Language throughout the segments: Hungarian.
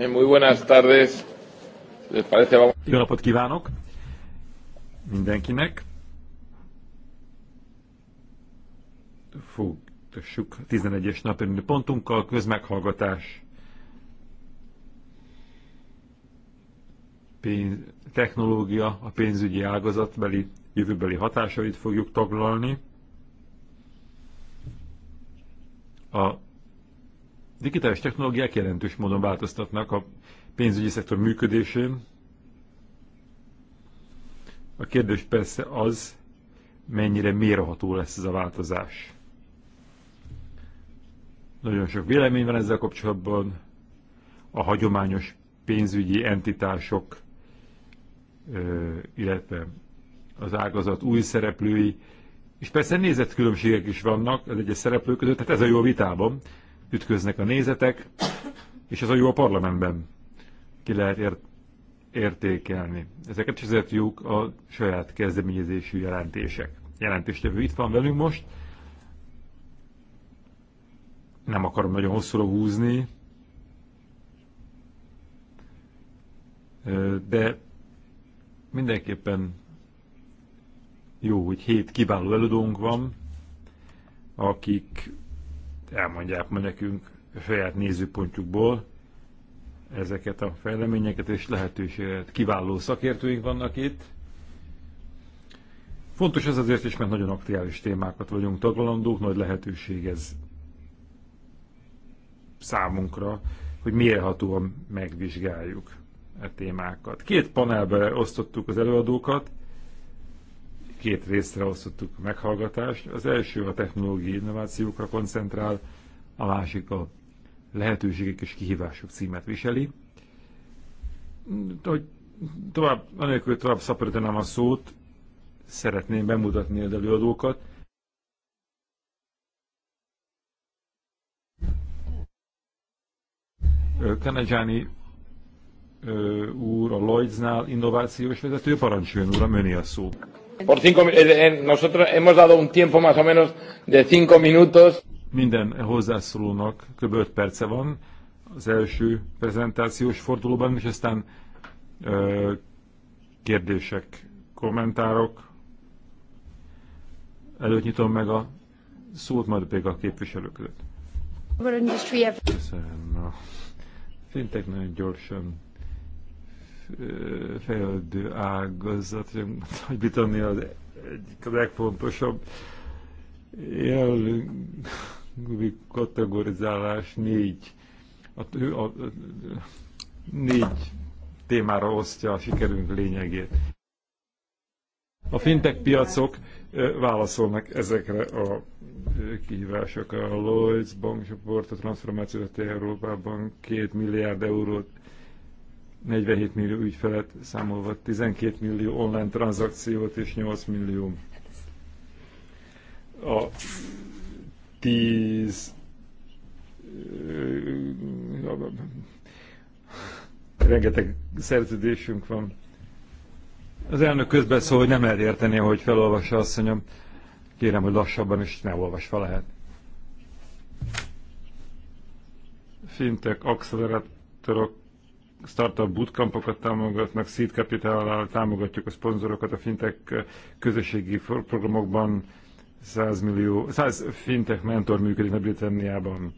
Eh, muy buenas tardes. Les parece, Jó napot kívánok mindenkinek. Fogtassuk 11-es napi pontunkkal, közmeghallgatás. Pénz, technológia, a pénzügyi ágazatbeli jövőbeli hatásait fogjuk taglalni. A digitális technológiák jelentős módon változtatnak a pénzügyi szektor működésén. A kérdés persze az, mennyire mérható lesz ez a változás. Nagyon sok vélemény van ezzel kapcsolatban. A hagyományos pénzügyi entitások, illetve az ágazat új szereplői, és persze nézetkülönbségek is vannak az egyes szereplők között, tehát ez a jó vitában, ütköznek a nézetek, és ez a jó a parlamentben. Ki lehet ért értékelni. Ezeket is azért jók a saját kezdeményezésű jelentések. Jelentéstevő itt van velünk most. Nem akarom nagyon hosszúra húzni, de mindenképpen jó, hogy hét kiváló előadónk van, akik elmondják ma nekünk a saját nézőpontjukból ezeket a fejleményeket és lehetőséget. Kiváló szakértőink vannak itt. Fontos ez azért is, mert nagyon aktuális témákat vagyunk taglalandók, nagy lehetőség ez számunkra, hogy mérhatóan megvizsgáljuk a témákat. Két panelbe osztottuk az előadókat, két részre osztottuk a meghallgatást. Az első a technológiai innovációkra koncentrál, a másik a lehetőségek és kihívások címet viseli. Hogy tovább, anélkül tovább szaporítanám a szót, szeretném bemutatni az előadókat. Kanadzsáni úr a Lloydsnál innovációs vezető, parancsoljon uram, öné a szó. Por cinco, eh, eh, nosotros hemos dado un tiempo más o menos de cinco minutos. Minden hozzászólónak kb. 5 perce van az első prezentációs fordulóban, és aztán ö, kérdések, kommentárok. Előtt nyitom meg a szót, majd pedig a képviselők között. Köszönöm. Fintek nagyon gyorsan fejlődő ágazat, hogy Britannia az egyik a legfontosabb jelenlegi kategorizálás négy, a, a, a, négy témára osztja a sikerünk lényegét. A fintek piacok válaszolnak ezekre a kihívásokra. A Lloyds csoport a transformációt Európában két milliárd eurót 47 millió ügyfelet számolva 12 millió online tranzakciót és 8 millió a 10 rengeteg szerződésünk van. Az elnök közben szól, hogy nem lehet érteni, hogy felolvassa asszonyom. Kérem, hogy lassabban is ne olvasva lehet. Fintek, accelerátorok, startup bootcampokat támogatnak, seed capital támogatjuk a szponzorokat a fintek közösségi programokban, 100 millió, 100 fintek mentor működik a Britanniában.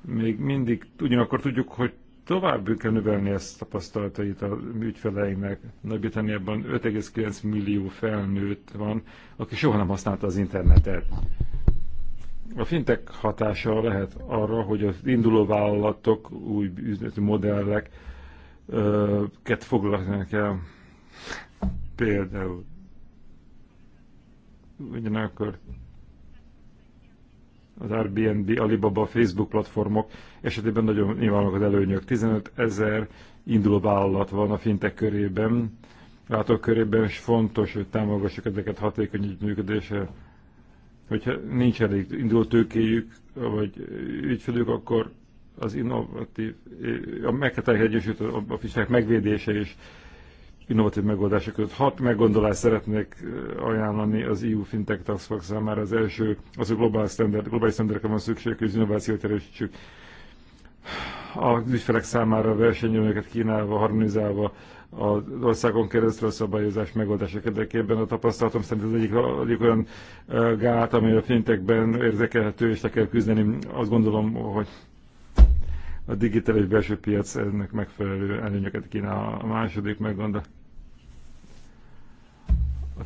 Még mindig ugyanakkor tudjuk, hogy tovább kell növelni ezt tapasztalatait a ügyfeleinek. Nagy-Britanniában 5,9 millió felnőtt van, aki soha nem használta az internetet. A fintek hatása lehet arra, hogy az induló vállalatok, új üzleti modellek ket foglalkoznak el. Például ugyanakkor az Airbnb, Alibaba, Facebook platformok esetében nagyon nyilvánok az előnyök. 15 ezer induló vállalat van a fintek körében, látok körében, és fontos, hogy támogassuk ezeket hatékony működése. Hogyha nincs elég induló tőkéjük, vagy ügyfelük, akkor az innovatív, a meghatározott egyesült a megvédése és innovatív megoldások között. Hat meggondolást szeretnék eh, ajánlani az EU Fintech Task Force számára. Az első, az, a global standard, globális standardokra van szükség, hogy az innovációt erősítsük. A ügyfelek számára versenyelőket kínálva, harmonizálva az országon keresztül a szabályozás megoldások érdekében. A tapasztalatom szerint ez egyik, egyik olyan eh, gát, ami a fintekben érzékelhető, és le kell küzdeni. Azt gondolom, hogy a digitális belső piac ennek megfelelő előnyöket kínál. A második megmond a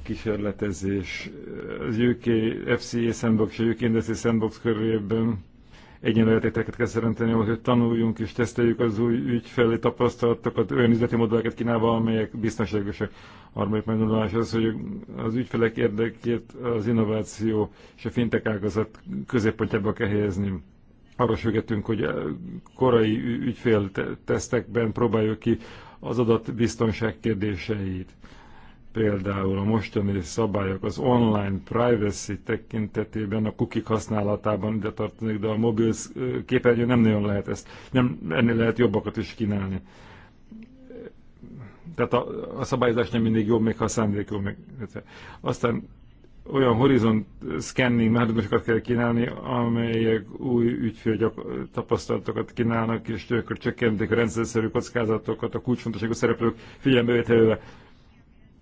kísérletezés. Az UK FCA Sandbox, a UK Industry Sandbox körében egyenlőtéteket kell szerinteni, hogy tanuljunk és teszteljük az új ügyfelé tapasztalatokat, olyan üzleti modelleket kínálva, amelyek biztonságosak. Harmadik megmondás az, hogy az ügyfelek érdekét az innováció és a fintek ágazat középpontjába kell helyezni arra sögetünk, hogy korai ügyfél tesztekben próbáljuk ki az adat biztonság kérdéseit. Például a mostani szabályok az online privacy tekintetében, a cookie használatában ide tartanak, de a mobil képernyő nem nagyon lehet ezt, nem, ennél lehet jobbakat is kínálni. Tehát a, a szabályozás nem mindig jó még ha a szándék jó. Meg, aztán olyan horizont scanning mechanizmusokat kell kínálni, amelyek új ügyfél tapasztalatokat kínálnak, és akkor csökkentik a rendszerszerű kockázatokat, a kulcsfontosságú szereplők figyelmevételével.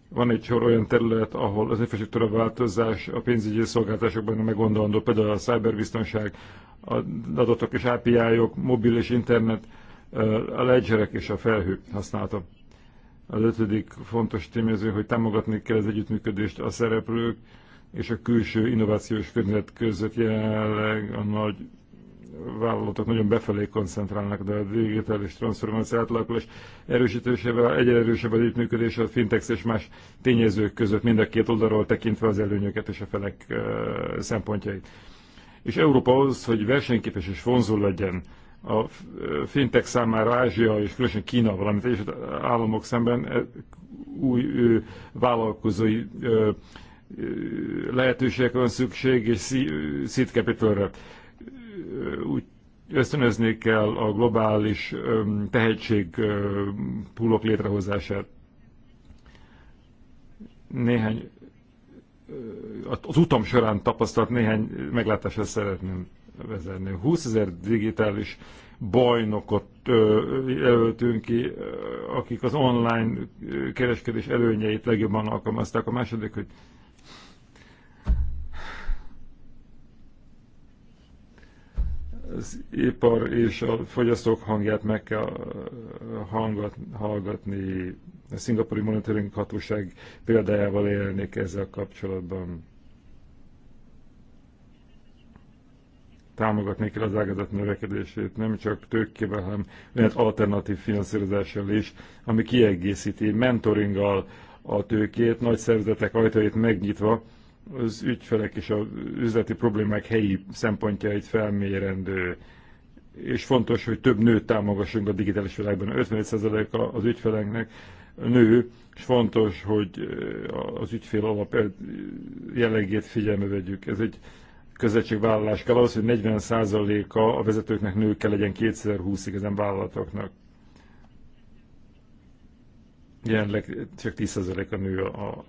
Van egy sor olyan terület, ahol az infrastruktúra változás a pénzügyi szolgáltatásokban meggondolandó, például a cyberbiztonság, a adatok és API-ok, mobil és internet, a ledgerek és a felhő használata. Az ötödik fontos tényező, hogy támogatni kell az együttműködést a szereplők, és a külső innovációs környezet között jelenleg a nagy vállalatok nagyon befelé koncentrálnak, de a digitális transformáció átalakulás erősítésével egyre erősebb az együttműködés a fintex és más tényezők között, mind a két oldalról tekintve az előnyöket és a felek szempontjait. És Európa ahhoz, hogy versenyképes és vonzó legyen a fintech számára Ázsia és különösen Kína, valamint egyes államok szemben e, új ő, vállalkozói lehetőségek, van szükség, és seed capitalra. Úgy ösztönözni kell a globális tehetség púlok létrehozását. Néhány az utam során tapasztalt néhány meglátásra szeretném vezetni. 20 ezer digitális bajnokot jelöltünk ki, akik az online kereskedés előnyeit legjobban alkalmazták. A második, hogy az ipar és a fogyasztók hangját meg kell uh, hangat, hallgatni. A szingapúri monitoring hatóság példájával élnék ezzel kapcsolatban. Támogatni kell az ágazat növekedését, nem csak tőkével, hanem olyan alternatív finanszírozással is, ami kiegészíti mentoringgal a tőkét, nagy szervezetek ajtajait megnyitva, az ügyfelek és az üzleti problémák helyi szempontjait felmérendő, és fontos, hogy több nőt támogassunk a digitális világban. 55%-a az ügyfeleknek nő, és fontos, hogy az ügyfél alap jellegét figyelme vegyük. Ez egy közösségvállalás kell ahhoz, hogy 40%-a a vezetőknek nő kell legyen 2020-ig ezen vállalatoknak jelenleg csak 10% a nő a, a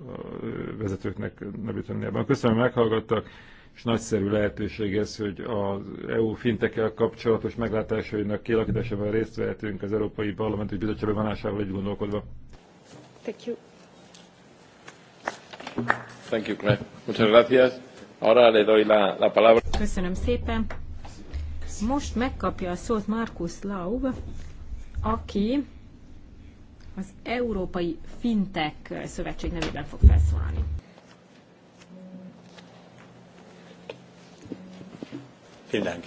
vezetőknek Nagy-Britanniában. Köszönöm, hogy meghallgattak, és nagyszerű lehetőség ez, hogy az EU fintekkel kapcsolatos meglátásainak kialakításában részt vehetünk az Európai Parlamenti Bizottság bevonásával egy gondolkodva. Thank you. Thank you, Claire. Muchas gracias. Ahora le doy la, la palabra. Köszönöm szépen. Most megkapja a szót Markus Laub, aki az Európai Fintech Szövetség nevében fog felszólalni. Vielen Dank.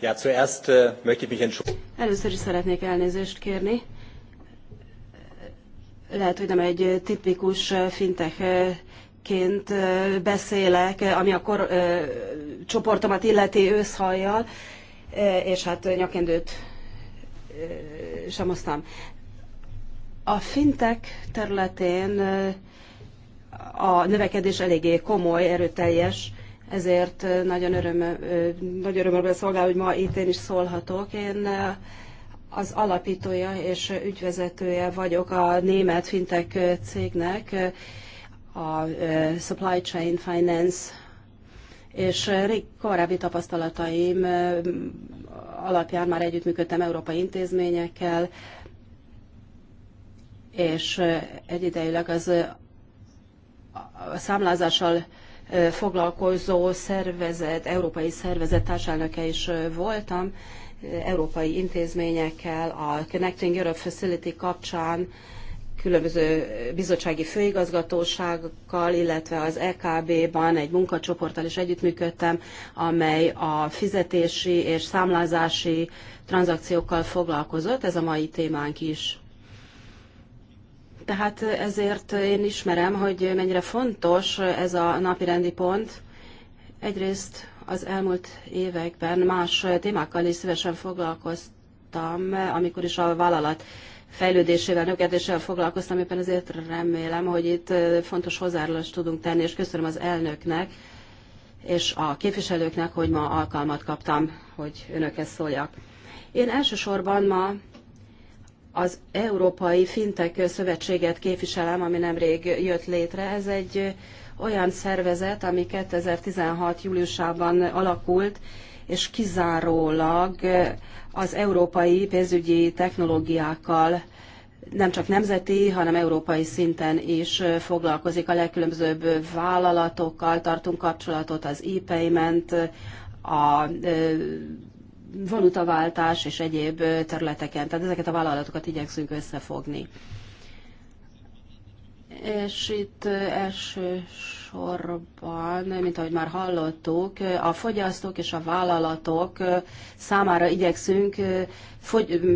Ja, zuerst äh, möchte ich mich entschuldigen. Először is szeretnék elnézést kérni. Lehet, hogy nem egy tipikus äh, fintechként äh, beszélek, ami akkor csoportomat illeti őszhajjal, és hát nyakendőt sem hoztam. A fintek területén a növekedés eléggé komoly, erőteljes, ezért nagyon, öröm, nagy örömömre szolgál, hogy ma itt én is szólhatok. Én az alapítója és ügyvezetője vagyok a német fintek cégnek, a Supply Chain Finance, és rég korábbi tapasztalataim alapján már együttműködtem európai intézményekkel, és egyidejűleg az a számlázással foglalkozó szervezet, európai szervezet társelnöke is voltam, európai intézményekkel, a Connecting Europe Facility kapcsán, különböző bizottsági főigazgatóságokkal, illetve az EKB-ban egy munkacsoporttal is együttműködtem, amely a fizetési és számlázási tranzakciókkal foglalkozott, ez a mai témánk is. Tehát ezért én ismerem, hogy mennyire fontos ez a napirendi pont. Egyrészt az elmúlt években más témákkal is szívesen foglalkoztam, amikor is a vállalat fejlődésével, növekedéssel foglalkoztam, éppen ezért remélem, hogy itt fontos hozzárulást tudunk tenni, és köszönöm az elnöknek és a képviselőknek, hogy ma alkalmat kaptam, hogy önökhez szóljak. Én elsősorban ma az Európai Fintek Szövetséget képviselem, ami nemrég jött létre. Ez egy olyan szervezet, ami 2016. júliusában alakult, és kizárólag az európai pénzügyi technológiákkal nem csak nemzeti, hanem európai szinten is foglalkozik a legkülönbözőbb vállalatokkal, tartunk kapcsolatot az e-payment, a valutaváltás és egyéb területeken. Tehát ezeket a vállalatokat igyekszünk összefogni. És itt elsősorban, mint ahogy már hallottuk, a fogyasztók és a vállalatok számára igyekszünk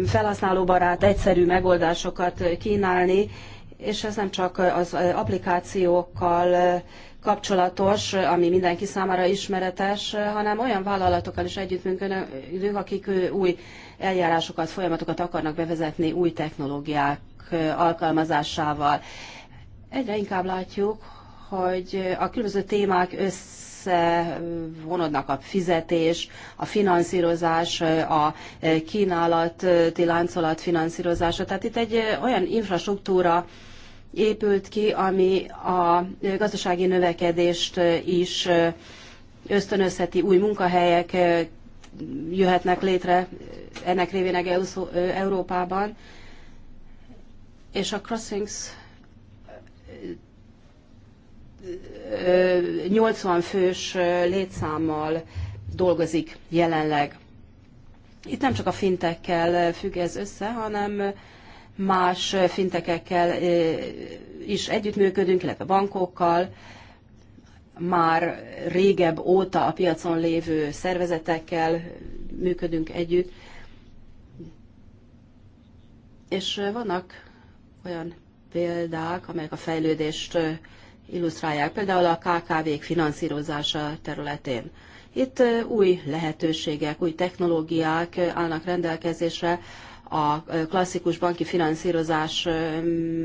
felhasználóbarát, egyszerű megoldásokat kínálni, és ez nem csak az applikációkkal kapcsolatos, ami mindenki számára ismeretes, hanem olyan vállalatokkal is együttműködünk, akik új eljárásokat, folyamatokat akarnak bevezetni új technológiák alkalmazásával. Egyre inkább látjuk, hogy a különböző témák összevonodnak a fizetés, a finanszírozás, a kínálati láncolat finanszírozása. Tehát itt egy olyan infrastruktúra épült ki, ami a gazdasági növekedést is ösztönözheti, új munkahelyek jöhetnek létre ennek révének Európában. És a Crossings 80 fős létszámmal dolgozik jelenleg. Itt nem csak a fintekkel függ ez össze, hanem más fintekekkel is együttműködünk, illetve bankokkal, már régebb óta a piacon lévő szervezetekkel működünk együtt, és vannak olyan példák, amelyek a fejlődést illusztrálják, például a KKV-k finanszírozása területén. Itt új lehetőségek, új technológiák állnak rendelkezésre, a klasszikus banki finanszírozás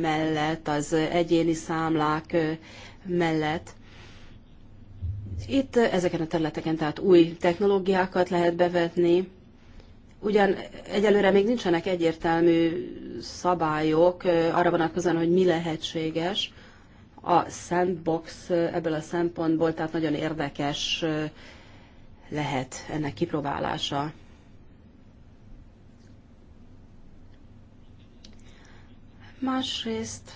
mellett, az egyéni számlák mellett. Itt ezeken a területeken tehát új technológiákat lehet bevetni, Ugyan egyelőre még nincsenek egyértelmű szabályok arra vonatkozóan, hogy mi lehetséges. A sandbox ebből a szempontból tehát nagyon érdekes lehet ennek kipróbálása. Másrészt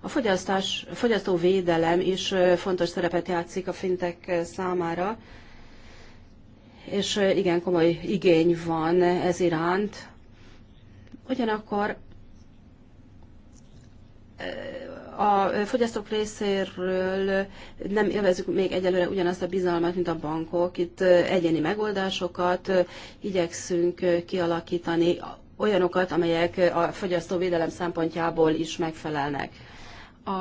a fogyasztás, a fogyasztóvédelem is fontos szerepet játszik a fintek számára, és igen komoly igény van ez iránt. Ugyanakkor a fogyasztók részéről nem élvezünk még egyelőre ugyanazt a bizalmat, mint a bankok. Itt egyéni megoldásokat igyekszünk kialakítani olyanokat, amelyek a fogyasztóvédelem szempontjából is megfelelnek. A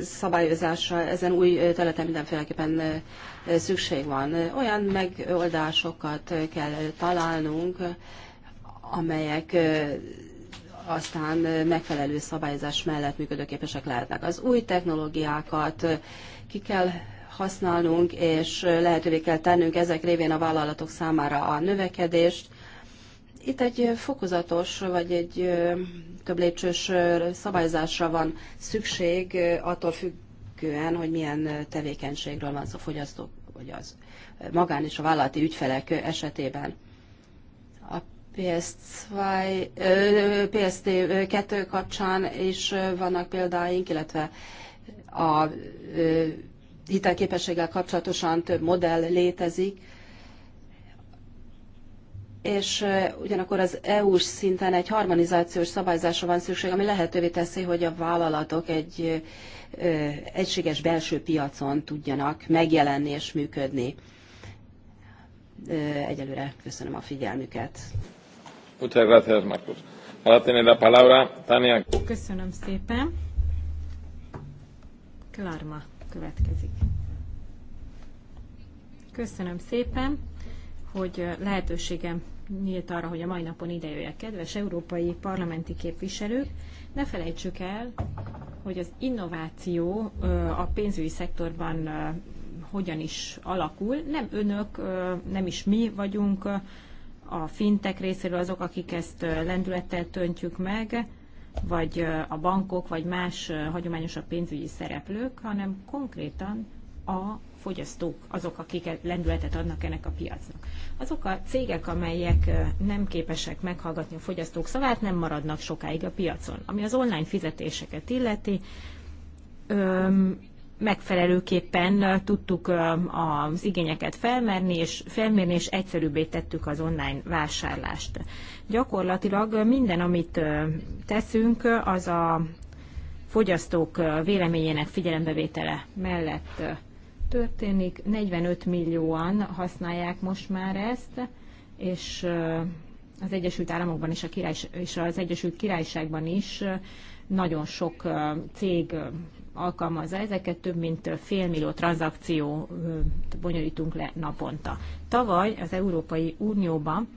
szabályozásra ezen új területen mindenféleképpen szükség van. Olyan megoldásokat kell találnunk, amelyek aztán megfelelő szabályozás mellett működőképesek lehetnek. Az új technológiákat ki kell használnunk, és lehetővé kell tennünk ezek révén a vállalatok számára a növekedést. Itt egy fokozatos, vagy egy több lépcsős szabályzásra van szükség, attól függően, hogy milyen tevékenységről van szó fogyasztók, vagy az magán és a vállalati ügyfelek esetében. A PS2, PST2 kapcsán is vannak példáink, illetve a hitelképességgel kapcsolatosan több modell létezik, és ugyanakkor az EU-s szinten egy harmonizációs szabályzásra van szükség, ami lehetővé teszi, hogy a vállalatok egy egységes belső piacon tudjanak megjelenni és működni. Egyelőre köszönöm a figyelmüket. Köszönöm szépen. Klarma következik. Köszönöm szépen, hogy lehetőségem nyílt arra, hogy a mai napon jöjjek, kedves európai parlamenti képviselők. Ne felejtsük el, hogy az innováció a pénzügyi szektorban hogyan is alakul. Nem önök, nem is mi vagyunk a fintek részéről azok, akik ezt lendülettel töntjük meg, vagy a bankok, vagy más hagyományosabb pénzügyi szereplők, hanem konkrétan a fogyasztók azok, akik e- lendületet adnak ennek a piacnak. Azok a cégek, amelyek nem képesek meghallgatni a fogyasztók szavát, nem maradnak sokáig a piacon. Ami az online fizetéseket illeti, öm, megfelelőképpen tudtuk az igényeket felmérni és, felmérni, és egyszerűbbé tettük az online vásárlást. Gyakorlatilag minden, amit teszünk, az a fogyasztók véleményének figyelembevétele mellett történik. 45 millióan használják most már ezt, és az Egyesült Államokban és, a király, és az Egyesült Királyságban is nagyon sok cég alkalmazza ezeket, több mint fél millió tranzakciót bonyolítunk le naponta. Tavaly az Európai Unióban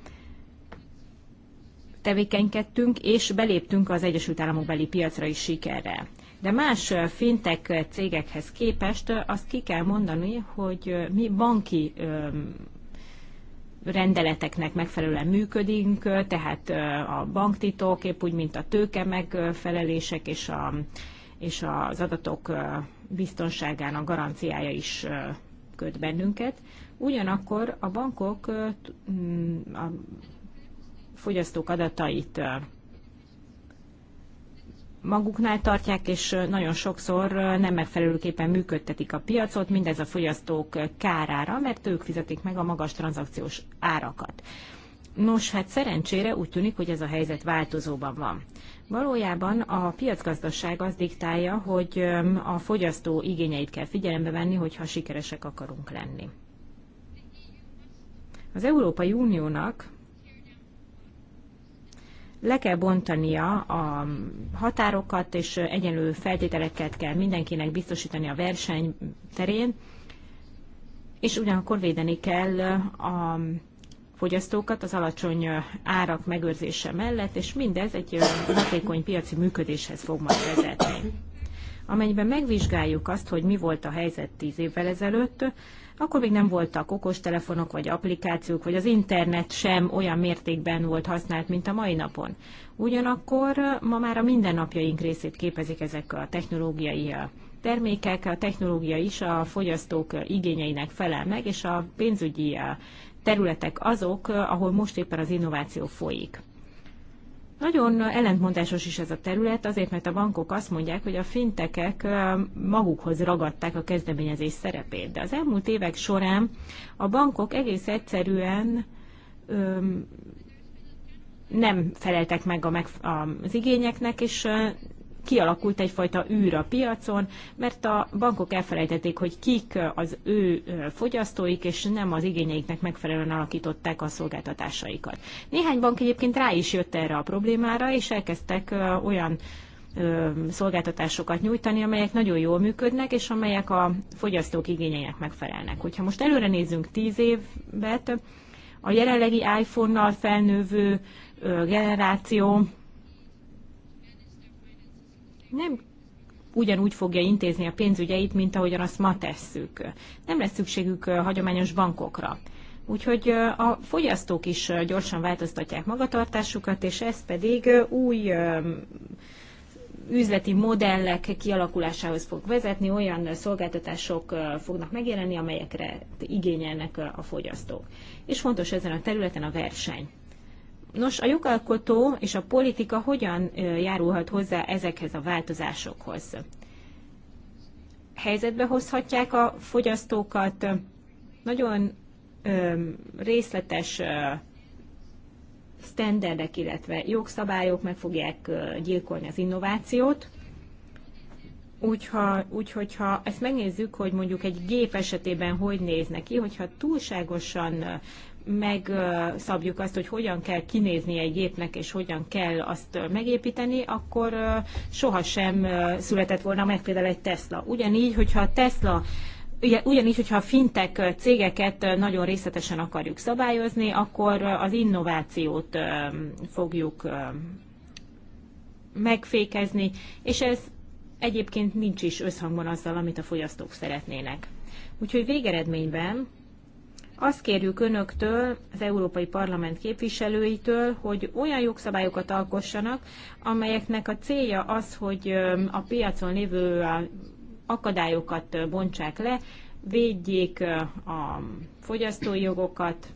tevékenykedtünk, és beléptünk az Egyesült Államok beli piacra is sikerrel. De más fintek cégekhez képest azt ki kell mondani, hogy mi banki rendeleteknek megfelelően működünk, tehát a banktitok, épp úgy, mint a tőke megfelelések és, a, és az adatok biztonságának garanciája is köt bennünket. Ugyanakkor a bankok a fogyasztók adatait maguknál tartják, és nagyon sokszor nem megfelelőképpen működtetik a piacot, mindez a fogyasztók kárára, mert ők fizetik meg a magas tranzakciós árakat. Nos, hát szerencsére úgy tűnik, hogy ez a helyzet változóban van. Valójában a piacgazdaság az diktálja, hogy a fogyasztó igényeit kell figyelembe venni, hogyha sikeresek akarunk lenni. Az Európai Uniónak le kell bontania a határokat, és egyenlő feltételeket kell mindenkinek biztosítani a verseny terén, és ugyanakkor védeni kell a fogyasztókat az alacsony árak megőrzése mellett, és mindez egy hatékony piaci működéshez fog majd vezetni. Amennyiben megvizsgáljuk azt, hogy mi volt a helyzet tíz évvel ezelőtt, akkor még nem voltak okostelefonok, vagy applikációk, vagy az internet sem olyan mértékben volt használt, mint a mai napon. Ugyanakkor ma már a mindennapjaink részét képezik ezek a technológiai termékek, a technológia is a fogyasztók igényeinek felel meg, és a pénzügyi területek azok, ahol most éppen az innováció folyik. Nagyon ellentmondásos is ez a terület, azért, mert a bankok azt mondják, hogy a fintekek magukhoz ragadták a kezdeményezés szerepét. De az elmúlt évek során a bankok egész egyszerűen öm, nem feleltek meg a, az igényeknek, és kialakult egyfajta űr a piacon, mert a bankok elfelejtették, hogy kik az ő fogyasztóik, és nem az igényeiknek megfelelően alakították a szolgáltatásaikat. Néhány bank egyébként rá is jött erre a problémára, és elkezdtek olyan szolgáltatásokat nyújtani, amelyek nagyon jól működnek, és amelyek a fogyasztók igényeinek megfelelnek. Hogyha most előre nézzünk tíz évet, a jelenlegi iPhone-nal felnővő generáció nem ugyanúgy fogja intézni a pénzügyeit, mint ahogyan azt ma tesszük. Nem lesz szükségük hagyományos bankokra. Úgyhogy a fogyasztók is gyorsan változtatják magatartásukat, és ez pedig új üzleti modellek kialakulásához fog vezetni, olyan szolgáltatások fognak megjelenni, amelyekre igényelnek a fogyasztók. És fontos ezen a területen a verseny. Nos, a jogalkotó és a politika hogyan járulhat hozzá ezekhez a változásokhoz? Helyzetbe hozhatják a fogyasztókat, nagyon részletes sztenderdek, illetve jogszabályok meg fogják gyilkolni az innovációt. Úgyha, úgyhogy ha ezt megnézzük, hogy mondjuk egy gép esetében hogy néz neki, hogyha túlságosan megszabjuk azt, hogy hogyan kell kinézni egy gépnek, és hogyan kell azt megépíteni, akkor sohasem született volna meg például egy Tesla. Ugyanígy, hogyha a Tesla Ugyanígy, hogyha a fintek cégeket nagyon részletesen akarjuk szabályozni, akkor az innovációt fogjuk megfékezni, és ez egyébként nincs is összhangban azzal, amit a fogyasztók szeretnének. Úgyhogy végeredményben azt kérjük önöktől, az Európai Parlament képviselőitől, hogy olyan jogszabályokat alkossanak, amelyeknek a célja az, hogy a piacon lévő akadályokat bontsák le, védjék a fogyasztói jogokat,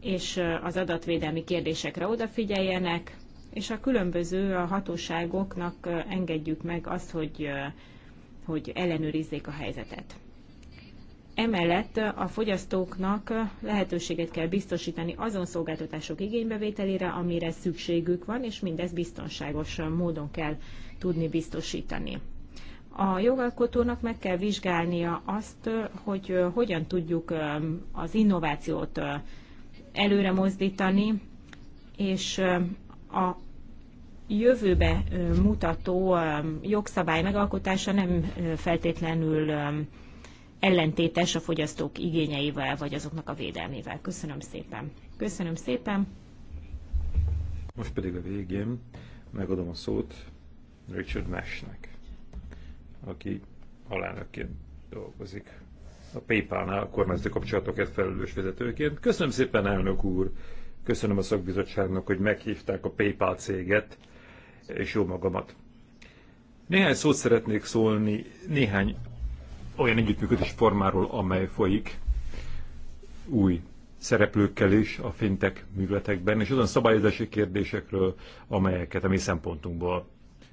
és az adatvédelmi kérdésekre odafigyeljenek, és a különböző hatóságoknak engedjük meg azt, hogy, hogy ellenőrizzék a helyzetet. Emellett a fogyasztóknak lehetőséget kell biztosítani azon szolgáltatások igénybevételére, amire szükségük van, és mindezt biztonságos módon kell tudni biztosítani. A jogalkotónak meg kell vizsgálnia azt, hogy hogyan tudjuk um, az innovációt uh, előre mozdítani, és um, a jövőbe uh, mutató um, jogszabály megalkotása nem uh, feltétlenül ellentétes a fogyasztók igényeivel, vagy azoknak a védelmével. Köszönöm szépen. Köszönöm szépen. Most pedig a végén megadom a szót Richard Nashnek, aki alánökként dolgozik a PayPal-nál, a kormányzati kapcsolatokért felelős vezetőként. Köszönöm szépen, elnök úr! Köszönöm a szakbizottságnak, hogy meghívták a PayPal céget, és jó magamat. Néhány szót szeretnék szólni néhány olyan együttműködés formáról, amely folyik új szereplőkkel is a fintek műveletekben, és olyan szabályozási kérdésekről, amelyeket a mi szempontunkból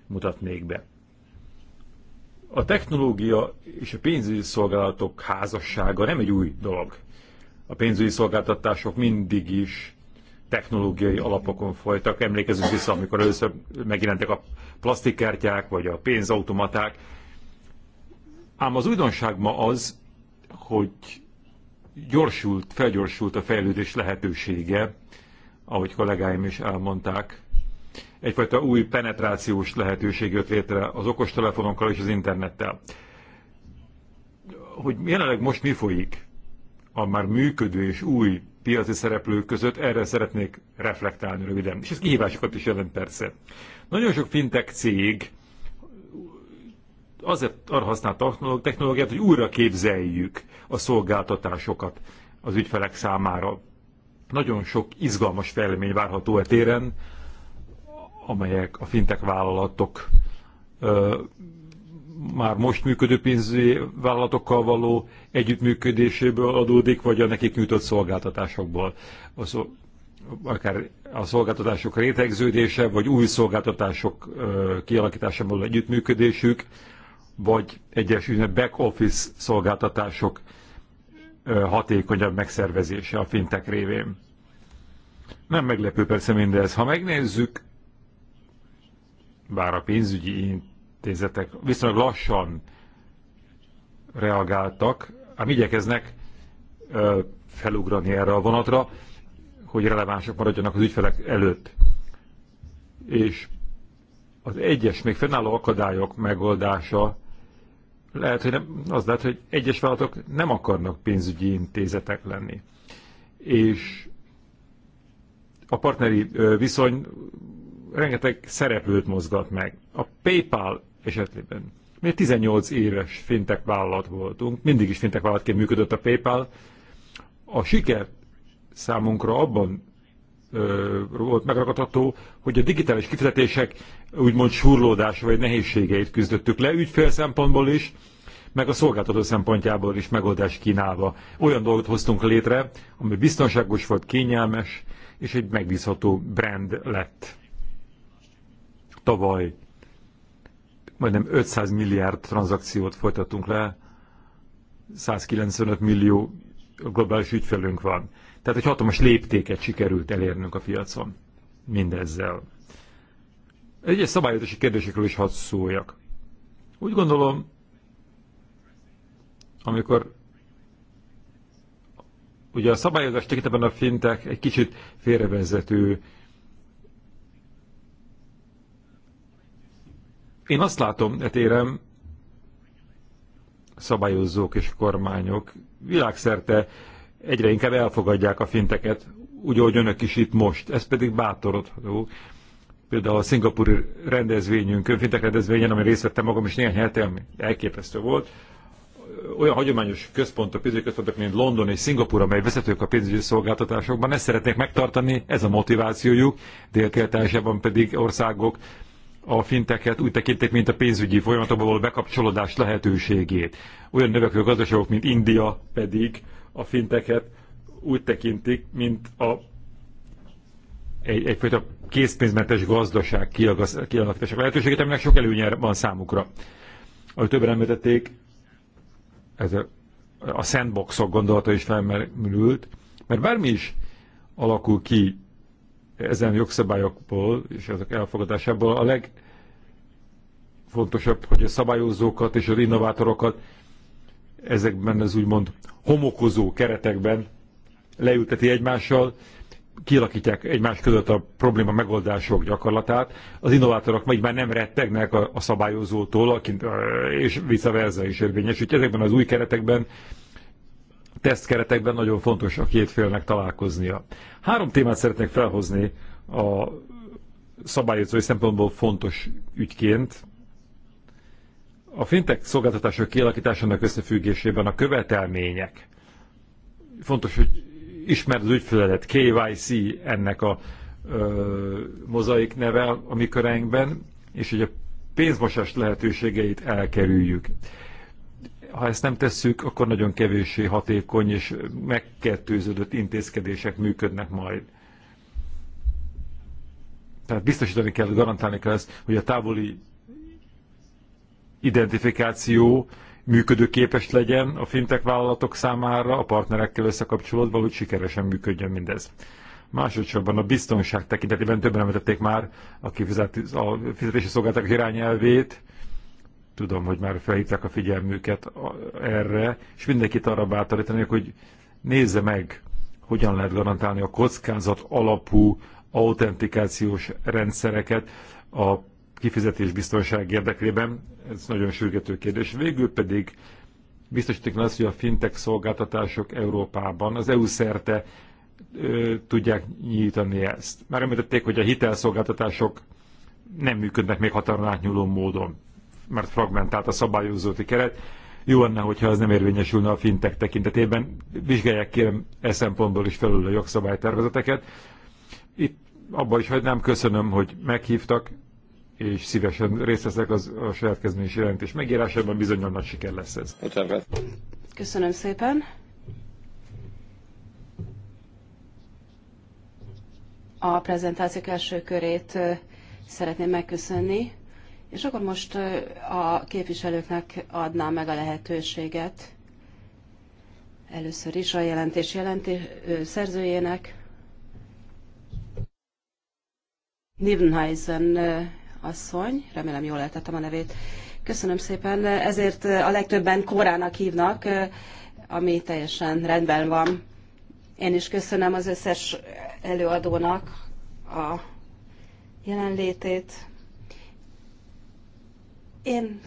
mutatnék be. A technológia és a pénzügyi szolgálatok házassága nem egy új dolog. A pénzügyi szolgáltatások mindig is technológiai alapokon folytak. Emlékezünk vissza, amikor először megjelentek a plastikkártyák, vagy a pénzautomaták, Ám az újdonság ma az, hogy gyorsult, felgyorsult a fejlődés lehetősége, ahogy kollégáim is elmondták. Egyfajta új penetrációs lehetőség jött létre az okostelefonokkal és az internettel. Hogy jelenleg most mi folyik a már működő és új piaci szereplők között, erre szeretnék reflektálni röviden. És ez kihívásokat is jelent persze. Nagyon sok fintech cég azért arra használ technológiát, hogy újra képzeljük a szolgáltatásokat az ügyfelek számára. Nagyon sok izgalmas fejlemény várható a e téren, amelyek a fintek vállalatok ö, már most működő pénzügyi vállalatokkal való együttműködéséből adódik, vagy a nekik nyújtott szolgáltatásokból. A szol- akár a szolgáltatások rétegződése, vagy új szolgáltatások kialakításából együttműködésük, vagy egyes back office szolgáltatások hatékonyabb megszervezése a fintek révén. Nem meglepő persze mindez. Ha megnézzük, bár a pénzügyi intézetek viszonylag lassan reagáltak, ám igyekeznek felugrani erre a vonatra, hogy relevánsak maradjanak az ügyfelek előtt. És az egyes, még fennálló akadályok megoldása lehet, hogy nem, az lehet, hogy egyes vállalatok nem akarnak pénzügyi intézetek lenni. És a partneri viszony rengeteg szereplőt mozgat meg. A PayPal esetében. Mi 18 éves fintek vállalat voltunk, mindig is fintek vállalatként működött a PayPal. A siker számunkra abban volt megragadható, hogy a digitális kifizetések úgymond súrlódása vagy nehézségeit küzdöttük le ügyfél szempontból is, meg a szolgáltató szempontjából is megoldást kínálva. Olyan dolgot hoztunk létre, ami biztonságos volt, kényelmes, és egy megbízható brand lett. Tavaly majdnem 500 milliárd tranzakciót folytattunk le, 195 millió globális ügyfelünk van. Tehát egy hatalmas léptéket sikerült elérnünk a piacon mindezzel. Egyes szabályozási kérdésekről is hadd szóljak. Úgy gondolom, amikor ugye a szabályozás tekintetben a fintek egy kicsit félrevezető. Én azt látom, e érem szabályozók és kormányok világszerte egyre inkább elfogadják a finteket, úgy, ahogy önök is itt most. Ez pedig bátorodható. Például a szingapúri rendezvényünkön, fintek rendezvényen, ami részt vettem magam is néhány hete, ami elképesztő volt, olyan hagyományos központok, pénzügyi központok, mint London és Szingapur, amely vezetők a pénzügyi szolgáltatásokban, ezt szeretnék megtartani, ez a motivációjuk, dél pedig országok a finteket úgy tekintik, mint a pénzügyi folyamatokból való bekapcsolódás lehetőségét. Olyan növekvő gazdaságok, mint India pedig a finteket úgy tekintik, mint a egy, egyfajta készpénzmentes gazdaság kialakítása lehetőséget, aminek sok előnye van számukra. Ahogy többen említették, ez a, a sandboxok gondolata is felmerült, mert bármi is alakul ki ezen jogszabályokból és ezek elfogadásából, a legfontosabb, hogy a szabályozókat és az innovátorokat ezekben az úgymond homokozó keretekben leülteti egymással, kialakítják egymás között a probléma megoldások gyakorlatát. Az innovátorok majd már nem rettegnek a, a szabályozótól, akint, és vice versa is érvényes. Úgyhogy ezekben az új keretekben, tesztkeretekben nagyon fontos a két félnek találkoznia. Három témát szeretnék felhozni a szabályozói szempontból fontos ügyként, a fintech szolgáltatások kialakításának összefüggésében a követelmények. Fontos, hogy ismerd az ügyfeledet, KYC ennek a ö, mozaik neve a mi körenkben, és hogy a pénzmosás lehetőségeit elkerüljük. Ha ezt nem tesszük, akkor nagyon kevéssé hatékony és megkettőződött intézkedések működnek majd. Tehát biztosítani kell, garantálni kell ezt, hogy a távoli identifikáció működőképes legyen a fintek vállalatok számára, a partnerekkel összekapcsolódva, hogy sikeresen működjön mindez. Másodszorban a biztonság tekintetében többen említették már a, a fizetési szolgáltatók irányelvét, tudom, hogy már felhívták a figyelmüket erre, és mindenkit arra bátorítanék, hogy nézze meg, hogyan lehet garantálni a kockázat alapú autentikációs rendszereket a kifizetés biztonság érdekében, ez nagyon sürgető kérdés. Végül pedig biztosítani azt, hogy a fintech szolgáltatások Európában, az EU szerte ö, tudják nyitani ezt. Már említették, hogy a hitelszolgáltatások nem működnek még határon átnyúló módon, mert fragmentált a szabályozóti keret. Jó lenne, hogyha ez nem érvényesülne a fintek tekintetében. Vizsgálják kérem e szempontból is felül a jogszabálytervezeteket. Itt abba is hagynám, köszönöm, hogy meghívtak, és szívesen részt veszek az, a saját kezdeményes jelentés megírásában, bizonyan nagy siker lesz ez. Köszönöm szépen. A prezentációk első körét szeretném megköszönni, és akkor most a képviselőknek adnám meg a lehetőséget először is a jelentés jelentés szerzőjének, Nivenheisen asszony, remélem jól lehetettem a nevét. Köszönöm szépen, ezért a legtöbben korának hívnak, ami teljesen rendben van. Én is köszönöm az összes előadónak a jelenlétét. Én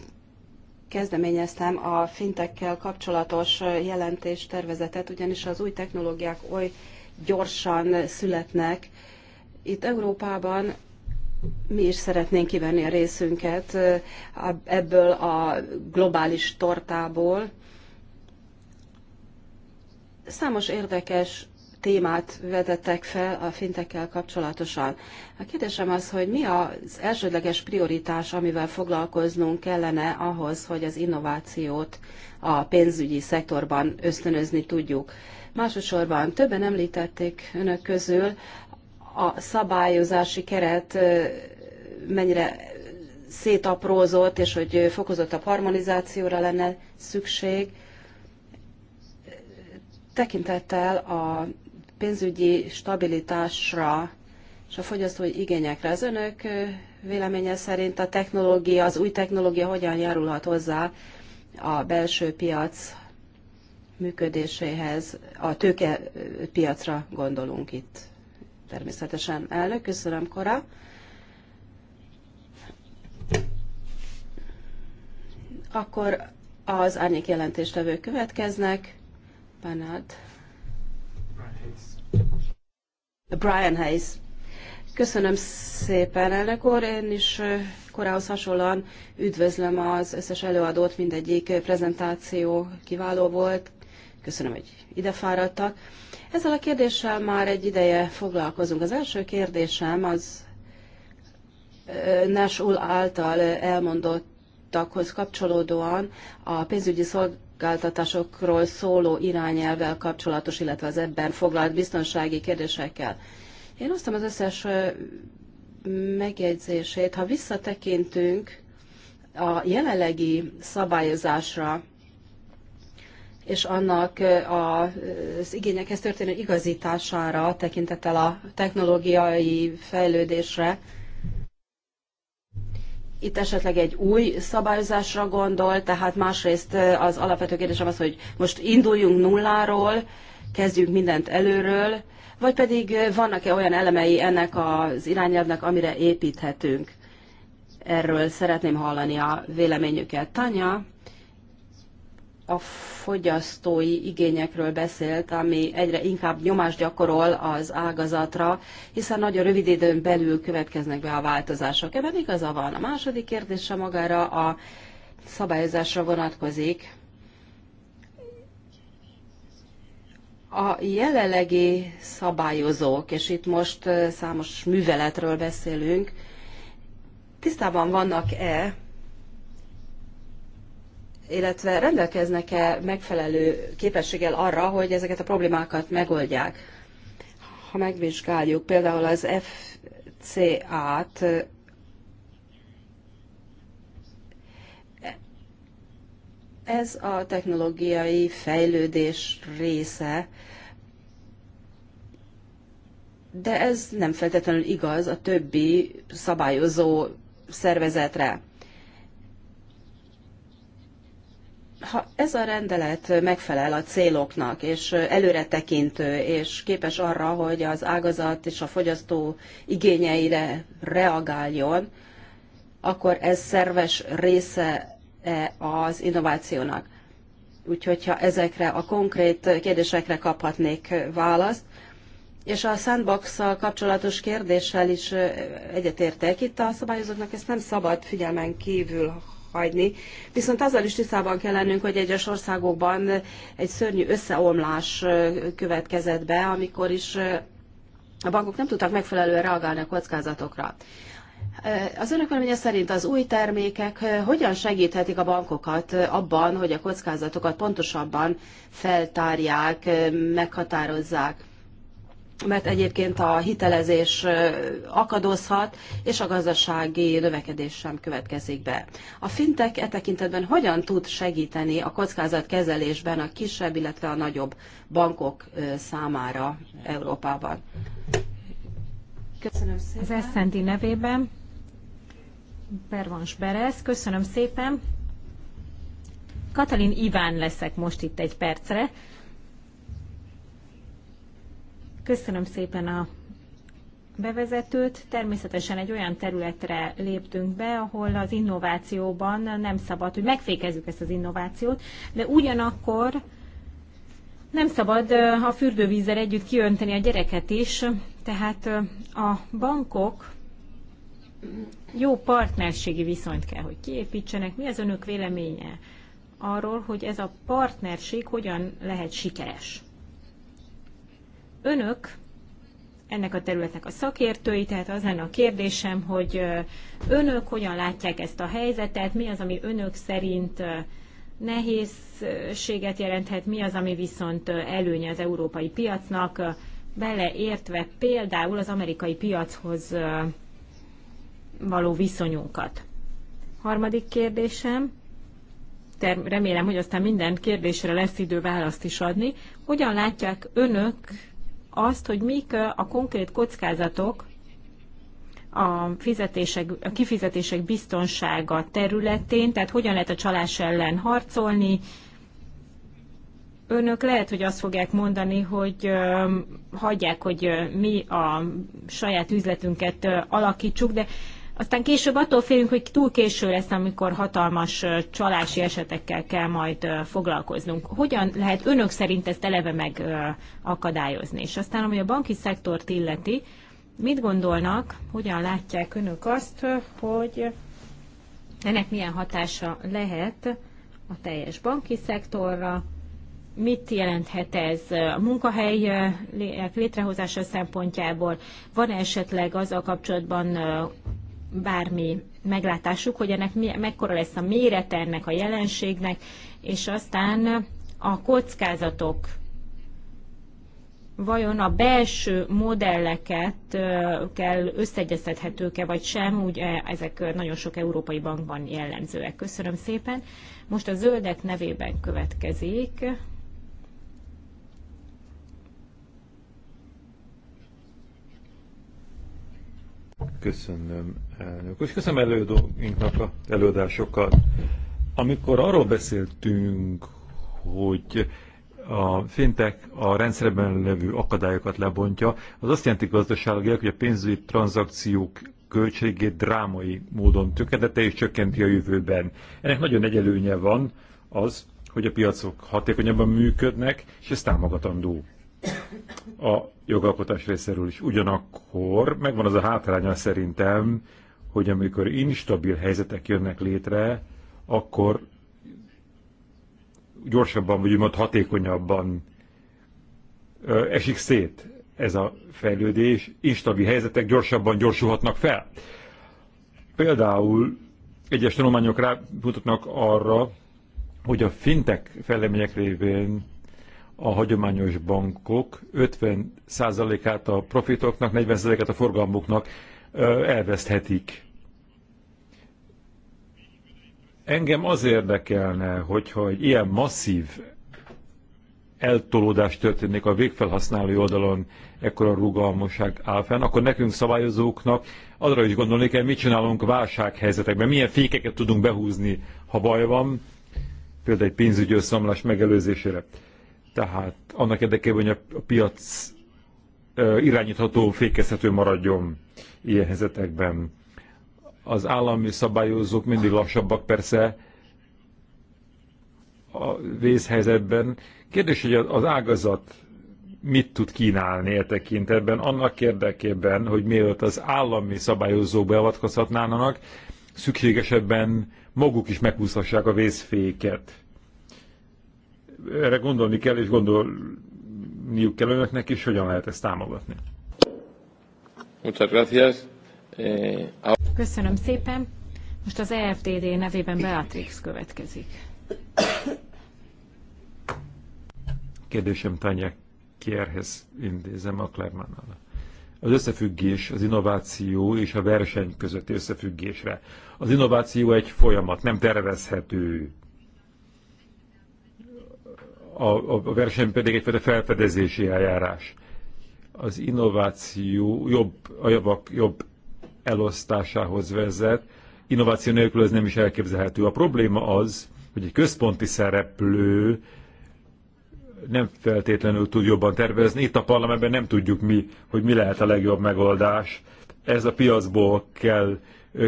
kezdeményeztem a fintekkel kapcsolatos jelentés tervezetet, ugyanis az új technológiák oly gyorsan születnek. Itt Európában mi is szeretnénk kivenni a részünket ebből a globális tortából. Számos érdekes témát vetettek fel a fintekkel kapcsolatosan. A kérdésem az, hogy mi az elsődleges prioritás, amivel foglalkoznunk kellene ahhoz, hogy az innovációt a pénzügyi szektorban ösztönözni tudjuk. Másodszorban többen említették önök közül a szabályozási keret mennyire szétaprózott, és hogy fokozottabb harmonizációra lenne szükség, tekintettel a pénzügyi stabilitásra és a fogyasztói igényekre. Az önök véleménye szerint a technológia, az új technológia hogyan járulhat hozzá a belső piac működéséhez, a tőkepiacra gondolunk itt természetesen elnök. Köszönöm, Kora. Akkor az árnyék jelentéstevők következnek. Bernard. Brian Hayes. Köszönöm szépen, elnök úr. Én is korához hasonlóan üdvözlöm az összes előadót, mindegyik prezentáció kiváló volt. Köszönöm, hogy ide fáradtak. Ezzel a kérdéssel már egy ideje foglalkozunk. Az első kérdésem az Nesul által elmondottakhoz kapcsolódóan a pénzügyi szolgáltatásokról szóló irányelvvel kapcsolatos, illetve az ebben foglalt biztonsági kérdésekkel. Én osztom az összes megjegyzését. Ha visszatekintünk a jelenlegi szabályozásra, és annak az igényekhez történő igazítására tekintettel a technológiai fejlődésre. Itt esetleg egy új szabályozásra gondol, tehát másrészt az alapvető kérdésem az, hogy most induljunk nulláról, kezdjünk mindent előről, vagy pedig vannak-e olyan elemei ennek az irányelvnek, amire építhetünk? Erről szeretném hallani a véleményüket. Tanya, a fogyasztói igényekről beszélt, ami egyre inkább nyomást gyakorol az ágazatra, hiszen nagyon rövid időn belül következnek be a változások. Ebben igaza van. A második kérdése magára a szabályozásra vonatkozik. A jelenlegi szabályozók, és itt most számos műveletről beszélünk, tisztában vannak-e illetve rendelkeznek-e megfelelő képességgel arra, hogy ezeket a problémákat megoldják. Ha megvizsgáljuk például az FCA-t, ez a technológiai fejlődés része, de ez nem feltétlenül igaz a többi szabályozó szervezetre. ha ez a rendelet megfelel a céloknak, és előretekintő, és képes arra, hogy az ágazat és a fogyasztó igényeire reagáljon, akkor ez szerves része -e az innovációnak. Úgyhogy ha ezekre a konkrét kérdésekre kaphatnék választ, és a sandbox kapcsolatos kérdéssel is egyetértek. Itt a szabályozóknak ezt nem szabad figyelmen kívül hagyni. Viszont azzal is tisztában kell lennünk, hogy egyes országokban egy szörnyű összeomlás következett be, amikor is a bankok nem tudtak megfelelően reagálni a kockázatokra. Az önök véleménye szerint az új termékek hogyan segíthetik a bankokat abban, hogy a kockázatokat pontosabban feltárják, meghatározzák? mert egyébként a hitelezés akadozhat, és a gazdasági növekedés sem következik be. A fintek e tekintetben hogyan tud segíteni a kockázatkezelésben a kisebb, illetve a nagyobb bankok számára Európában? Köszönöm szépen. Az Eszendi nevében Bervans Berez, köszönöm szépen. Katalin Iván leszek most itt egy percre Köszönöm szépen a bevezetőt. Természetesen egy olyan területre léptünk be, ahol az innovációban nem szabad, hogy megfékezzük ezt az innovációt, de ugyanakkor nem szabad a fürdővízzel együtt kiönteni a gyereket is, tehát a bankok jó partnerségi viszonyt kell, hogy kiépítsenek. Mi az önök véleménye arról, hogy ez a partnerség hogyan lehet sikeres? Önök ennek a területnek a szakértői, tehát az lenne a kérdésem, hogy önök hogyan látják ezt a helyzetet, mi az, ami önök szerint nehézséget jelenthet, mi az, ami viszont előnye az európai piacnak, beleértve például az amerikai piachoz való viszonyunkat. Harmadik kérdésem, remélem, hogy aztán minden kérdésre lesz idő választ is adni. Hogyan látják önök azt, hogy mik a konkrét kockázatok a, fizetések, a kifizetések biztonsága területén, tehát hogyan lehet a csalás ellen harcolni. Önök lehet, hogy azt fogják mondani, hogy hagyják, hogy mi a saját üzletünket alakítsuk, de aztán később attól félünk, hogy túl késő lesz, amikor hatalmas csalási esetekkel kell majd foglalkoznunk. Hogyan lehet önök szerint ezt eleve megakadályozni? És aztán, ami a banki szektort illeti, mit gondolnak, hogyan látják önök azt, hogy ennek milyen hatása lehet a teljes banki szektorra, mit jelenthet ez a munkahely létrehozása szempontjából? Van -e esetleg azzal kapcsolatban bármi meglátásuk, hogy ennek mekkora lesz a mérete ennek a jelenségnek, és aztán a kockázatok vajon a belső modelleket kell összegyeztethetők-e vagy sem, ugye ezek nagyon sok európai bankban jellemzőek. Köszönöm szépen. Most a zöldek nevében következik Köszönöm, elnök. És köszönöm előadóinknak a előadásokat. Amikor arról beszéltünk, hogy a fintek a rendszerben levő akadályokat lebontja, az azt jelenti gazdaságilag, hogy a pénzügyi tranzakciók költségét drámai módon tökéletes és csökkenti a jövőben. Ennek nagyon egy előnye van az, hogy a piacok hatékonyabban működnek, és ez támogatandó a jogalkotás részéről is. Ugyanakkor megvan az a hátránya szerintem, hogy amikor instabil helyzetek jönnek létre, akkor gyorsabban, vagy úgymond hatékonyabban esik szét ez a fejlődés, instabil helyzetek gyorsabban gyorsulhatnak fel. Például egyes tanulmányok rámutatnak arra, hogy a fintek fejlemények révén a hagyományos bankok 50%-át a profitoknak, 40%-át a forgalmuknak elveszthetik. Engem az érdekelne, hogyha egy ilyen masszív eltolódás történik a végfelhasználói oldalon, a rugalmaság áll fenn, akkor nekünk szabályozóknak arra is gondolni kell, mit csinálunk válsághelyzetekben, milyen fékeket tudunk behúzni, ha baj van, például egy pénzügyi összeomlás megelőzésére. Tehát annak érdekében, hogy a piac irányítható, fékezhető maradjon ilyen helyzetekben. Az állami szabályozók mindig lassabbak persze a vészhelyzetben. Kérdés, hogy az ágazat mit tud kínálni e tekintetben, annak érdekében, hogy mielőtt az állami szabályozók beavatkozhatnának, szükségesebben maguk is meghúzhassák a vészféket erre gondolni kell, és gondolniuk kell önöknek is, hogyan lehet ezt támogatni. Eh, Köszönöm szépen. Most az EFDD nevében Beatrix következik. Kérdésem Tanya Kierhez intézem a Klermannal. Az összefüggés az innováció és a verseny közötti összefüggésre. Az innováció egy folyamat, nem tervezhető a, a verseny pedig egyfajta felfedezési eljárás. Az innováció jobb, a javak jobb elosztásához vezet, innováció nélkül ez nem is elképzelhető. A probléma az, hogy egy központi szereplő nem feltétlenül tud jobban tervezni. Itt a parlamentben nem tudjuk mi, hogy mi lehet a legjobb megoldás. Ez a piacból kell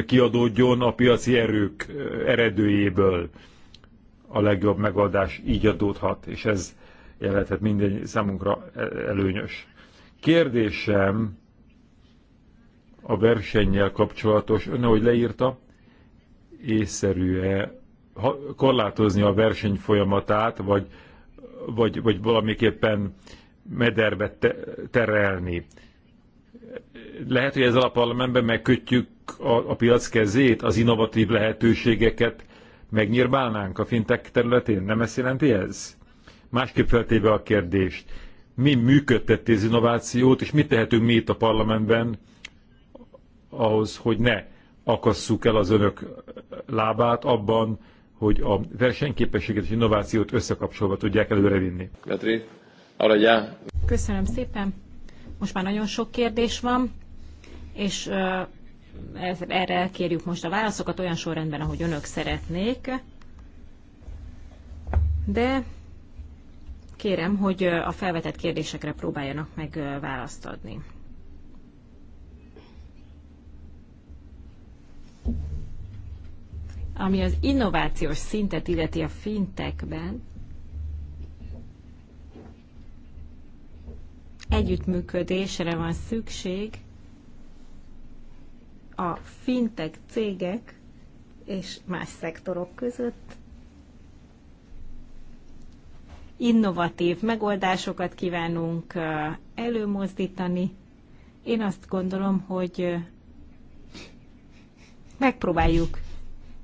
kiadódjon a piaci erők eredőjéből a legjobb megoldás így adódhat, és ez jelenthet minden számunkra előnyös. Kérdésem a versennyel kapcsolatos, ön ahogy leírta, észszerű-e korlátozni a verseny folyamatát, vagy, vagy, vagy valamiképpen mederbe te, terelni. Lehet, hogy ezzel a parlamentben megkötjük a, a piac kezét, az innovatív lehetőségeket megnyírbálnánk a fintek területén? Nem ezt jelenti ez? Másképp feltéve a kérdést, mi működtette az innovációt, és mit tehetünk mi itt a parlamentben ahhoz, hogy ne akasszuk el az önök lábát abban, hogy a versenyképességet és innovációt összekapcsolva tudják előrevinni. Köszönöm szépen. Most már nagyon sok kérdés van, és erre kérjük most a válaszokat olyan sorrendben, ahogy önök szeretnék. De kérem, hogy a felvetett kérdésekre próbáljanak meg választ adni. Ami az innovációs szintet illeti a fintekben, együttműködésre van szükség a fintech cégek és más szektorok között innovatív megoldásokat kívánunk előmozdítani. Én azt gondolom, hogy megpróbáljuk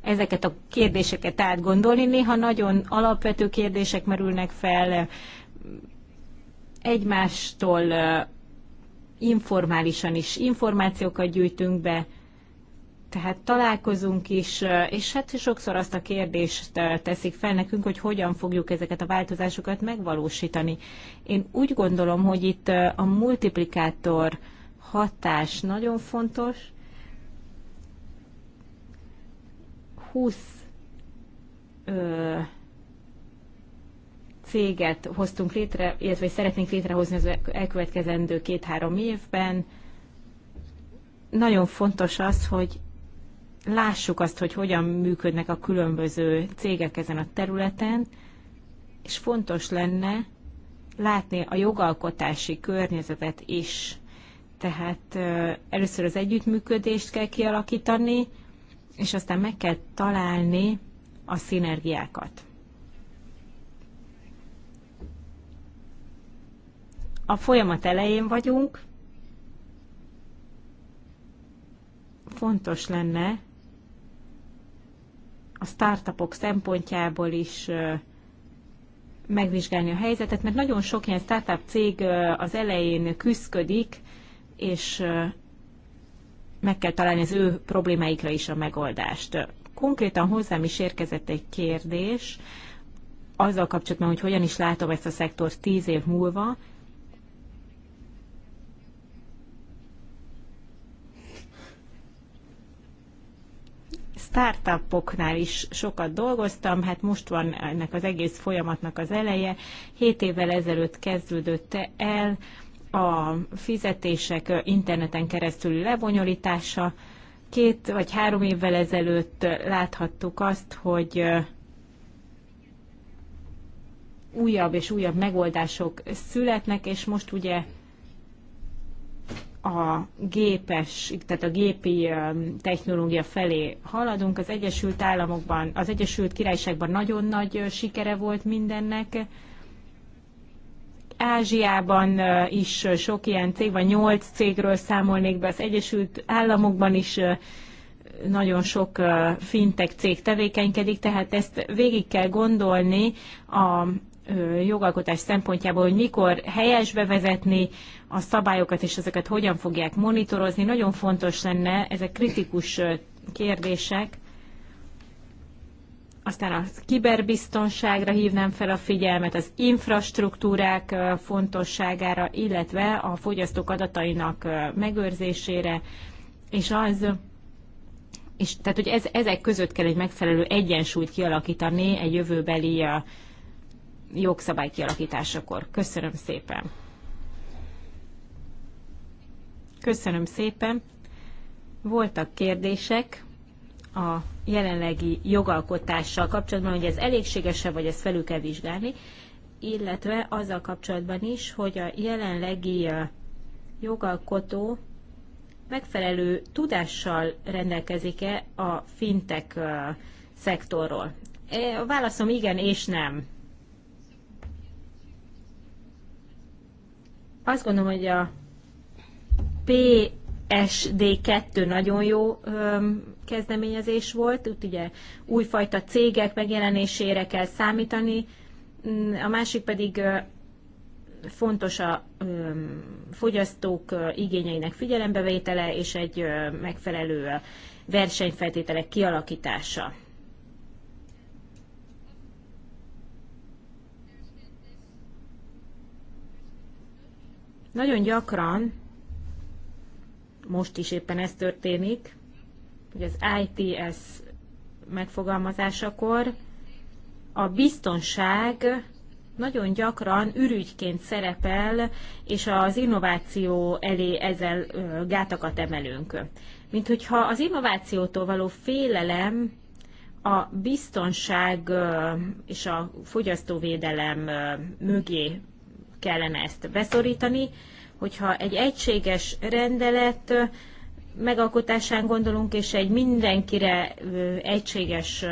ezeket a kérdéseket átgondolni. Néha nagyon alapvető kérdések merülnek fel, egymástól informálisan is információkat gyűjtünk be, tehát találkozunk is, és hát sokszor azt a kérdést teszik fel nekünk, hogy hogyan fogjuk ezeket a változásokat megvalósítani. Én úgy gondolom, hogy itt a multiplikátor hatás nagyon fontos. 20 ö, céget hoztunk létre, illetve szeretnénk létrehozni az elkövetkezendő két-három évben. Nagyon fontos az, hogy lássuk azt, hogy hogyan működnek a különböző cégek ezen a területen, és fontos lenne látni a jogalkotási környezetet is. Tehát először az együttműködést kell kialakítani, és aztán meg kell találni a szinergiákat. A folyamat elején vagyunk, fontos lenne a startupok szempontjából is megvizsgálni a helyzetet, mert nagyon sok ilyen startup cég az elején küzdködik, és meg kell találni az ő problémáikra is a megoldást. Konkrétan hozzám is érkezett egy kérdés, azzal kapcsolatban, hogy hogyan is látom ezt a szektort tíz év múlva, startupoknál is sokat dolgoztam, hát most van ennek az egész folyamatnak az eleje. Hét évvel ezelőtt kezdődött el a fizetések interneten keresztül lebonyolítása. Két vagy három évvel ezelőtt láthattuk azt, hogy újabb és újabb megoldások születnek, és most ugye a gépes, tehát a gépi technológia felé haladunk. Az Egyesült Államokban, az Egyesült Királyságban nagyon nagy sikere volt mindennek. Ázsiában is sok ilyen cég van, nyolc cégről számolnék be, az Egyesült Államokban is nagyon sok fintech cég tevékenykedik, tehát ezt végig kell gondolni a jogalkotás szempontjából, hogy mikor helyes bevezetni a szabályokat, és ezeket hogyan fogják monitorozni. Nagyon fontos lenne, ezek kritikus kérdések. Aztán a kiberbiztonságra hívnám fel a figyelmet, az infrastruktúrák fontosságára, illetve a fogyasztók adatainak megőrzésére, és az, és tehát, hogy ez, ezek között kell egy megfelelő egyensúlyt kialakítani egy jövőbeli jogszabály kialakításakor. Köszönöm szépen! Köszönöm szépen. Voltak kérdések a jelenlegi jogalkotással kapcsolatban, hogy ez elégséges-e, vagy ezt felül kell vizsgálni, illetve azzal kapcsolatban is, hogy a jelenlegi jogalkotó megfelelő tudással rendelkezik-e a fintek szektorról. E, a válaszom igen és nem. Azt gondolom, hogy a PSD2 nagyon jó kezdeményezés volt, úgy ugye újfajta cégek megjelenésére kell számítani, mm, a másik pedig fontos a fogyasztók igényeinek figyelembevétele és egy megfelelő versenyfeltételek kialakítása. Nagyon gyakran most is éppen ez történik, hogy az ITS megfogalmazásakor a biztonság nagyon gyakran ürügyként szerepel, és az innováció elé ezzel gátakat emelünk. Mint hogyha az innovációtól való félelem a biztonság és a fogyasztóvédelem mögé kellene ezt beszorítani, hogyha egy egységes rendelet megalkotásán gondolunk, és egy mindenkire egységes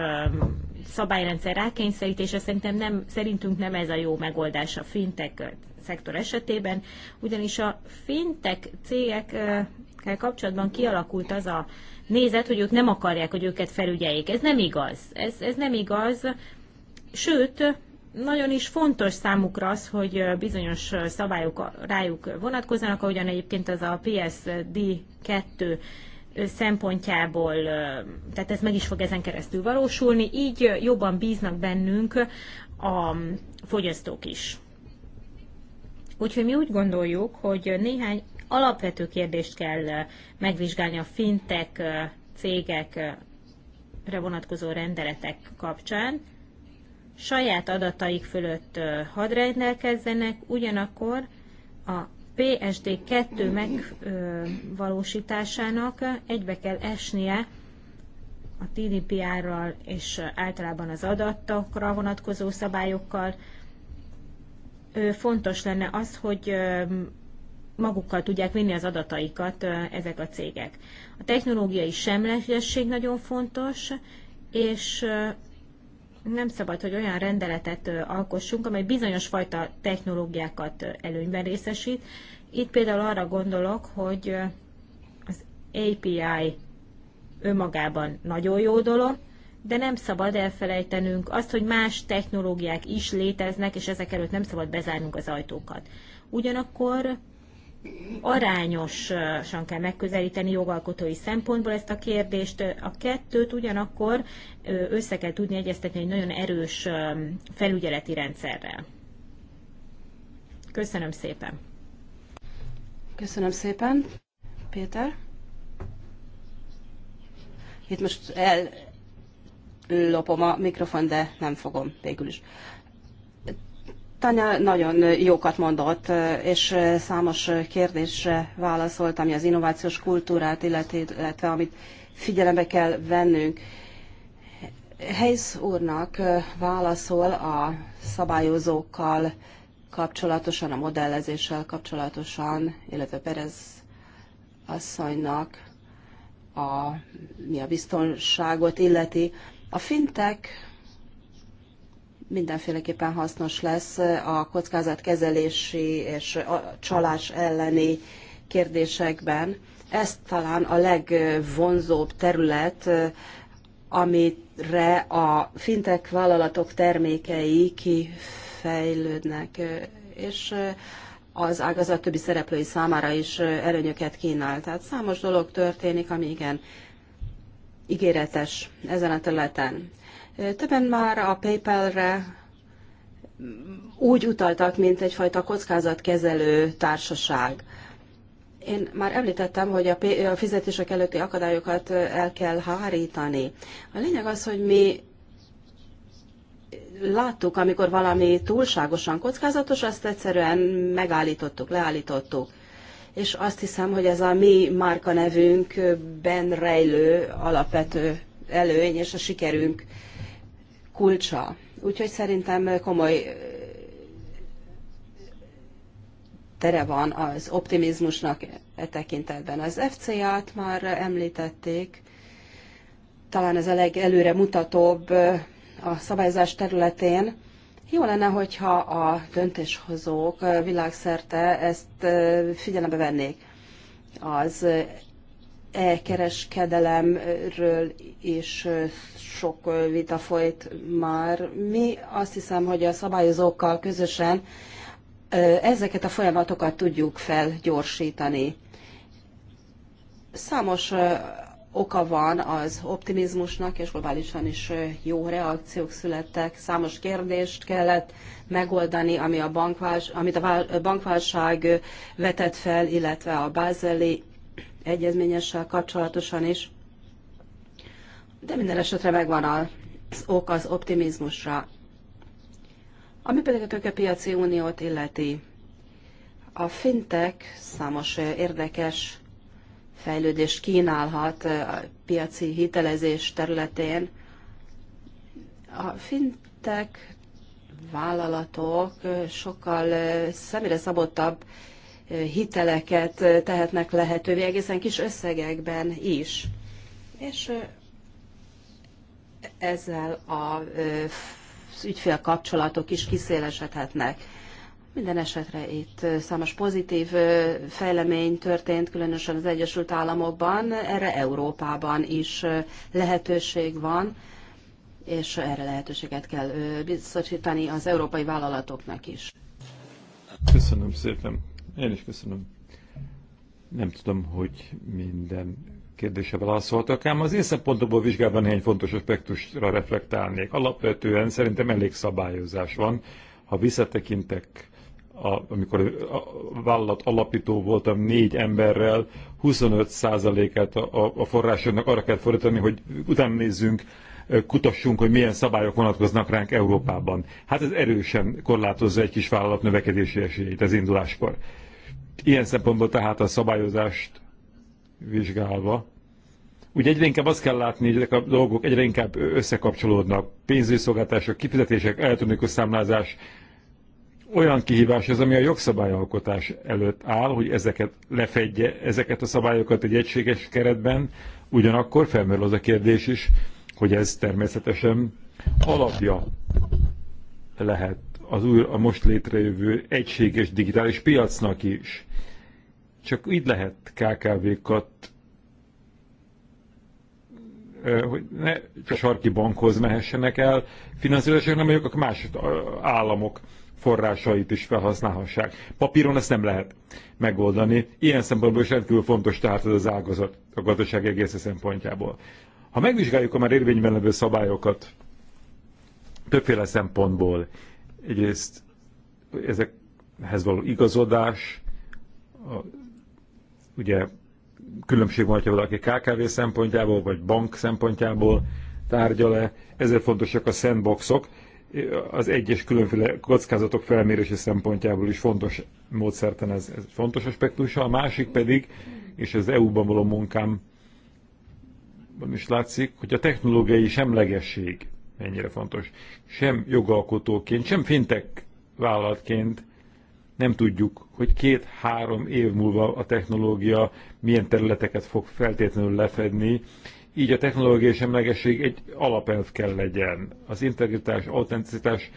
szabályrendszer rákényszerítése szerintem nem, szerintünk nem ez a jó megoldás a fintek szektor esetében, ugyanis a fintek cégekkel kapcsolatban kialakult az a nézet, hogy ők nem akarják, hogy őket felügyeljék. Ez nem igaz. Ez, ez nem igaz. Sőt, nagyon is fontos számukra az, hogy bizonyos szabályok rájuk vonatkoznak, ahogyan egyébként az a PSD2 szempontjából, tehát ez meg is fog ezen keresztül valósulni, így jobban bíznak bennünk a fogyasztók is. Úgyhogy mi úgy gondoljuk, hogy néhány alapvető kérdést kell megvizsgálni a fintek cégekre vonatkozó rendeletek kapcsán, saját adataik fölött hadrendelkezzenek, ugyanakkor a PSD2 megvalósításának egybe kell esnie a TDPR-ral és általában az adatokra vonatkozó szabályokkal. Fontos lenne az, hogy magukkal tudják vinni az adataikat ezek a cégek. A technológiai semlegesség nagyon fontos, és nem szabad, hogy olyan rendeletet alkossunk, amely bizonyos fajta technológiákat előnyben részesít. Itt például arra gondolok, hogy az API önmagában nagyon jó dolog, de nem szabad elfelejtenünk azt, hogy más technológiák is léteznek, és ezek előtt nem szabad bezárnunk az ajtókat. Ugyanakkor arányosan kell megközelíteni jogalkotói szempontból ezt a kérdést. A kettőt ugyanakkor össze kell tudni egyeztetni egy nagyon erős felügyeleti rendszerrel. Köszönöm szépen! Köszönöm szépen, Péter. Itt most ellopom a mikrofon, de nem fogom végül is. Tanya nagyon jókat mondott, és számos kérdésre válaszolt, ami az innovációs kultúrát illeti, illetve amit figyelembe kell vennünk. Helysz úrnak válaszol a szabályozókkal kapcsolatosan, a modellezéssel kapcsolatosan, illetve Perez asszonynak, a, mi a biztonságot illeti. A fintek mindenféleképpen hasznos lesz a kockázatkezelési és a csalás elleni kérdésekben. Ez talán a legvonzóbb terület, amire a fintek vállalatok termékei kifejlődnek, és az ágazat többi szereplői számára is előnyöket kínál. Tehát számos dolog történik, ami igen ígéretes ezen a területen. Többen már a PayPal-re úgy utaltak, mint egyfajta kockázatkezelő társaság. Én már említettem, hogy a fizetések előtti akadályokat el kell hárítani. A lényeg az, hogy mi láttuk, amikor valami túlságosan kockázatos, azt egyszerűen megállítottuk, leállítottuk. És azt hiszem, hogy ez a mi márkanevünkben rejlő alapvető előny és a sikerünk kulcsa. Úgyhogy szerintem komoly tere van az optimizmusnak e tekintetben. Az FCA-t már említették, talán ez a legelőre mutatóbb a szabályozás területén. Jó lenne, hogyha a döntéshozók világszerte ezt figyelembe vennék. Az e-kereskedelemről is sok vita folyt már. Mi azt hiszem, hogy a szabályozókkal közösen ezeket a folyamatokat tudjuk felgyorsítani. Számos oka van az optimizmusnak, és globálisan is jó reakciók születtek. Számos kérdést kellett megoldani, ami a amit a bankválság vetett fel, illetve a bázeli egyezményessel kapcsolatosan is. De minden esetre megvan az ok az optimizmusra. Ami pedig a tőkepiaci uniót illeti, a fintek számos érdekes fejlődést kínálhat a piaci hitelezés területén. A fintek vállalatok sokkal személyre szabottabb hiteleket tehetnek lehetővé egészen kis összegekben is. És ezzel az ügyfél kapcsolatok is kiszélesedhetnek. Minden esetre itt számos pozitív fejlemény történt, különösen az Egyesült Államokban, erre Európában is lehetőség van, és erre lehetőséget kell biztosítani az európai vállalatoknak is. Köszönöm szépen. Én is köszönöm. Nem tudom, hogy minden kérdése válaszoltak, ám az én szempontomból vizsgálva néhány fontos aspektusra reflektálnék. Alapvetően szerintem elég szabályozás van. Ha visszatekintek, a, amikor a vállalat alapító voltam négy emberrel, 25%-át a, a, a forrásoknak arra kell fordítani, hogy utána nézzünk, kutassunk, hogy milyen szabályok vonatkoznak ránk Európában. Hát ez erősen korlátozza egy kis vállalat növekedési esélyét az induláskor. Ilyen szempontból tehát a szabályozást vizsgálva. úgy egyre inkább azt kell látni, hogy ezek a dolgok egyre inkább összekapcsolódnak. Pénzügyi szolgáltások, kifizetések, elektronikus számlázás, olyan kihívás ez, ami a jogszabályalkotás előtt áll, hogy ezeket lefedje, ezeket a szabályokat egy egységes keretben, ugyanakkor felmerül az a kérdés is, hogy ez természetesen alapja lehet az új, a most létrejövő egységes digitális piacnak is. Csak így lehet KKV-kat hogy ne a sarki bankhoz mehessenek el finanszírozások, nem vagyok, akkor más államok forrásait is felhasználhassák. Papíron ezt nem lehet megoldani. Ilyen szempontból is rendkívül fontos tehát ez az ágazat a gazdaság egész szempontjából. Ha megvizsgáljuk a már érvényben levő szabályokat többféle szempontból, egyrészt ezekhez való igazodás, a ugye különbség van, ha valaki KKV szempontjából, vagy bank szempontjából tárgyal-e, ezért fontosak a sandboxok, az egyes különféle kockázatok felmérési szempontjából is fontos módszerten ez, ez fontos aspektusa. A másik pedig, és az EU-ban való munkám is látszik, hogy a technológiai semlegesség mennyire fontos. Sem jogalkotóként, sem fintek vállalatként nem tudjuk hogy két-három év múlva a technológia milyen területeket fog feltétlenül lefedni, így a technológiai semlegesség egy alapelv kell legyen. Az integritás, autenticitás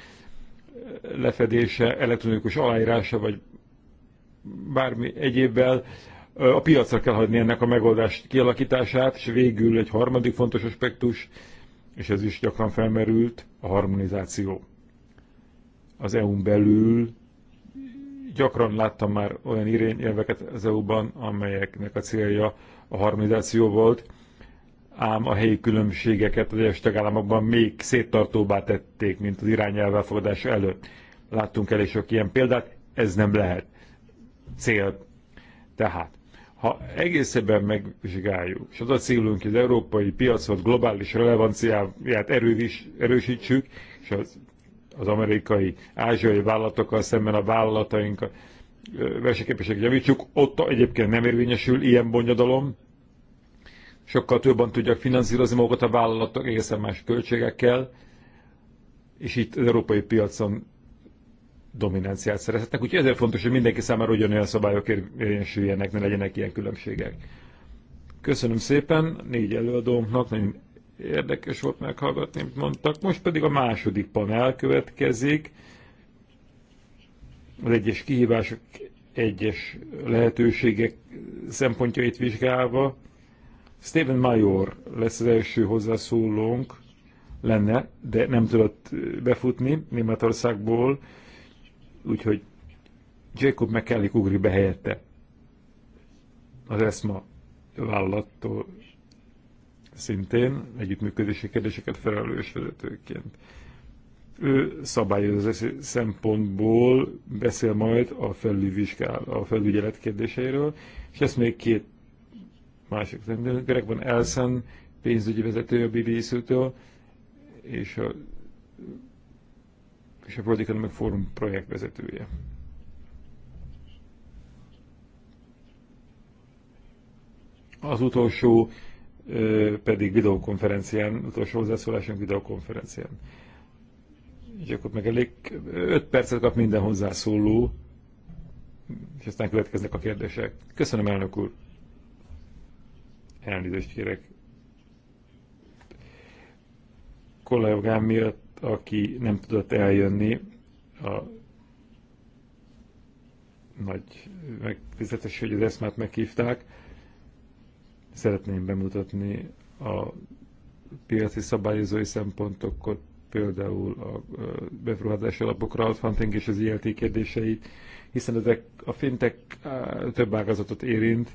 lefedése, elektronikus aláírása, vagy bármi egyébbel a piacra kell hagyni ennek a megoldás kialakítását, és végül egy harmadik fontos aspektus, és ez is gyakran felmerült, a harmonizáció. Az EU-n belül gyakran láttam már olyan irényelveket az EU-ban, amelyeknek a célja a harmonizáció volt, ám a helyi különbségeket az egyes tagállamokban még széttartóbbá tették, mint az irányelv fogadása előtt. Láttunk elég sok ilyen példát, ez nem lehet cél. Tehát, ha egészében megvizsgáljuk, és az a célunk, hogy az európai piacot globális relevanciáját erősítsük, és az az amerikai, ázsiai vállalatokkal szemben a vállalataink versenyképesek javítsuk. Ott egyébként nem érvényesül ilyen bonyodalom, sokkal többen tudják finanszírozni magukat a vállalatok egészen más költségekkel, és itt az európai piacon dominanciát szerezhetnek. Úgyhogy ezért fontos, hogy mindenki számára ugyanolyan szabályok érvényesüljenek, ne legyenek ilyen különbségek. Köszönöm szépen négy előadónknak, nagyon Érdekes volt meghallgatni, amit mondtak. Most pedig a második panel következik. Az egyes kihívások, egyes lehetőségek szempontjait vizsgálva. Stephen Major lesz az első hozzászólónk, lenne, de nem tudott befutni Németországból, úgyhogy Jacob McKellick ugri be helyette az ESMA vállalattól szintén együttműködési kérdéseket felelős vezetőként. Ő szabályozó szempontból beszél majd a felügyvizsgál, a felügyelet kérdéseiről, és ezt még két másik rendőrök van, Elszen, pénzügyi vezető a BBC-től, és a, és a World Economic Forum projektvezetője. Az utolsó pedig videokonferencián, utolsó hozzászólásunk videokonferencián. És akkor meg elég 5 percet kap minden hozzászóló, és aztán következnek a kérdések. Köszönöm, elnök úr! Elnézést kérek. Kollégám miatt, aki nem tudott eljönni, a nagy megtiszteltetés, hogy az eszmát meghívták Szeretném bemutatni a piaci szabályozói szempontokat, például a befruházási alapokra, a funding és az ILT kérdéseit, hiszen ezek a fintek több ágazatot érint,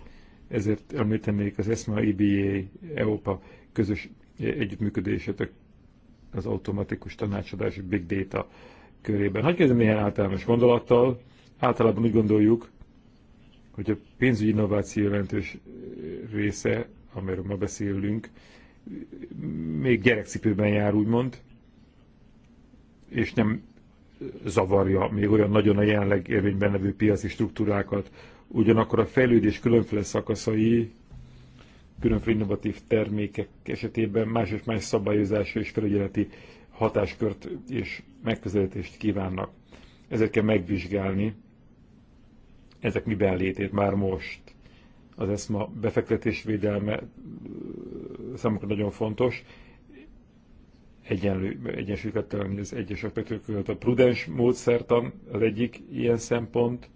ezért említenék az ESMA, IBA, EOPA közös együttműködését az automatikus tanácsadás Big Data körében. Hagyj kezdem néhány általános gondolattal. Általában úgy gondoljuk, hogy a pénzügyi innováció jelentős része, amiről ma beszélünk, még gyerekcipőben jár, úgymond, és nem zavarja még olyan nagyon a jelenleg érvényben levő piaci struktúrákat. Ugyanakkor a fejlődés különféle szakaszai, különféle innovatív termékek esetében más és más szabályozási és felügyeleti hatáskört és megközelítést kívánnak. Ezeket kell megvizsgálni ezek miben létét már most. Az ESMA védelme számukra nagyon fontos. Egyenlő, egyensúlyokat találni az egyes aspektők között. A prudens módszertan az egyik ilyen szempont,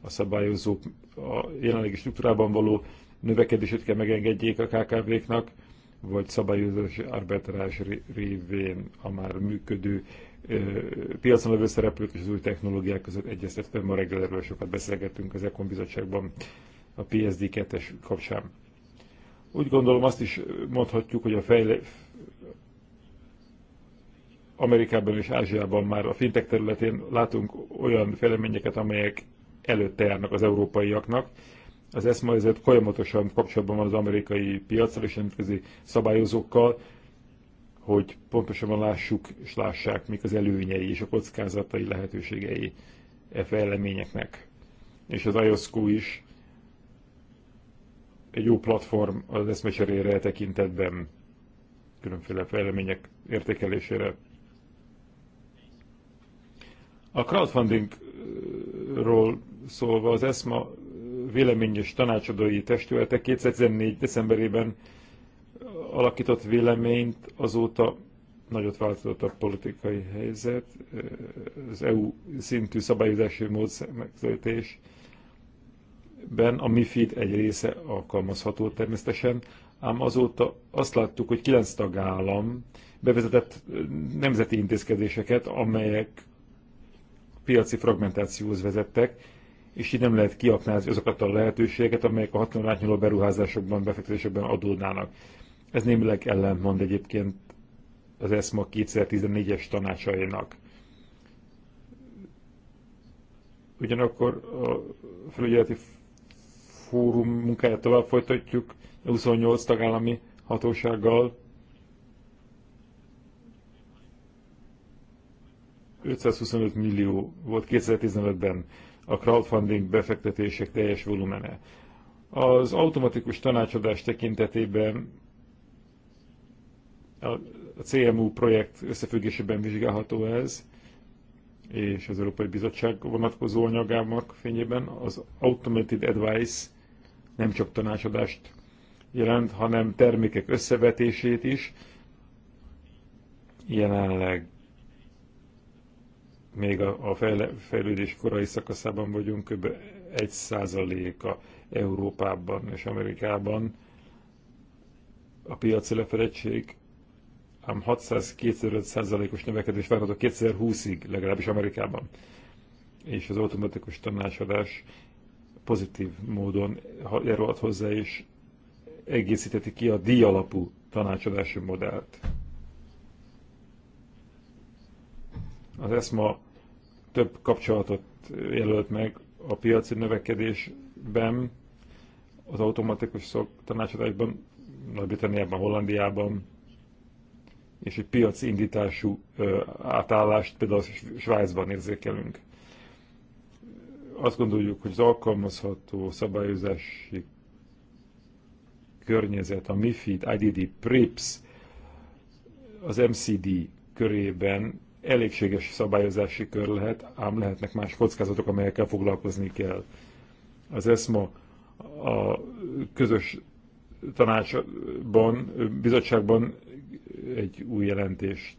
a szabályozók a jelenlegi struktúrában való növekedését kell megengedjék a KKV-knak, vagy szabályozási arbitrás révén a már működő piacon levő szereplők és az új technológiák között egyeztetve. Ma reggel erről sokat beszélgettünk az Ekon Bizottságban a PSD 2-es kapcsán. Úgy gondolom azt is mondhatjuk, hogy a fejle... Amerikában és Ázsiában már a fintek területén látunk olyan fejleményeket, amelyek előtte járnak az európaiaknak. Az ESMA ezért folyamatosan kapcsolatban van az amerikai piacsal és nemzetközi szabályozókkal, hogy pontosabban lássuk és lássák, mik az előnyei és a kockázatai lehetőségei e fejleményeknek. És az IOSCO is egy jó platform az eszmecserére tekintetben, különféle fejlemények értékelésére. A crowdfundingról szólva az ESMA véleményes tanácsadói testülete 2014. decemberében alakított véleményt, azóta nagyot változott a politikai helyzet, az EU szintű szabályozási módszer Ben, a MIFID egy része alkalmazható természetesen, ám azóta azt láttuk, hogy kilenc tagállam bevezetett nemzeti intézkedéseket, amelyek piaci fragmentációhoz vezettek, és így nem lehet kiaknázni azokat a lehetőségeket, amelyek a hatalom átnyúló beruházásokban, befektetésekben adódnának. Ez némileg ellentmond egyébként az ESMA 2014-es tanácsainak. Ugyanakkor a felügyeleti fórum munkáját tovább folytatjuk 28 tagállami hatósággal. 525 millió volt 2015-ben a crowdfunding befektetések teljes volumene. Az automatikus tanácsadás tekintetében a CMU projekt összefüggésében vizsgálható ez, és az Európai Bizottság vonatkozó anyagának fényében az Automated Advice nem csak tanácsadást jelent, hanem termékek összevetését is. Jelenleg még a, fejlődés korai szakaszában vagyunk, kb. 1%-a Európában és Amerikában a piaci lefedettség ám 600-205%-os növekedés várható 2020-ig, legalábbis Amerikában. És az automatikus tanácsadás pozitív módon járulhat hozzá, és egészíteti ki a díjalapú tanácsadási modellt. Az ESMA több kapcsolatot jelölt meg a piaci növekedésben, az automatikus szok tanácsadásban, Nagy-Britanniában, Hollandiában, és egy piaci indítású átállást például Svájcban érzékelünk. Azt gondoljuk, hogy az alkalmazható szabályozási környezet, a MIFID, IDD, PRIPS, az MCD körében elégséges szabályozási kör lehet, ám lehetnek más kockázatok, amelyekkel foglalkozni kell. Az ESMA a közös tanácsban, bizottságban egy új jelentést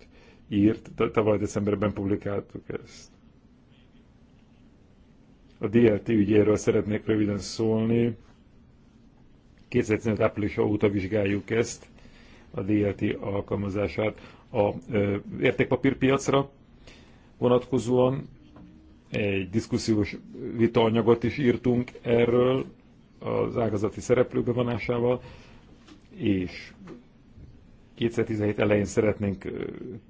írt, tavaly decemberben publikáltuk ezt. A DLT ügyéről szeretnék röviden szólni. 2015 április óta vizsgáljuk ezt, a DLT alkalmazását a ö, értékpapírpiacra vonatkozóan. Egy diszkusziós vitaanyagot is írtunk erről az ágazati szereplők bevonásával, és 2017 elején szeretnénk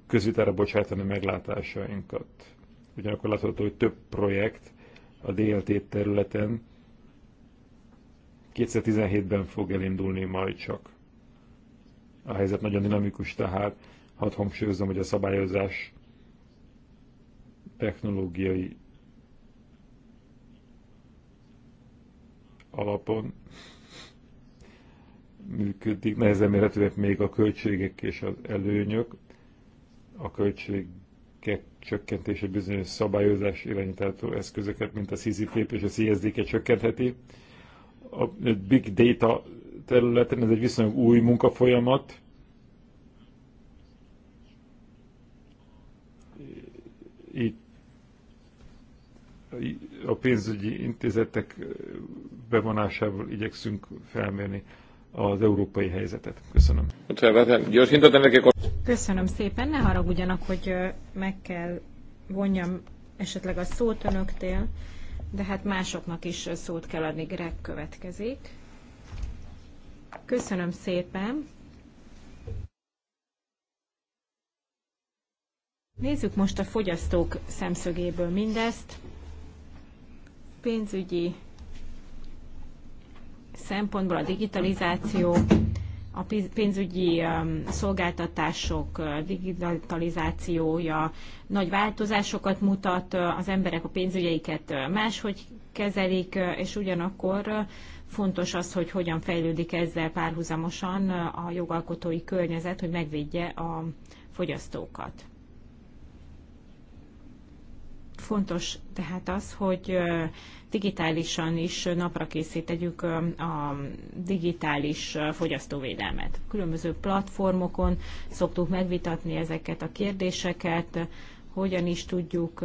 közvitára bocsátani meglátásainkat. Ugyanakkor látható, hogy több projekt a DLT területen 2017-ben fog elindulni majd csak. A helyzet nagyon dinamikus, tehát hadd hangsúlyozom, hogy a szabályozás technológiai alapon működik, nehezen mérhetőek még a költségek és az előnyök. A költségek csökkentése bizonyos szabályozás irányító eszközöket, mint a CZP és a CSD-ket csökkentheti. A big data területen ez egy viszonylag új munkafolyamat, itt a pénzügyi intézetek bevonásával igyekszünk felmérni az európai helyzetet. Köszönöm. Köszönöm szépen. Ne haragudjanak, hogy meg kell vonjam esetleg a szót önöktél, de hát másoknak is szót kell adni. Greg következik. Köszönöm szépen. Nézzük most a fogyasztók szemszögéből mindezt. Pénzügyi szempontból a digitalizáció, a pénzügyi um, szolgáltatások uh, digitalizációja nagy változásokat mutat, uh, az emberek a pénzügyeiket uh, máshogy kezelik, és ugyanakkor fontos az, hogy hogyan fejlődik ezzel párhuzamosan a jogalkotói környezet, hogy megvédje a fogyasztókat. Fontos tehát az, hogy digitálisan is napra készítegyük a digitális fogyasztóvédelmet. Különböző platformokon szoktuk megvitatni ezeket a kérdéseket, hogyan is tudjuk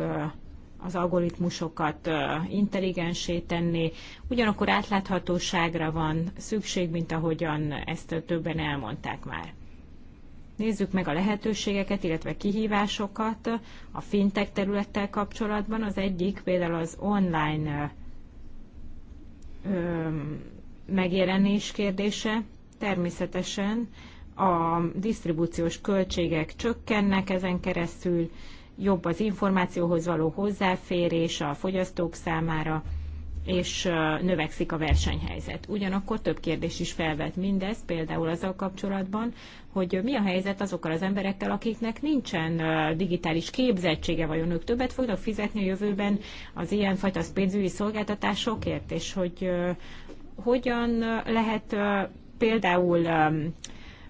az algoritmusokat intelligensé tenni. Ugyanakkor átláthatóságra van szükség, mint ahogyan ezt többen elmondták már. Nézzük meg a lehetőségeket, illetve kihívásokat a fintech területtel kapcsolatban. Az egyik például az online ö, megjelenés kérdése. Természetesen a disztribúciós költségek csökkennek ezen keresztül, jobb az információhoz való hozzáférés a fogyasztók számára, és növekszik a versenyhelyzet. Ugyanakkor több kérdés is felvet mindez, például azzal kapcsolatban, hogy mi a helyzet azokkal az emberekkel, akiknek nincsen digitális képzettsége, vajon ők többet fognak fizetni a jövőben az ilyenfajta pénzügyi szolgáltatásokért, és hogy hogyan lehet például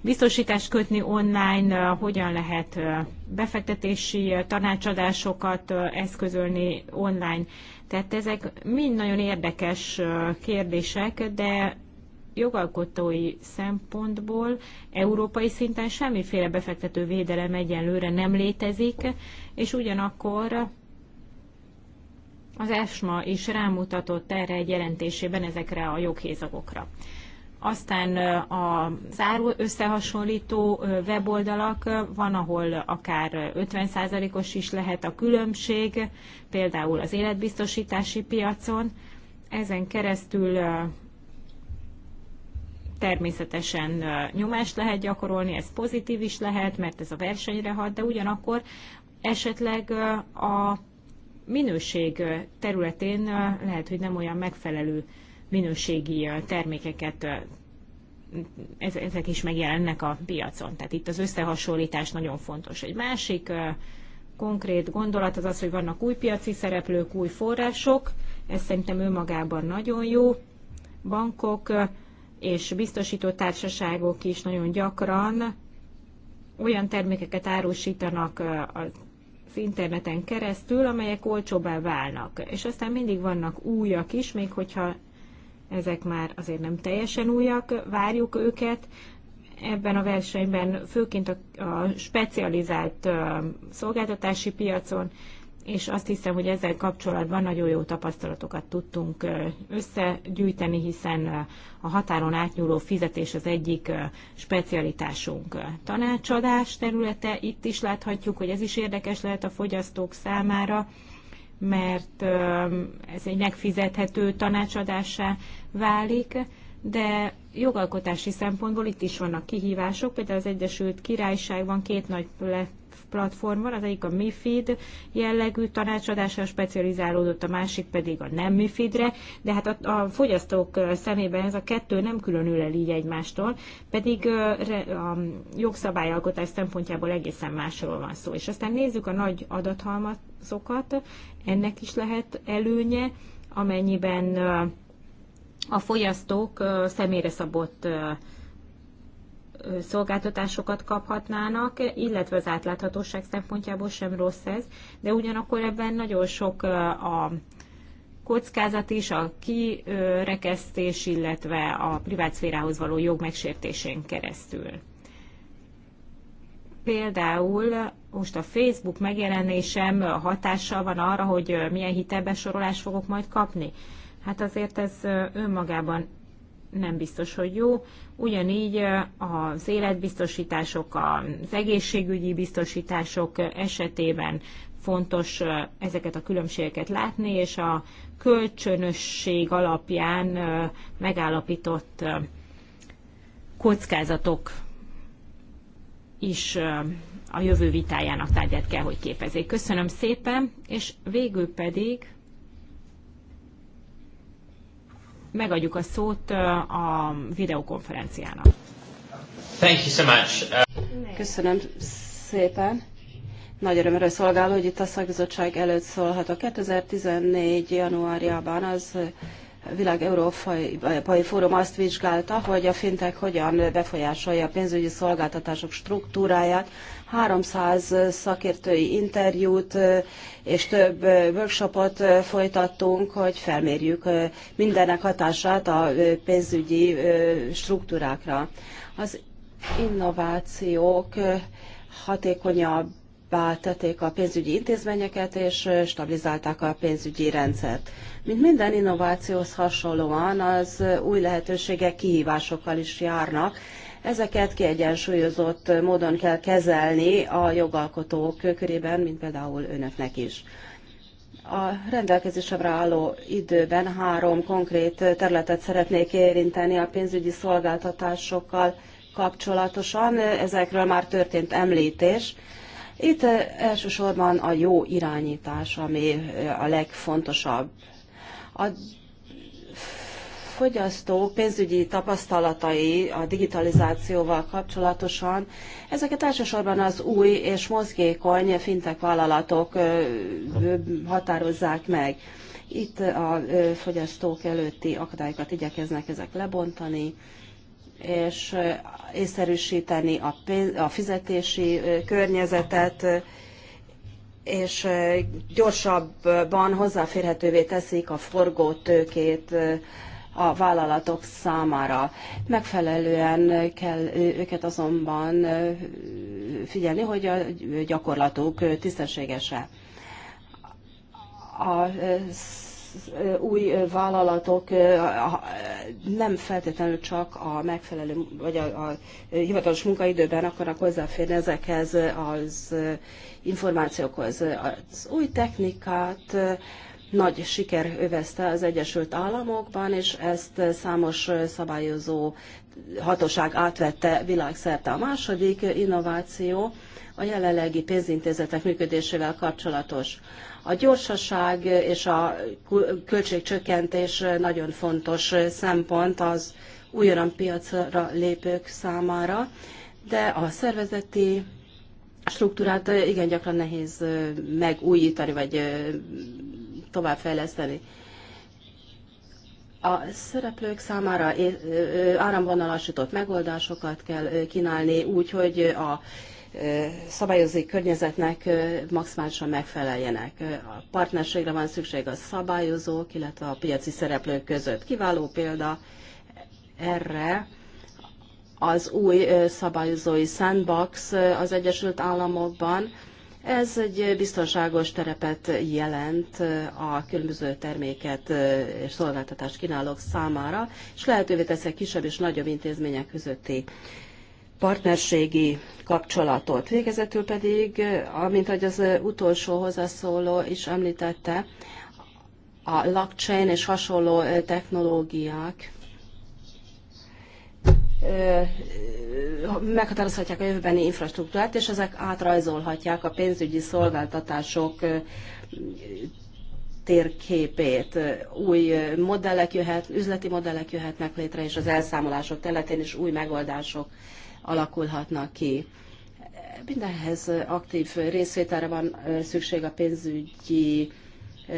biztosítást kötni online, hogyan lehet befektetési tanácsadásokat eszközölni online, tehát ezek mind nagyon érdekes kérdések, de jogalkotói szempontból európai szinten semmiféle befektető védelem egyenlőre nem létezik, és ugyanakkor az ESMA is rámutatott erre egy jelentésében ezekre a joghézagokra. Aztán a záró összehasonlító weboldalak van, ahol akár 50%-os is lehet a különbség, például az életbiztosítási piacon. Ezen keresztül természetesen nyomást lehet gyakorolni, ez pozitív is lehet, mert ez a versenyre hat, de ugyanakkor esetleg a minőség területén lehet, hogy nem olyan megfelelő minőségi termékeket ezek is megjelennek a piacon. Tehát itt az összehasonlítás nagyon fontos. Egy másik konkrét gondolat az az, hogy vannak új piaci szereplők, új források, ez szerintem önmagában nagyon jó. Bankok és biztosító társaságok is nagyon gyakran olyan termékeket árusítanak az interneten keresztül, amelyek olcsóbbá válnak. És aztán mindig vannak újak is, még hogyha ezek már azért nem teljesen újak, várjuk őket. Ebben a versenyben főként a, a specializált ö, szolgáltatási piacon, és azt hiszem, hogy ezzel kapcsolatban nagyon jó tapasztalatokat tudtunk összegyűjteni, hiszen a határon átnyúló fizetés az egyik specialitásunk tanácsadás területe. Itt is láthatjuk, hogy ez is érdekes lehet a fogyasztók számára mert ez egy megfizethető tanácsadásá válik, de jogalkotási szempontból itt is vannak kihívások, például az Egyesült Királyságban két nagy platformon, az egyik a MIFID jellegű tanácsadásra specializálódott, a másik pedig a nem MIFIDre, de hát a, a fogyasztók szemében ez a kettő nem különül el így egymástól, pedig a jogszabályalkotás szempontjából egészen másról van szó. És aztán nézzük a nagy adathalmazokat, ennek is lehet előnye, amennyiben a fogyasztók személyre szabott szolgáltatásokat kaphatnának, illetve az átláthatóság szempontjából sem rossz ez, de ugyanakkor ebben nagyon sok a kockázat is, a kirekesztés, illetve a privátszférához való jog megsértésén keresztül. Például most a Facebook megjelenésem hatással van arra, hogy milyen hitelbesorolást fogok majd kapni. Hát azért ez önmagában nem biztos, hogy jó. Ugyanígy az életbiztosítások, az egészségügyi biztosítások esetében fontos ezeket a különbségeket látni, és a kölcsönösség alapján megállapított kockázatok is a jövő vitájának tárgyát kell, hogy képezzék. Köszönöm szépen, és végül pedig megadjuk a szót a videokonferenciának. Thank you so much. Köszönöm szépen. Nagy örömre szolgál, hogy itt a szakbizottság előtt a 2014. januárjában az világ Európai Fórum azt vizsgálta, hogy a fintek hogyan befolyásolja a pénzügyi szolgáltatások struktúráját, 300 szakértői interjút és több workshopot folytattunk, hogy felmérjük mindennek hatását a pénzügyi struktúrákra. Az innovációk hatékonyabbá tették a pénzügyi intézményeket és stabilizálták a pénzügyi rendszert. Mint minden innovációhoz hasonlóan az új lehetőségek kihívásokkal is járnak, Ezeket kiegyensúlyozott módon kell kezelni a jogalkotók körében, mint például önöknek is. A rendelkezésemre álló időben három konkrét területet szeretnék érinteni a pénzügyi szolgáltatásokkal kapcsolatosan. Ezekről már történt említés. Itt elsősorban a jó irányítás, ami a legfontosabb. A fogyasztó pénzügyi tapasztalatai a digitalizációval kapcsolatosan, ezeket elsősorban az új és mozgékony fintek vállalatok határozzák meg. Itt a fogyasztók előtti akadályokat igyekeznek ezek lebontani, és észszerűsíteni a, pénz, a fizetési környezetet, és gyorsabban hozzáférhetővé teszik a forgótőkét a vállalatok számára. Megfelelően kell őket azonban figyelni, hogy a gyakorlatuk tisztességese. A új vállalatok nem feltétlenül csak a megfelelő, vagy a, a hivatalos munkaidőben akarnak hozzáférni ezekhez az információkhoz. Az új technikát nagy siker övezte az Egyesült Államokban, és ezt számos szabályozó hatóság átvette világszerte. A második innováció a jelenlegi pénzintézetek működésével kapcsolatos. A gyorsaság és a költségcsökkentés nagyon fontos szempont az újonnan piacra lépők számára, de a szervezeti struktúrát igen gyakran nehéz megújítani, vagy továbbfejleszteni. A szereplők számára áramvonalasított megoldásokat kell kínálni, úgy, hogy a szabályozói környezetnek maximálisan megfeleljenek. A partnerségre van szükség a szabályozók, illetve a piaci szereplők között. Kiváló példa erre az új szabályozói sandbox az Egyesült Államokban, ez egy biztonságos terepet jelent a különböző terméket és szolgáltatást kínálók számára, és lehetővé teszi a kisebb és nagyobb intézmények közötti partnerségi kapcsolatot. Végezetül pedig, amint ahogy az utolsó hozzászóló is említette, a blockchain és hasonló technológiák meghatározhatják a jövőbeni infrastruktúrát, és ezek átrajzolhatják a pénzügyi szolgáltatások térképét. Új modellek jöhet, üzleti modellek jöhetnek létre, és az elszámolások területén is új megoldások alakulhatnak ki. Mindenhez aktív részvételre van szükség a pénzügyi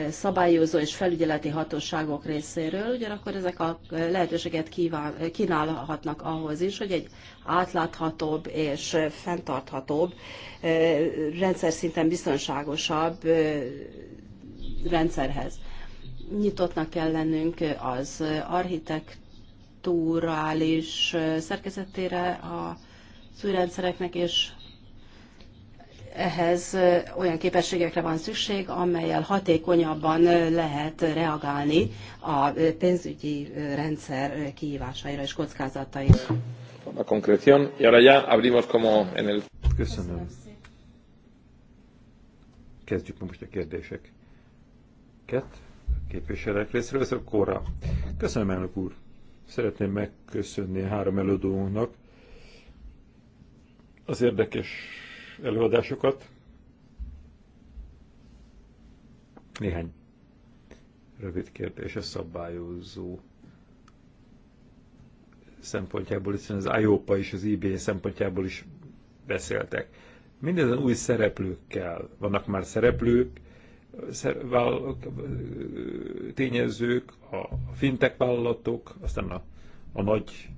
szabályozó és felügyeleti hatóságok részéről, ugyanakkor ezek a lehetőséget kíván, kínálhatnak ahhoz is, hogy egy átláthatóbb és fenntarthatóbb, rendszer szinten biztonságosabb rendszerhez. Nyitottnak kell lennünk az architekturális szerkezetére a szűrendszereknek, és ehhez olyan képességekre van szükség, amelyel hatékonyabban lehet reagálni a pénzügyi rendszer kihívásaira és kockázataira. A concreción. Y ahora ya abrimos como en el... Köszönöm. Kezdjük most a kérdések. Kett, képviselők részéről, ez a korra. Köszönöm, elnök úr. Szeretném megköszönni a három előadónak az érdekes előadásokat. Néhány rövid kérdés a szabályozó szempontjából, hiszen az IOPA és az IBA szempontjából is beszéltek. Mindezen új szereplőkkel vannak már szereplők, tényezők, a fintek vállalatok, aztán a, a nagy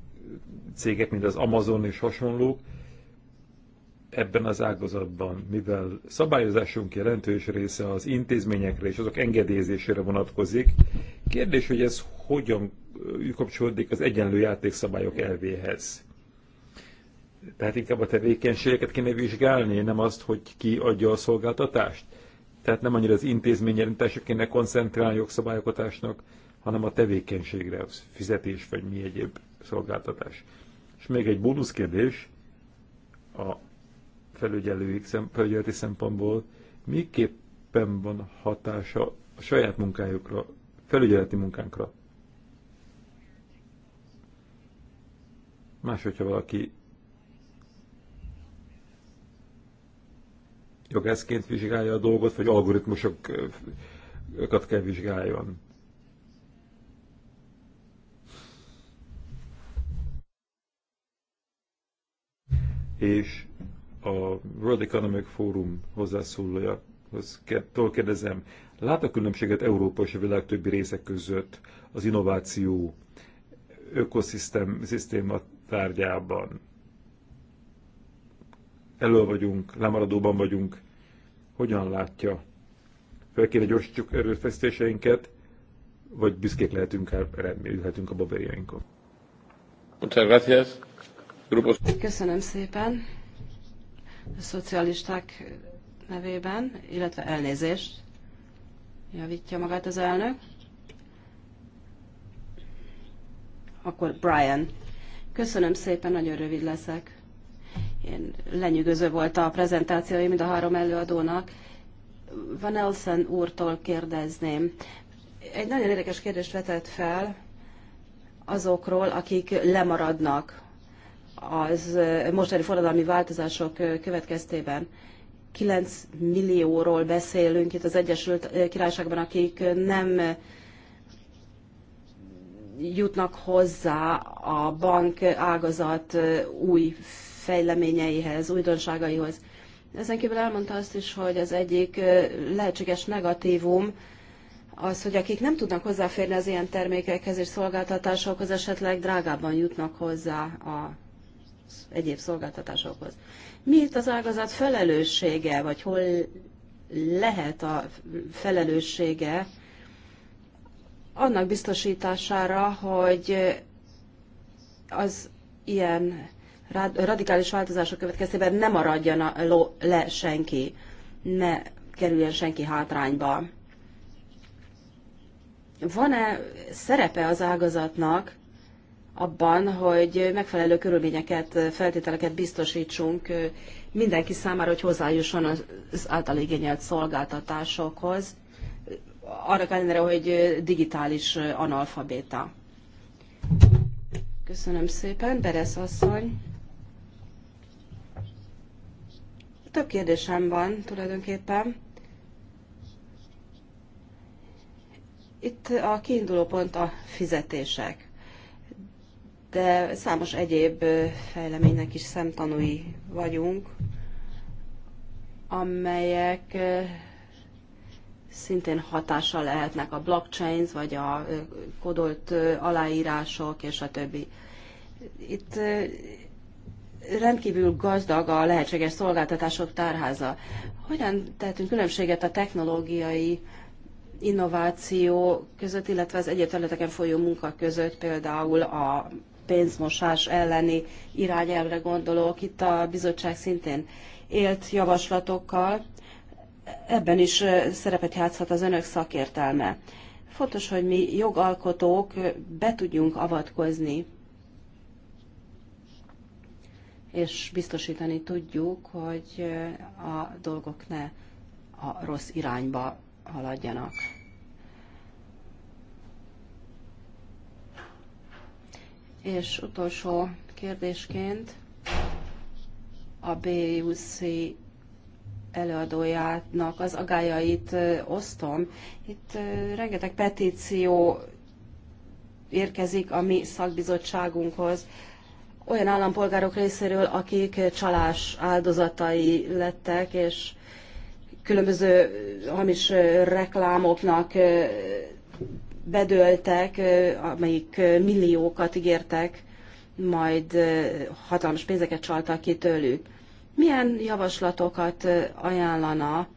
cégek, mint az Amazon és hasonlók, ebben az ágazatban, mivel szabályozásunk jelentős része az intézményekre és azok engedélyezésére vonatkozik, kérdés, hogy ez hogyan kapcsolódik az egyenlő játékszabályok elvéhez. Tehát inkább a tevékenységeket kéne vizsgálni, nem azt, hogy ki adja a szolgáltatást. Tehát nem annyira az intézményjelentésre kéne koncentrálni jogszabályokatásnak, hanem a tevékenységre, a fizetés vagy mi egyéb szolgáltatás. És még egy bónusz kérdés, a felügyelői felügyeleti szempontból miképpen van hatása a saját munkájukra, felügyeleti munkánkra. Más, hogyha valaki jogászként vizsgálja a dolgot, vagy algoritmusokat kell vizsgáljon. És a World Economic Forum hozzászólója tól kérdezem, lát a különbséget Európa és a világ többi részek között az innováció ökoszisztéma tárgyában? Elő vagyunk, lemaradóban vagyunk. Hogyan látja? Fel kéne gyorsítjuk erőfeszítéseinket, vagy büszkék lehetünk, remélhetünk a babérjainkon. Köszönöm szépen a szocialisták nevében, illetve elnézést javítja magát az elnök. Akkor Brian. Köszönöm szépen, nagyon rövid leszek. Én lenyűgöző volt a prezentációja mind a három előadónak. Van Elsen úrtól kérdezném. Egy nagyon érdekes kérdést vetett fel azokról, akik lemaradnak az eh, mostani forradalmi változások eh, következtében. 9 millióról beszélünk itt az Egyesült eh, Királyságban, akik nem jutnak hozzá a bank ágazat új fejleményeihez, újdonságaihoz. Ezen kívül elmondta azt is, hogy az egyik lehetséges negatívum az, hogy akik nem tudnak hozzáférni az ilyen termékekhez és szolgáltatásokhoz, esetleg drágábban jutnak hozzá a egyéb szolgáltatásokhoz. Mi itt az ágazat felelőssége, vagy hol lehet a felelőssége annak biztosítására, hogy az ilyen radikális változások következtében nem maradjon le senki, ne kerüljön senki hátrányba. Van-e szerepe az ágazatnak abban, hogy megfelelő körülményeket, feltételeket biztosítsunk mindenki számára, hogy hozzájusson az által igényelt szolgáltatásokhoz, arra ellenére, hogy digitális analfabéta. Köszönöm szépen, Beresz asszony. Több kérdésem van tulajdonképpen. Itt a kiinduló pont a fizetések de számos egyéb fejleménynek is szemtanúi vagyunk, amelyek szintén hatással lehetnek a blockchains, vagy a kodolt aláírások, és a többi. Itt rendkívül gazdag a lehetséges szolgáltatások tárháza. Hogyan tehetünk különbséget a technológiai innováció között, illetve az egyéb területeken folyó munka között, például a pénzmosás elleni irányelvre gondolok. Itt a bizottság szintén élt javaslatokkal, ebben is szerepet játszhat az önök szakértelme. Fontos, hogy mi jogalkotók be tudjunk avatkozni, és biztosítani tudjuk, hogy a dolgok ne a rossz irányba haladjanak. És utolsó kérdésként a BUC előadójának az agájait osztom. Itt rengeteg petíció érkezik a mi szakbizottságunkhoz olyan állampolgárok részéről, akik csalás áldozatai lettek, és különböző hamis reklámoknak bedőltek, amelyik milliókat ígértek, majd hatalmas pénzeket csaltak ki tőlük. Milyen javaslatokat ajánlana,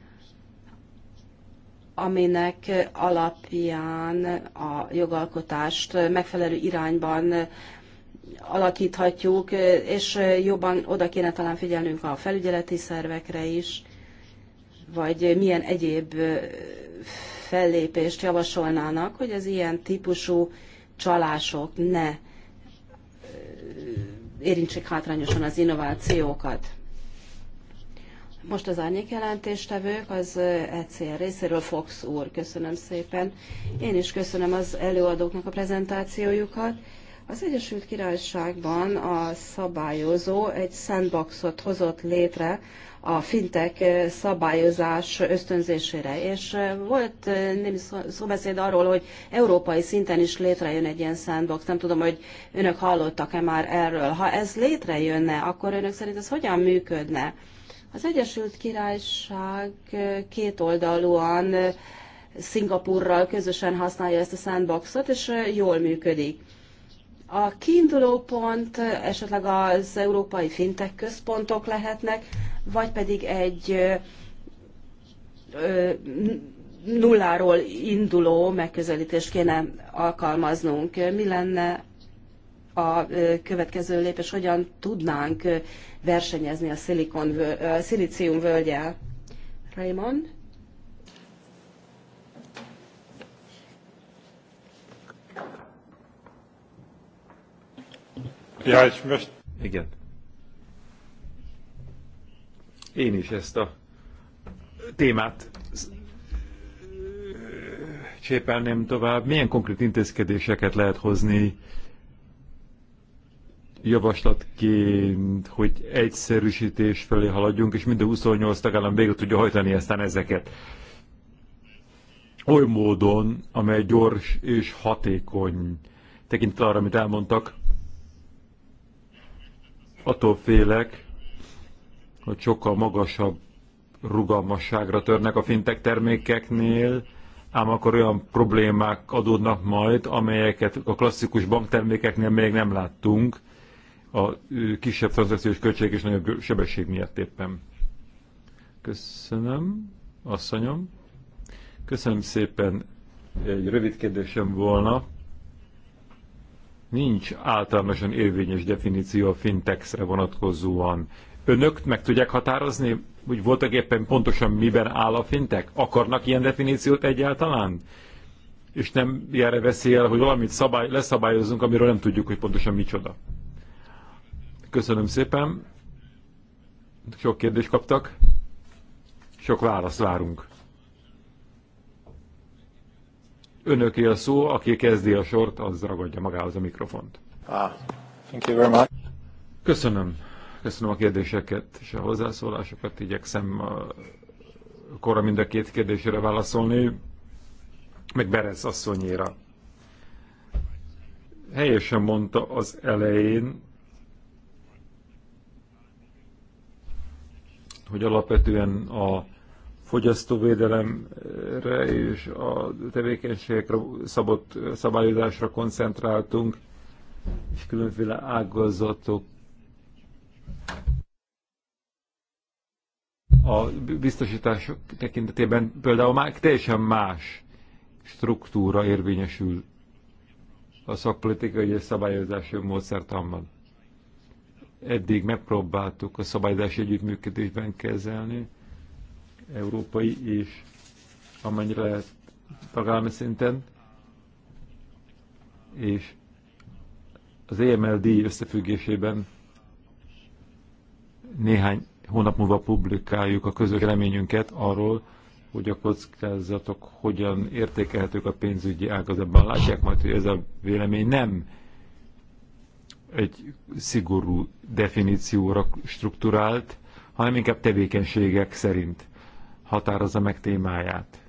aminek alapján a jogalkotást megfelelő irányban alakíthatjuk, és jobban oda kéne talán figyelnünk a felügyeleti szervekre is, vagy milyen egyéb fellépést javasolnának, hogy az ilyen típusú csalások ne érintsék hátrányosan az innovációkat. Most az árnyék jelentéstevők, az ECR részéről Fox úr, köszönöm szépen. Én is köszönöm az előadóknak a prezentációjukat. Az Egyesült Királyságban a szabályozó egy sandboxot hozott létre, a fintek eh, szabályozás ösztönzésére. És eh, volt eh, némi szóbeszéd arról, hogy európai szinten is létrejön egy ilyen sandbox. Nem tudom, hogy önök hallottak-e már erről. Ha ez létrejönne, akkor önök szerint ez hogyan működne? Az Egyesült Királyság kétoldalúan Szingapurral közösen használja ezt a sandboxot, és jól működik. A kiinduló pont esetleg az európai fintek központok lehetnek, vagy pedig egy nulláról induló megközelítést kéne alkalmaznunk. Mi lenne a következő lépés, hogyan tudnánk versenyezni a, szilícium völgyel? Raymond? Ja, ich möchte. Igen. Én is ezt a témát csépelném tovább. Milyen konkrét intézkedéseket lehet hozni javaslatként, hogy egyszerűsítés felé haladjunk, és minden 28 tagállam végül tudja hajtani aztán ezeket. Oly módon, amely gyors és hatékony. Tekintve arra, amit elmondtak, attól félek, hogy sokkal magasabb rugalmasságra törnek a fintek termékeknél, ám akkor olyan problémák adódnak majd, amelyeket a klasszikus banktermékeknél még nem láttunk, a kisebb tranzakciós költség és nagyobb sebesség miatt éppen. Köszönöm, asszonyom. Köszönöm szépen. Egy rövid kérdésem volna. Nincs általánosan érvényes definíció a fintechre vonatkozóan önök meg tudják határozni, hogy voltak éppen pontosan miben áll a fintek? Akarnak ilyen definíciót egyáltalán? És nem erre veszél, hogy valamit szabály, leszabályozunk, amiről nem tudjuk, hogy pontosan micsoda. Köszönöm szépen. Sok kérdést kaptak. Sok választ várunk. Önöké a szó, aki kezdi a sort, az ragadja magához a mikrofont. Ah, thank you very much. Köszönöm Köszönöm a kérdéseket és a hozzászólásokat. Igyekszem a kora mind a két kérdésére válaszolni, meg Berez asszonyéra. Helyesen mondta az elején, hogy alapvetően a fogyasztóvédelemre és a tevékenységekre szabott szabályozásra koncentráltunk, és különféle ágazatok a biztosítások tekintetében például már teljesen más struktúra érvényesül a szakpolitikai és szabályozási módszertanban. Eddig megpróbáltuk a szabályozási együttműködésben kezelni, európai és amennyire lehet tagállami szinten, és az EMLD összefüggésében néhány hónap múlva publikáljuk a közös reményünket arról, hogy a kockázatok hogyan értékelhetők a pénzügyi ágazatban. Látják majd, hogy ez a vélemény nem egy szigorú definícióra strukturált, hanem inkább tevékenységek szerint határozza meg témáját.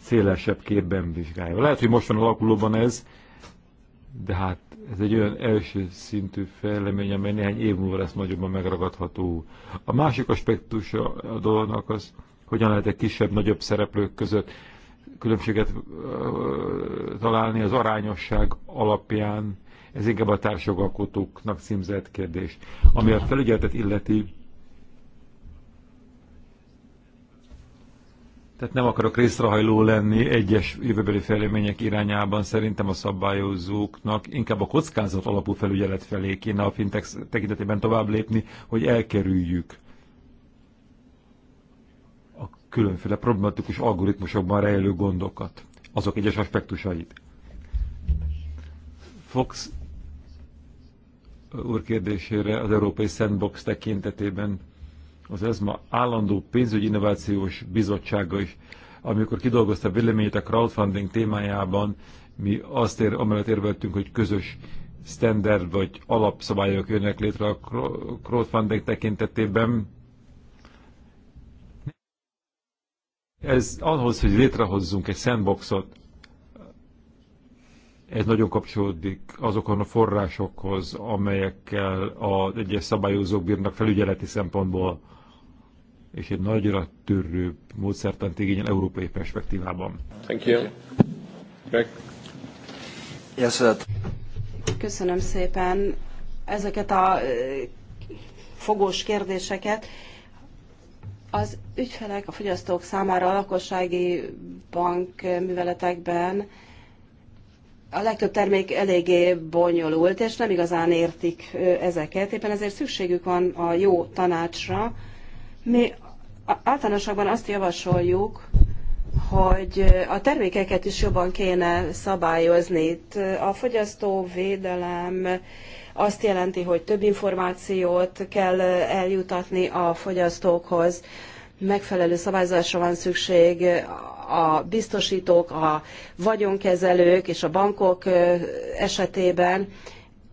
Szélesebb képben vizsgálja. Lehet, hogy most van alakulóban ez, de hát ez egy olyan első szintű fejlemény, amely néhány év múlva lesz nagyobban megragadható. A másik aspektus a, a dolognak az, hogyan lehet egy kisebb-nagyobb szereplők között különbséget ö, találni az arányosság alapján. Ez inkább a társjogalkotóknak címzett kérdés. Ami a felügyeletet illeti, Tehát nem akarok részrehajló lenni egyes jövőbeli fejlemények irányában. Szerintem a szabályozóknak inkább a kockázat alapú felügyelet felé kéne a fintech tekintetében tovább lépni, hogy elkerüljük a különféle problematikus algoritmusokban rejlő gondokat, azok egyes aspektusait. Fox úr kérdésére az Európai Sandbox tekintetében az ESMA állandó pénzügyi innovációs bizottsága is, amikor kidolgozta véleményét a crowdfunding témájában, mi azt ér, amellett érveltünk, hogy közös standard vagy alapszabályok jönnek létre a crowdfunding tekintetében. Ez ahhoz, hogy létrehozzunk egy sandboxot, ez nagyon kapcsolódik azokon a forrásokhoz, amelyekkel az egyes szabályozók bírnak felügyeleti szempontból és egy nagyra törő módszertant igényel európai perspektívában. Thank you. Greg. Yes, sir. Köszönöm szépen ezeket a fogós kérdéseket. Az ügyfelek, a fogyasztók számára a lakossági bank műveletekben a legtöbb termék eléggé bonyolult, és nem igazán értik ezeket. Éppen ezért szükségük van a jó tanácsra. Mi általánosakban azt javasoljuk, hogy a termékeket is jobban kéne szabályozni. Itt a fogyasztóvédelem azt jelenti, hogy több információt kell eljutatni a fogyasztókhoz, megfelelő szabályzásra van szükség a biztosítók, a vagyonkezelők és a bankok esetében.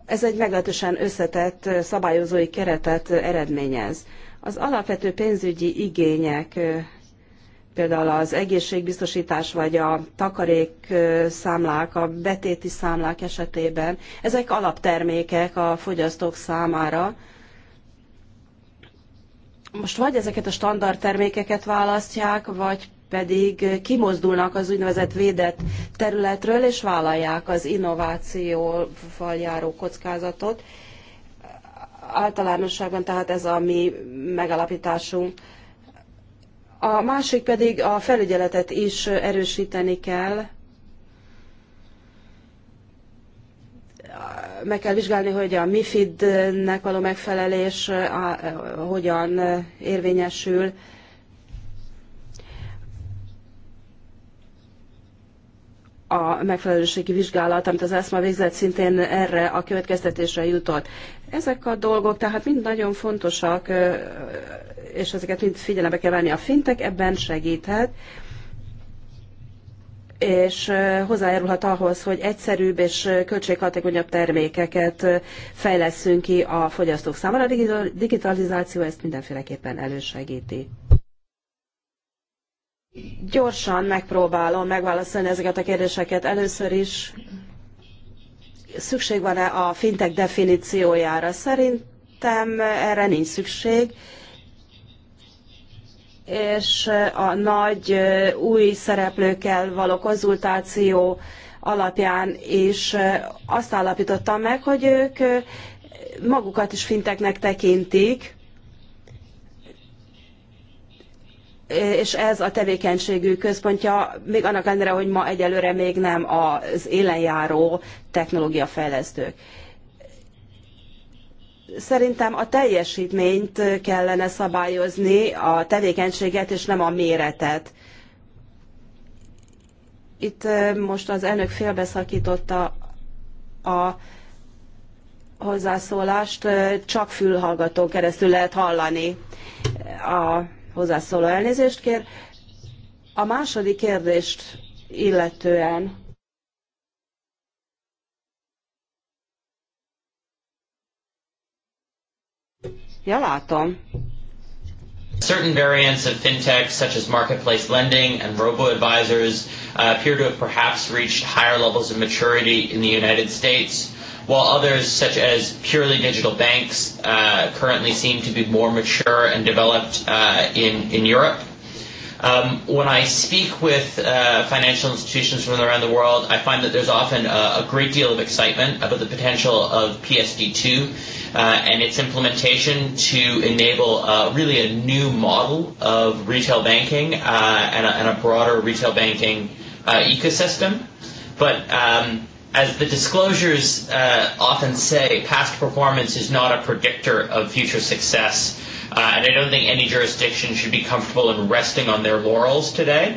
Ez egy meglehetősen összetett szabályozói keretet eredményez. Az alapvető pénzügyi igények, például az egészségbiztosítás vagy a takarék számlák, a betéti számlák esetében, ezek alaptermékek a fogyasztók számára. Most vagy ezeket a standard termékeket választják, vagy pedig kimozdulnak az úgynevezett védett területről, és vállalják az innovációval járó kockázatot. Általánosságban tehát ez a mi megalapításunk. A másik pedig a felügyeletet is erősíteni kell. Meg kell vizsgálni, hogy a MIFID-nek való megfelelés hogyan érvényesül, a megfelelőségi vizsgálat, amit az ESMA végzett, szintén erre a következtetésre jutott. Ezek a dolgok tehát mind nagyon fontosak, és ezeket mind figyelembe kell venni. A fintek ebben segíthet, és hozzájárulhat ahhoz, hogy egyszerűbb és költséghatékonyabb termékeket fejleszünk ki a fogyasztók számára. A digitalizáció ezt mindenféleképpen elősegíti. Gyorsan megpróbálom megválaszolni ezeket a kérdéseket. Először is szükség van-e a fintek definíciójára? Szerintem erre nincs szükség és a nagy új szereplőkkel való konzultáció alapján is azt állapítottam meg, hogy ők magukat is finteknek tekintik, és ez a tevékenységű központja, még annak ellenére, hogy ma egyelőre még nem az élenjáró technológiafejlesztők. Szerintem a teljesítményt kellene szabályozni, a tevékenységet, és nem a méretet. Itt most az elnök félbeszakította a hozzászólást, csak fülhallgatón keresztül lehet hallani a hozzászóló elnézést kér. A második kérdést illetően Ja, látom. Certain variants of fintech, such as marketplace lending and robo-advisors, uh, appear to have perhaps reached higher levels of maturity in the United States while others, such as purely digital banks, uh, currently seem to be more mature and developed uh, in, in Europe. Um, when I speak with uh, financial institutions from around the world, I find that there's often a, a great deal of excitement about the potential of PSD2 uh, and its implementation to enable uh, really a new model of retail banking uh, and, a, and a broader retail banking uh, ecosystem. But um, as the disclosures uh, often say, past performance is not a predictor of future success. Uh, and I don't think any jurisdiction should be comfortable in resting on their laurels today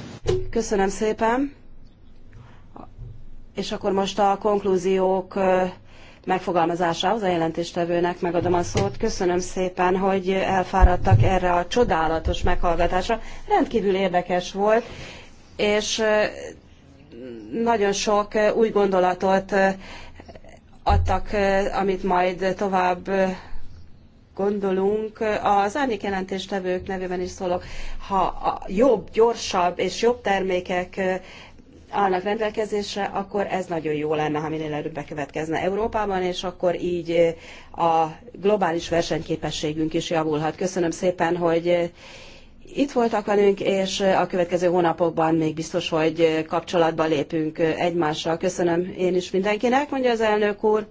Köszönöm szépen. És akkor most a konklúziók megfogalmazásához a jelentéstevőnek megadom a szót. Köszönöm szépen, hogy elfáradtak erre a csodálatos meghallgatásra. Rendkívül érdekes volt, és nagyon sok új gondolatot adtak, amit majd tovább gondolunk, az árnyék jelentéstevők nevében is szólok, ha jobb, gyorsabb és jobb termékek állnak rendelkezésre, akkor ez nagyon jó lenne, ha minél előbb bekövetkezne Európában, és akkor így a globális versenyképességünk is javulhat. Köszönöm szépen, hogy itt voltak velünk, és a következő hónapokban még biztos, hogy kapcsolatba lépünk egymással. Köszönöm én is mindenkinek, mondja az elnök úr.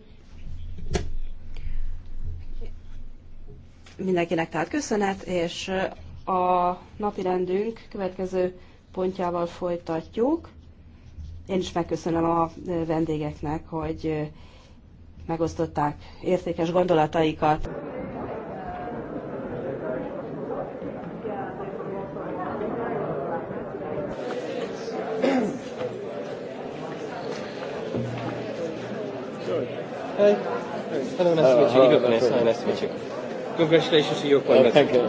Mindenkinek tehát köszönet, és a napi rendünk következő pontjával folytatjuk. Én is megköszönöm a vendégeknek, hogy megosztották értékes gondolataikat. Hey. Hello, nice to meet you. Hello, nice to meet you. Congratulations to your appointment. Oh, thank you.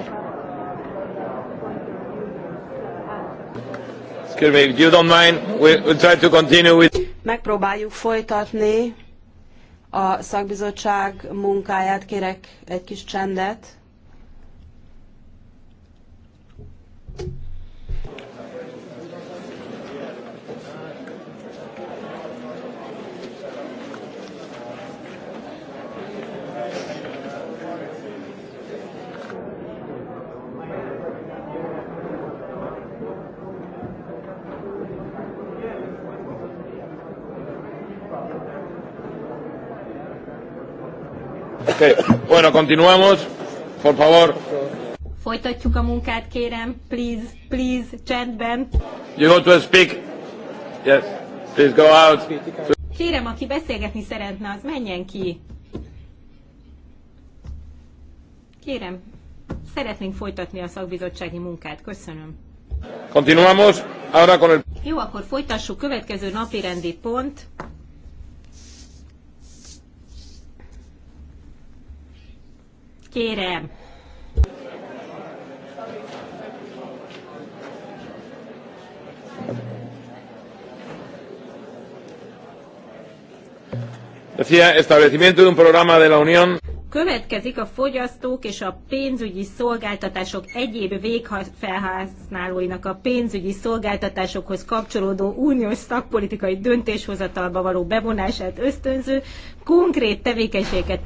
Excuse me, if you don't mind, we'll try to continue with... Megpróbáljuk folytatni a szakbizottság munkáját. Kérek egy kis csendet. Bueno, continuamos. Por favor. Folytatjuk a munkát, kérem. Please, please, csendben. You go to speak? Yes. Please go out. Kérem, aki beszélgetni szeretne, az menjen ki. Kérem, szeretnénk folytatni a szakbizottsági munkát. Köszönöm. Continuamos. Ahora con el... Jó, akkor folytassuk. Következő napi rendi pont. kérem! Decía, establecimiento de un programa de la Unión. Következik a fogyasztók és a pénzügyi szolgáltatások egyéb végfelhasználóinak a pénzügyi szolgáltatásokhoz kapcsolódó uniós szakpolitikai döntéshozatalba való bevonását ösztönző konkrét tevékenységeket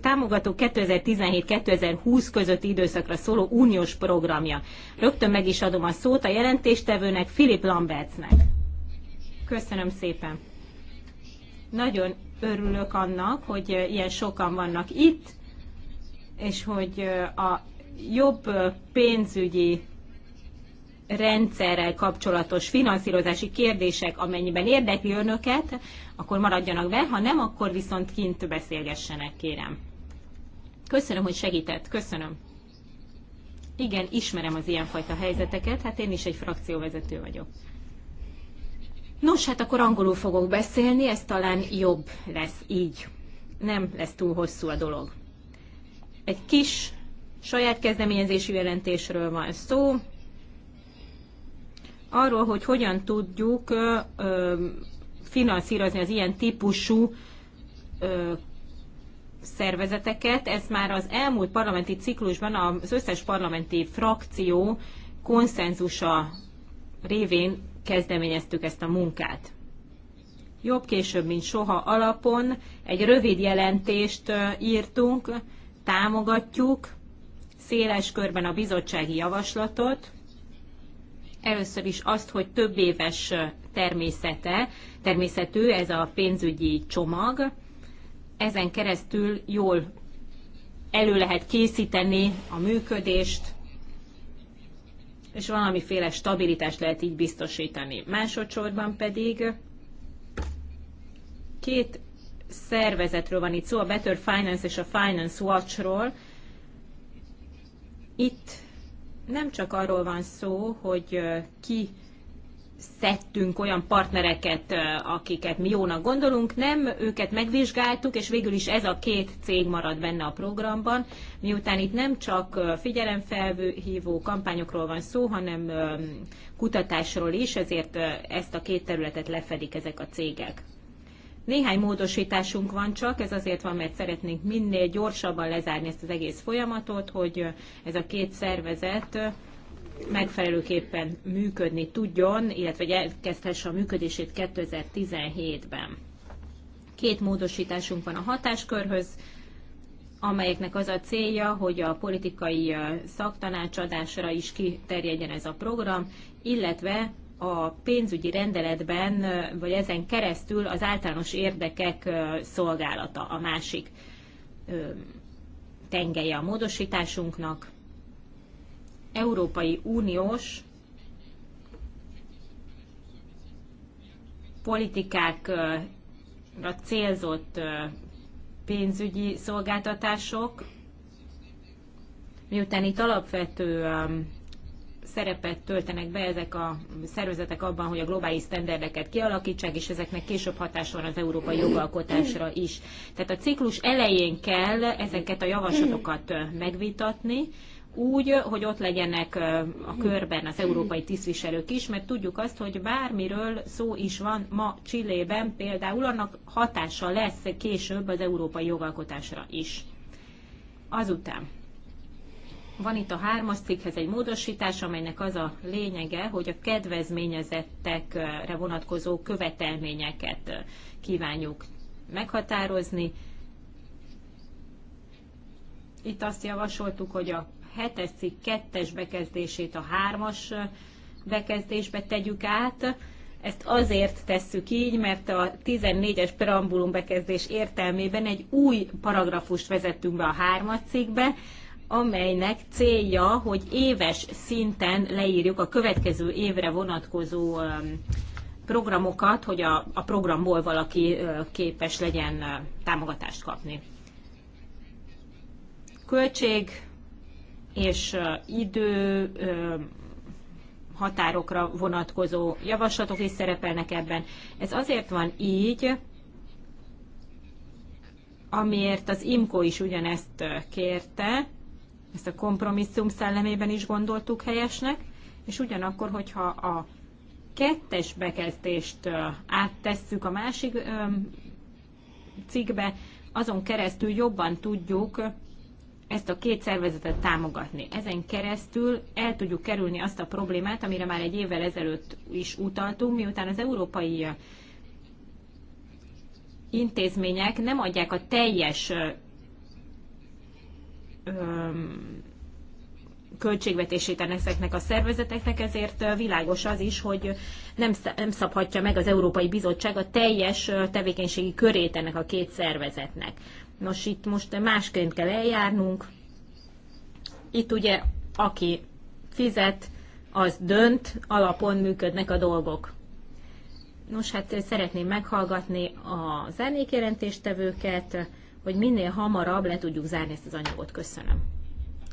támogató 2017-2020 közötti időszakra szóló uniós programja. Rögtön meg is adom a szót a jelentéstevőnek, Filip Lambertsnek. Köszönöm szépen. Nagyon örülök annak, hogy ilyen sokan vannak itt, és hogy a jobb pénzügyi rendszerrel kapcsolatos finanszírozási kérdések, amennyiben érdekli önöket, akkor maradjanak be, ha nem, akkor viszont kint beszélgessenek, kérem. Köszönöm, hogy segített, köszönöm. Igen, ismerem az ilyenfajta helyzeteket, hát én is egy frakcióvezető vagyok. Nos, hát akkor angolul fogok beszélni, ez talán jobb lesz így. Nem lesz túl hosszú a dolog. Egy kis saját kezdeményezési jelentésről van szó, arról, hogy hogyan tudjuk ö, ö, finanszírozni az ilyen típusú ö, szervezeteket. Ez már az elmúlt parlamenti ciklusban az összes parlamenti frakció konszenzusa révén kezdeményeztük ezt a munkát. Jobb később, mint soha alapon egy rövid jelentést írtunk, támogatjuk széles körben a bizottsági javaslatot, először is azt, hogy több éves természete, természetű ez a pénzügyi csomag, ezen keresztül jól elő lehet készíteni a működést, és valamiféle stabilitást lehet így biztosítani. Másodszorban pedig két szervezetről van itt szó, a Better Finance és a Finance Watchról. Itt nem csak arról van szó, hogy ki szedtünk olyan partnereket, akiket mi jónak gondolunk, nem, őket megvizsgáltuk, és végül is ez a két cég marad benne a programban, miután itt nem csak figyelemfelhívó kampányokról van szó, hanem kutatásról is, ezért ezt a két területet lefedik ezek a cégek. Néhány módosításunk van csak, ez azért van, mert szeretnénk minél gyorsabban lezárni ezt az egész folyamatot, hogy ez a két szervezet megfelelőképpen működni tudjon, illetve elkezdhesse a működését 2017-ben. Két módosításunk van a hatáskörhöz, amelyeknek az a célja, hogy a politikai szaktanácsadásra is kiterjedjen ez a program, illetve a pénzügyi rendeletben, vagy ezen keresztül az általános érdekek szolgálata a másik tengelye a módosításunknak. Európai Uniós politikákra célzott pénzügyi szolgáltatások, miután itt alapvető szerepet töltenek be ezek a szervezetek abban, hogy a globális sztenderdeket kialakítsák, és ezeknek később hatása van az európai jogalkotásra is. Tehát a ciklus elején kell ezeket a javaslatokat megvitatni, úgy, hogy ott legyenek a körben az európai tisztviselők is, mert tudjuk azt, hogy bármiről szó is van ma Csillében, például annak hatása lesz később az európai jogalkotásra is. Azután van itt a hármas cikkhez egy módosítás, amelynek az a lényege, hogy a kedvezményezettekre vonatkozó követelményeket kívánjuk meghatározni. Itt azt javasoltuk, hogy a hetes cikk kettes bekezdését a hármas bekezdésbe tegyük át. Ezt azért tesszük így, mert a 14-es preambulum bekezdés értelmében egy új paragrafust vezettünk be a hármas cikkbe, amelynek célja, hogy éves szinten leírjuk a következő évre vonatkozó programokat, hogy a, a programból valaki képes legyen támogatást kapni. Költség és idő határokra vonatkozó javaslatok is szerepelnek ebben. Ez azért van így, amiért az IMCO is ugyanezt kérte, ezt a kompromisszum szellemében is gondoltuk helyesnek, és ugyanakkor, hogyha a kettes bekezdést áttesszük a másik cikkbe, azon keresztül jobban tudjuk ezt a két szervezetet támogatni. Ezen keresztül el tudjuk kerülni azt a problémát, amire már egy évvel ezelőtt is utaltunk, miután az európai intézmények nem adják a teljes költségvetését ezeknek a szervezeteknek, ezért világos az is, hogy nem, nem szabhatja meg az Európai Bizottság a teljes tevékenységi körét ennek a két szervezetnek. Nos, itt most másként kell eljárnunk. Itt ugye, aki fizet, az dönt, alapon működnek a dolgok. Nos, hát szeretném meghallgatni a zenékjelentéstevőket, hogy minél hamarabb le tudjuk zárni ezt az anyagot. Köszönöm.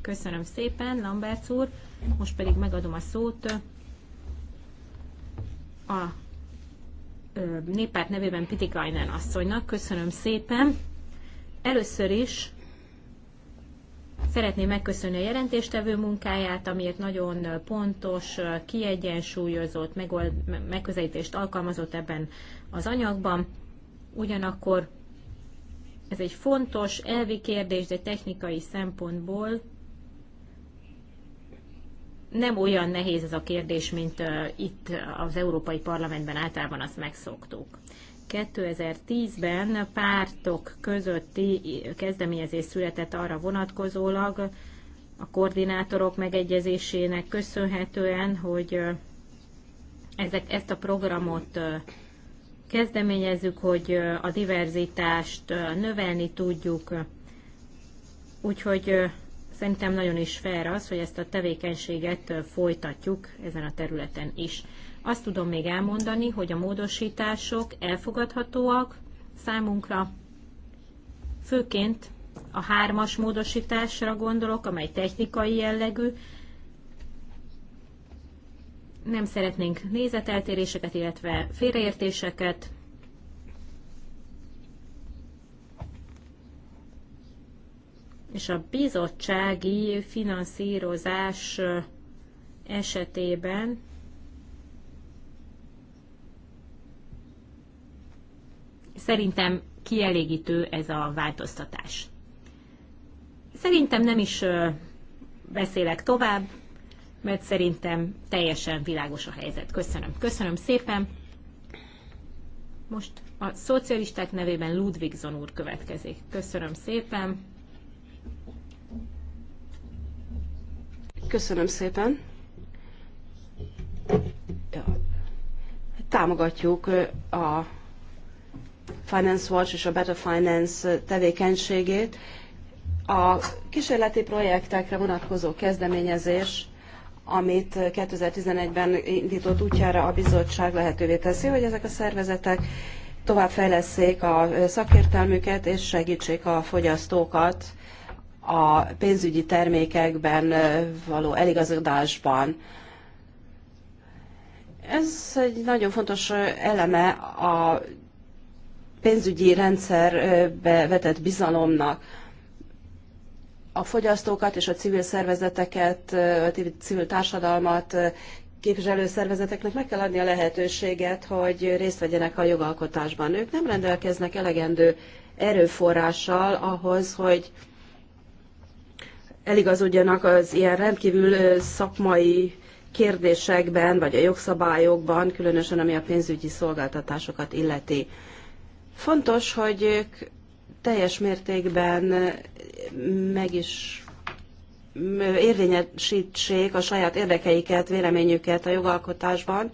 Köszönöm szépen, Lamberts úr. Most pedig megadom a szót a népárt nevében Pitikajnen asszonynak. Köszönöm szépen. Először is szeretném megköszönni a jelentéstevő munkáját, amiért nagyon pontos, kiegyensúlyozott megold, megközelítést alkalmazott ebben az anyagban. Ugyanakkor ez egy fontos elvi kérdés, de technikai szempontból nem olyan nehéz ez a kérdés, mint uh, itt az Európai Parlamentben általában azt megszoktuk. 2010-ben pártok közötti kezdeményezés született arra vonatkozólag, a koordinátorok megegyezésének köszönhetően, hogy ezek, ezt a programot kezdeményezzük, hogy a diverzitást növelni tudjuk. Úgyhogy szerintem nagyon is fair az, hogy ezt a tevékenységet folytatjuk ezen a területen is. Azt tudom még elmondani, hogy a módosítások elfogadhatóak számunkra, főként a hármas módosításra gondolok, amely technikai jellegű. Nem szeretnénk nézeteltéréseket, illetve félreértéseket. És a bizottsági finanszírozás esetében Szerintem kielégítő ez a változtatás. Szerintem nem is beszélek tovább, mert szerintem teljesen világos a helyzet. Köszönöm. Köszönöm szépen. Most a szocialisták nevében Zon úr következik. Köszönöm szépen. Köszönöm szépen. Támogatjuk a Finance Watch és a Better Finance eh, tevékenységét. A kísérleti projektekre vonatkozó kezdeményezés, amit 2011-ben eh, indított útjára a bizottság lehetővé teszi, hogy ezek a szervezetek továbbfejleszék a eh, szakértelmüket és segítsék a fogyasztókat a pénzügyi termékekben való eligazodásban. Ez egy nagyon fontos eleme a pénzügyi rendszerbe vetett bizalomnak. A fogyasztókat és a civil szervezeteket, a civil társadalmat képviselő szervezeteknek meg kell adni a lehetőséget, hogy részt vegyenek a jogalkotásban. Ők nem rendelkeznek elegendő erőforrással ahhoz, hogy eligazodjanak az ilyen rendkívül szakmai kérdésekben, vagy a jogszabályokban, különösen ami a pénzügyi szolgáltatásokat illeti. Fontos, hogy ők teljes mértékben meg is érvényesítsék a saját érdekeiket, véleményüket a jogalkotásban,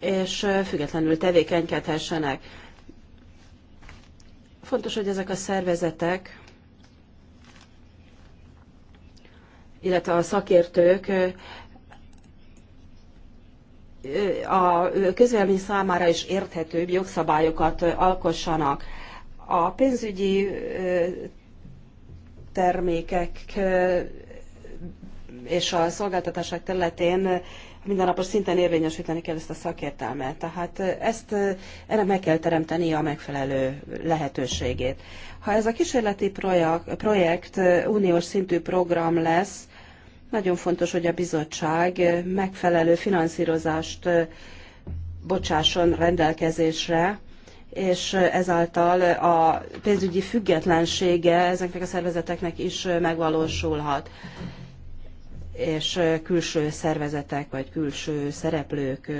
és függetlenül tevékenykedhessenek. Fontos, hogy ezek a szervezetek, illetve a szakértők a közvélemény számára is érthetőbb jogszabályokat alkossanak. A pénzügyi termékek és a szolgáltatások területén mindennapos szinten érvényesíteni kell ezt a szakértelmet. Tehát ezt, erre meg kell teremteni a megfelelő lehetőségét. Ha ez a kísérleti projekt, projekt uniós szintű program lesz, nagyon fontos, hogy a bizottság megfelelő finanszírozást bocsásson rendelkezésre, és ezáltal a pénzügyi függetlensége ezeknek a szervezeteknek is megvalósulhat és külső szervezetek vagy külső szereplők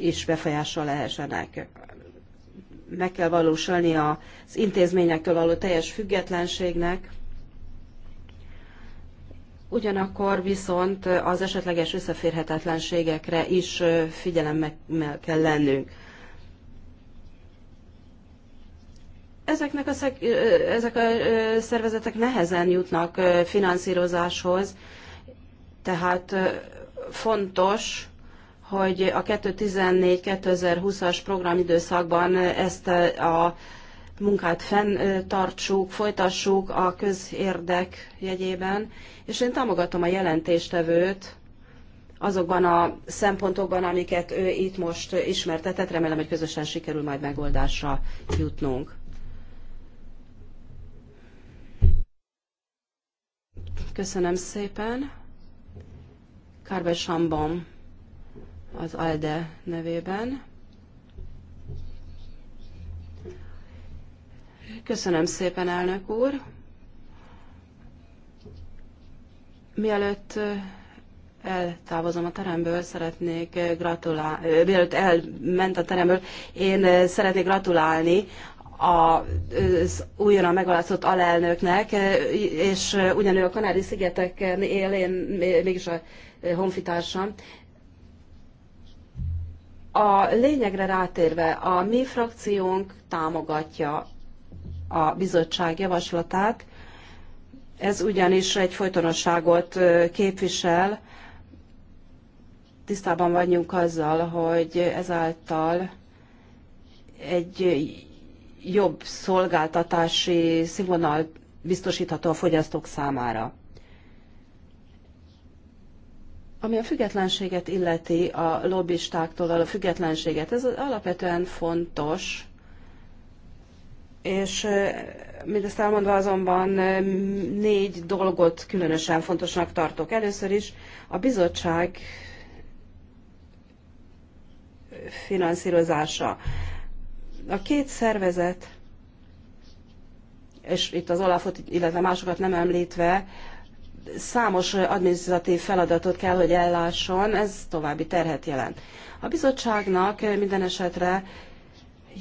is befolyással lehessenek. Meg kell valósulni az intézményektől való teljes függetlenségnek, Ugyanakkor viszont az esetleges összeférhetetlenségekre is figyelemmel kell lennünk. Ezeknek a szeg, ezek a szervezetek nehezen jutnak finanszírozáshoz, tehát fontos, hogy a 2014-2020-as programidőszakban ezt a munkát fenntartsuk, folytassuk a közérdek jegyében, és én támogatom a jelentéstevőt azokban a szempontokban, amiket ő itt most ismertetett, remélem, hogy közösen sikerül majd megoldásra jutnunk. Köszönöm szépen. Kárbe Sambon az ALDE nevében. Köszönöm szépen, elnök úr. Mielőtt eltávozom a teremből, szeretnék gratulálni, mielőtt elment a teremből, én szeretnék gratulálni az újonnan megalázott alelnöknek, és ugyanő a Kanári-szigeteken él, én mégis a honfitársam. A lényegre rátérve, a mi frakciónk támogatja a bizottság javaslatát. Ez ugyanis egy folytonosságot képvisel. Tisztában vagyunk azzal, hogy ezáltal egy jobb szolgáltatási színvonal biztosítható a fogyasztók számára. Ami a függetlenséget illeti, a lobbistáktól a függetlenséget, ez alapvetően fontos, és mindezt elmondva azonban négy dolgot különösen fontosnak tartok. Először is a bizottság finanszírozása. A két szervezet, és itt az Olafot, illetve másokat nem említve, számos adminisztratív feladatot kell, hogy ellásson, ez további terhet jelent. A bizottságnak minden esetre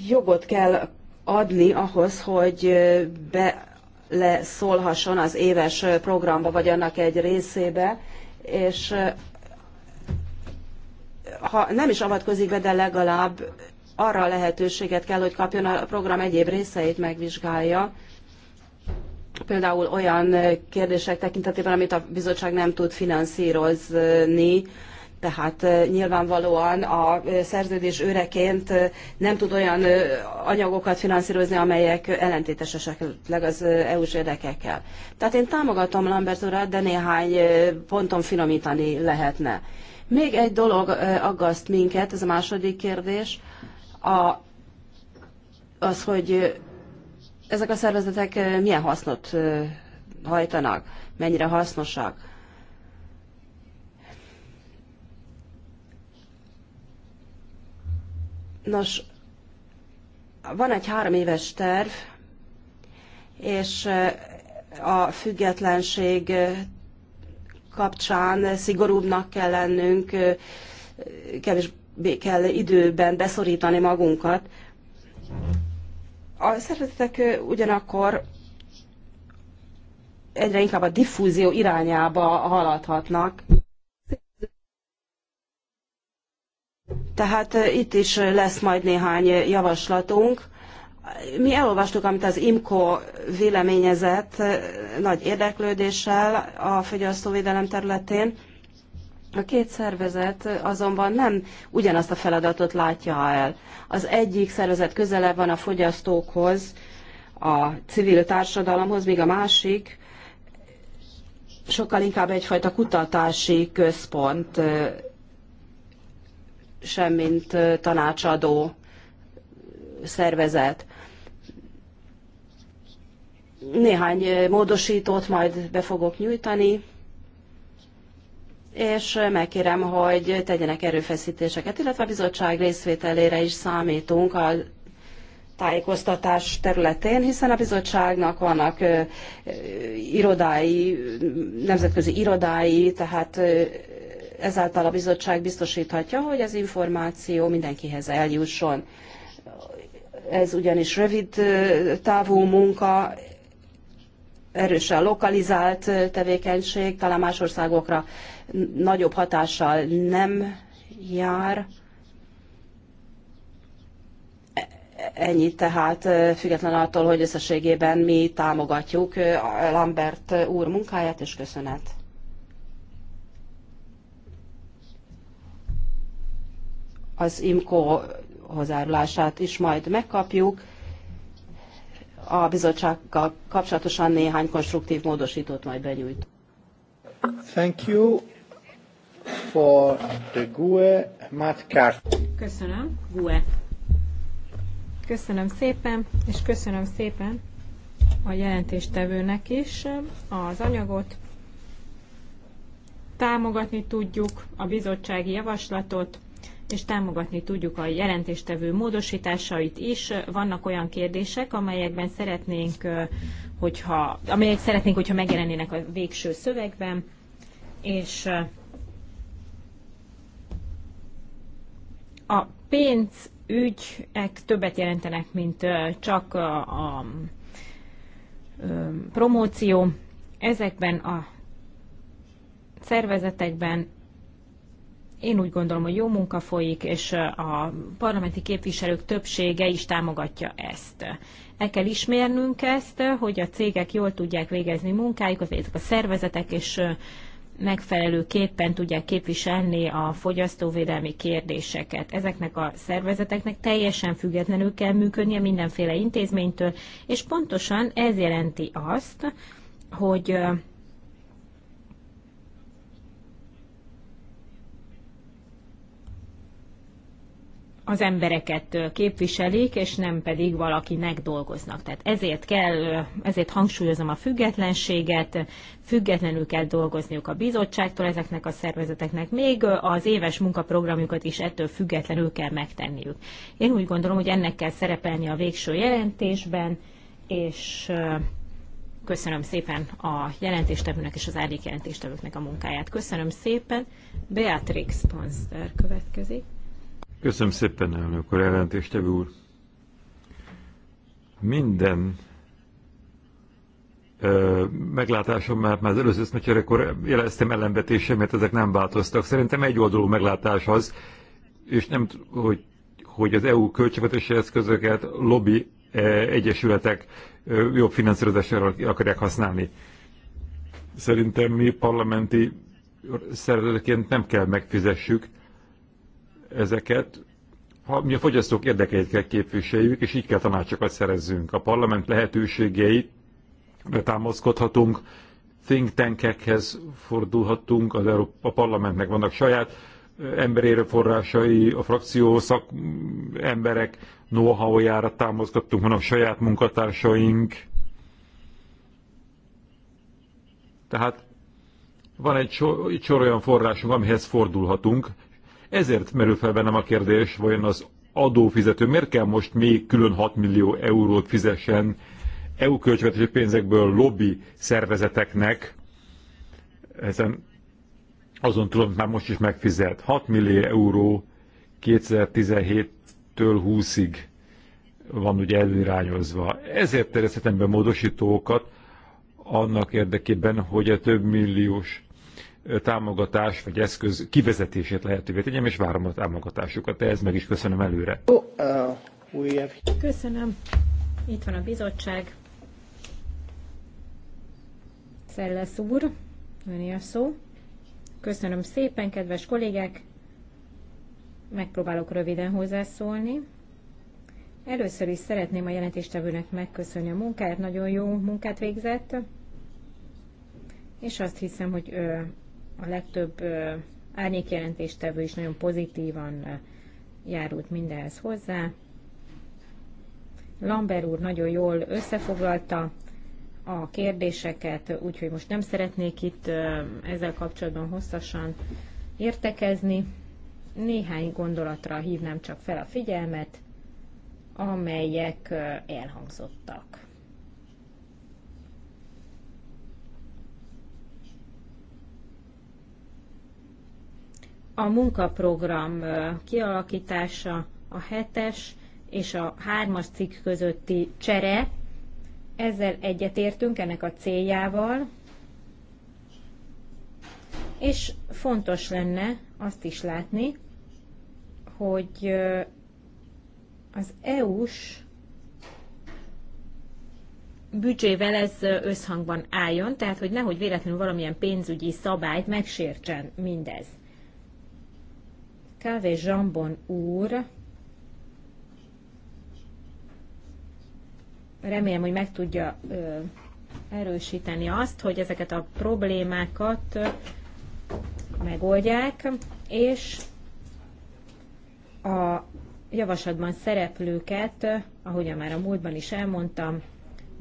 jogot kell adni ahhoz, hogy leszólhasson az éves programba, vagy annak egy részébe, és ha nem is avatkozik be, de legalább arra a lehetőséget kell, hogy kapjon a program egyéb részeit megvizsgálja, például olyan kérdések tekintetében, amit a bizottság nem tud finanszírozni, tehát nyilvánvalóan a szerződés őreként nem tud olyan anyagokat finanszírozni, amelyek ellentétesek az EU-s érdekekkel. Tehát én támogatom Lambert urat, de néhány ponton finomítani lehetne. Még egy dolog aggaszt minket, ez a második kérdés, a, az, hogy ezek a szervezetek milyen hasznot hajtanak, mennyire hasznosak. Nos, van egy három éves terv, és a függetlenség kapcsán szigorúbbnak kell lennünk, kevésbé kell időben beszorítani magunkat. A szervezetek ugyanakkor egyre inkább a diffúzió irányába haladhatnak. Tehát eh, itt is lesz majd néhány javaslatunk. Mi elolvastuk, amit az IMCO véleményezett eh, nagy érdeklődéssel a fogyasztóvédelem területén. A két szervezet azonban nem ugyanazt a feladatot látja el. Az egyik szervezet közelebb van a fogyasztókhoz, a civil társadalomhoz, míg a másik sokkal inkább egyfajta kutatási központ eh, sem, mint tanácsadó szervezet. Néhány módosítót majd be fogok nyújtani, és megkérem, hogy tegyenek erőfeszítéseket, illetve a bizottság részvételére is számítunk a tájékoztatás területén, hiszen a bizottságnak vannak irodái, nemzetközi irodái, tehát ezáltal a bizottság biztosíthatja, hogy az információ mindenkihez eljusson. Ez ugyanis rövid távú munka, erősen lokalizált tevékenység, talán más országokra nagyobb hatással nem jár. E, Ennyi tehát, független attól, hogy összességében mi támogatjuk Lambert úr munkáját, és köszönet. az IMCO hozzárulását is majd megkapjuk. A bizottsággal kapcsolatosan néhány konstruktív módosítót majd benyújt. Thank you for the GUE Matt Carter. Köszönöm, GUE. Köszönöm szépen, és köszönöm szépen a jelentéstevőnek is az anyagot. Támogatni tudjuk a bizottsági javaslatot, és támogatni tudjuk a jelentéstevő módosításait is. Vannak olyan kérdések, amelyekben szeretnénk, hogyha, amelyek szeretnénk, hogyha megjelennének a végső szövegben, és a pénzügyek többet jelentenek, mint csak a promóció. Ezekben a szervezetekben én úgy gondolom, hogy jó munka folyik, és a parlamenti képviselők többsége is támogatja ezt. El kell ismernünk ezt, hogy a cégek jól tudják végezni munkájukat, vagy a szervezetek, és megfelelő képpen tudják képviselni a fogyasztóvédelmi kérdéseket. Ezeknek a szervezeteknek teljesen függetlenül kell működnie mindenféle intézménytől, és pontosan ez jelenti azt, hogy az embereket képviselik, és nem pedig valakinek dolgoznak. Tehát ezért kell, ezért hangsúlyozom a függetlenséget, függetlenül kell dolgozniuk a bizottságtól ezeknek a szervezeteknek, még az éves munkaprogramjukat is ettől függetlenül kell megtenniük. Én úgy gondolom, hogy ennek kell szerepelni a végső jelentésben, és köszönöm szépen a jelentéstevőnek és az árnyék jelentéstevőknek a munkáját. Köszönöm szépen. Beatrix Panzer következik. Köszönöm szépen, elnök úr, jelentéstevő úr. Minden ö, meglátásom, mert már az előző eszmecserekor jeleztem mert ezek nem változtak. Szerintem egy oldalú meglátás az, és nem, hogy, hogy az EU költségvetési eszközöket lobby egyesületek jobb finanszírozására akarják használni. Szerintem mi parlamenti szervezetként nem kell megfizessük ezeket, ha mi a fogyasztók érdekeit kell képviseljük, és így kell tanácsokat szerezzünk. A parlament lehetőségeit támaszkodhatunk, think tankekhez fordulhatunk, az Európa Parlamentnek vannak saját emberére forrásai, a frakció szak emberek know-how-jára támaszkodtunk, vannak saját munkatársaink. Tehát van egy sor, egy sor olyan forrásunk, amihez fordulhatunk, ezért merül fel bennem a kérdés, vajon az adófizető miért kell most még külön 6 millió eurót fizessen EU költségvetési pénzekből lobby szervezeteknek, ezen azon tudom, már most is megfizet. 6 millió euró 2017-től 20-ig van ugye elirányozva. Ezért terjeszthetem be módosítókat annak érdekében, hogy a több milliós támogatás vagy eszköz kivezetését lehetővé tegyem, és várom a támogatásukat. Ez meg is köszönöm előre. Köszönöm. Itt van a bizottság. Szellesz úr, öné a szó. Köszönöm szépen, kedves kollégák. Megpróbálok röviden hozzászólni. Először is szeretném a jelentéstevőnek megköszönni a munkáját, nagyon jó munkát végzett, és azt hiszem, hogy a legtöbb árnyékjelentéstevő is nagyon pozitívan járult mindenhez hozzá. Lambert úr nagyon jól összefoglalta a kérdéseket, úgyhogy most nem szeretnék itt ezzel kapcsolatban hosszasan értekezni. Néhány gondolatra hívnám csak fel a figyelmet, amelyek elhangzottak. a munkaprogram kialakítása, a hetes és a hármas cikk közötti csere, ezzel egyetértünk ennek a céljával, és fontos lenne azt is látni, hogy az EU-s büdzsével ez összhangban álljon, tehát hogy nehogy véletlenül valamilyen pénzügyi szabályt megsértsen mindez. Kávé Zsambon úr, remélem, hogy meg tudja erősíteni azt, hogy ezeket a problémákat megoldják, és a javaslatban szereplőket, ahogyan már a múltban is elmondtam,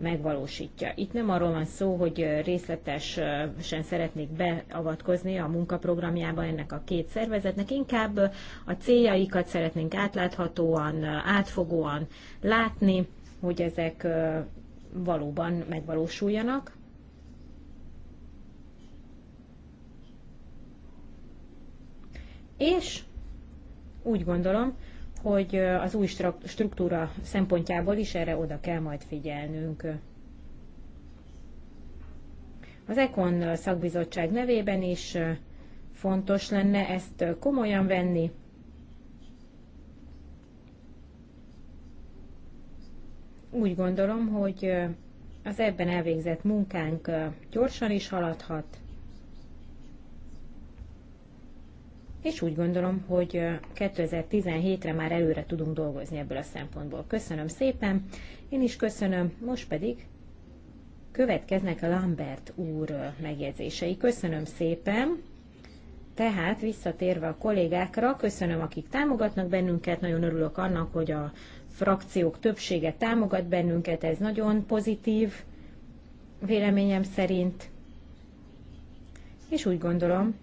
megvalósítja. Itt nem arról van szó, hogy részletesen szeretnék beavatkozni a munkaprogramjába ennek a két szervezetnek, inkább a céljaikat szeretnénk átláthatóan, átfogóan látni, hogy ezek valóban megvalósuljanak. És úgy gondolom, hogy az új struktúra szempontjából is erre oda kell majd figyelnünk. Az Econ szakbizottság nevében is fontos lenne ezt komolyan venni. Úgy gondolom, hogy az ebben elvégzett munkánk gyorsan is haladhat, és úgy gondolom, hogy 2017-re már előre tudunk dolgozni ebből a szempontból. Köszönöm szépen, én is köszönöm, most pedig következnek a Lambert úr megjegyzései. Köszönöm szépen! Tehát visszatérve a kollégákra, köszönöm, akik támogatnak bennünket, nagyon örülök annak, hogy a frakciók többsége támogat bennünket, ez nagyon pozitív véleményem szerint. És úgy gondolom,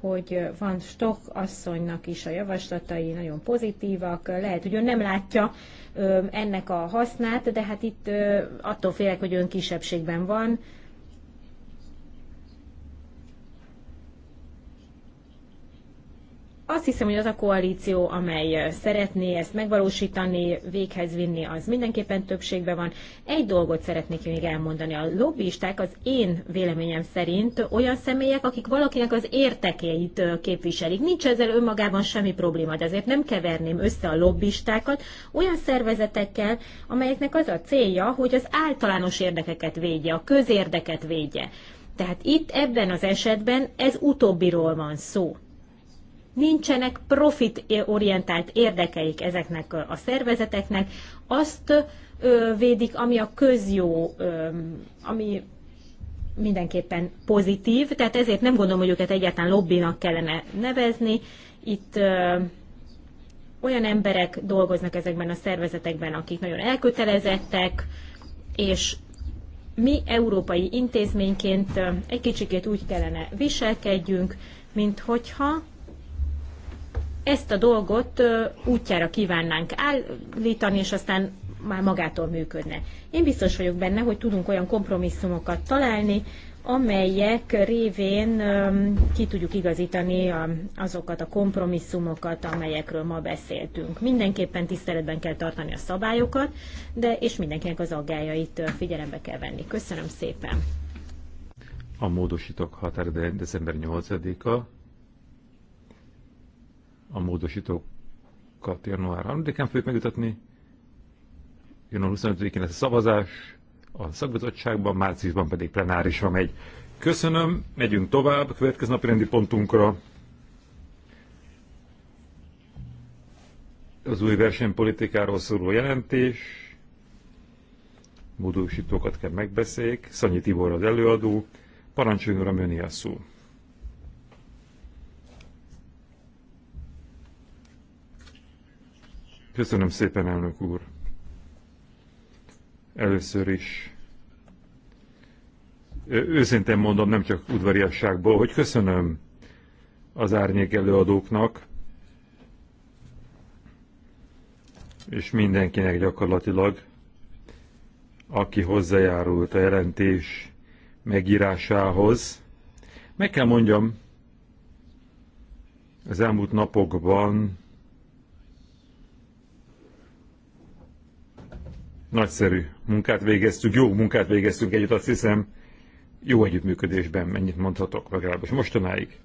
hogy van Stock asszonynak is a javaslatai nagyon pozitívak, lehet, hogy ön nem látja ennek a hasznát, de hát itt attól félek, hogy ön kisebbségben van, Azt hiszem, hogy az a koalíció, amely szeretné ezt megvalósítani, véghez vinni, az mindenképpen többségben van. Egy dolgot szeretnék még elmondani. A lobbisták az én véleményem szerint olyan személyek, akik valakinek az értekeit képviselik. Nincs ezzel önmagában semmi probléma, de azért nem keverném össze a lobbistákat olyan szervezetekkel, amelyeknek az a célja, hogy az általános érdekeket védje, a közérdeket védje. Tehát itt ebben az esetben ez utóbbiról van szó nincsenek profitorientált érdekeik ezeknek a szervezeteknek, azt védik, ami a közjó, ami mindenképpen pozitív, tehát ezért nem gondolom, hogy őket egyáltalán lobbinak kellene nevezni. Itt olyan emberek dolgoznak ezekben a szervezetekben, akik nagyon elkötelezettek, és mi európai intézményként egy kicsikét úgy kellene viselkedjünk, mint hogyha ezt a dolgot útjára kívánnánk állítani, és aztán már magától működne. Én biztos vagyok benne, hogy tudunk olyan kompromisszumokat találni, amelyek révén ki tudjuk igazítani azokat a kompromisszumokat, amelyekről ma beszéltünk. Mindenképpen tiszteletben kell tartani a szabályokat, de és mindenkinek az aggájait figyelembe kell venni. Köszönöm szépen! A módosítók de december 8-a, a módosítókat január 3-án fogjuk megütetni. a 25-én lesz a szavazás, a szakbizottságban, márciusban pedig plenárisra megy. Köszönöm, megyünk tovább, következő napi rendi pontunkra. Az új versenypolitikáról szóló jelentés, módosítókat kell megbeszéljék, Szanyi Tibor az előadó, parancsoljon uram, a szó. Köszönöm szépen, elnök úr. Először is őszintén mondom, nem csak udvariasságból, hogy köszönöm az árnyék előadóknak, és mindenkinek gyakorlatilag, aki hozzájárult a jelentés megírásához. Meg kell mondjam, az elmúlt napokban Nagyszerű munkát végeztük, jó munkát végeztünk együtt, azt hiszem, jó együttműködésben, mennyit mondhatok legalábbis mostanáig.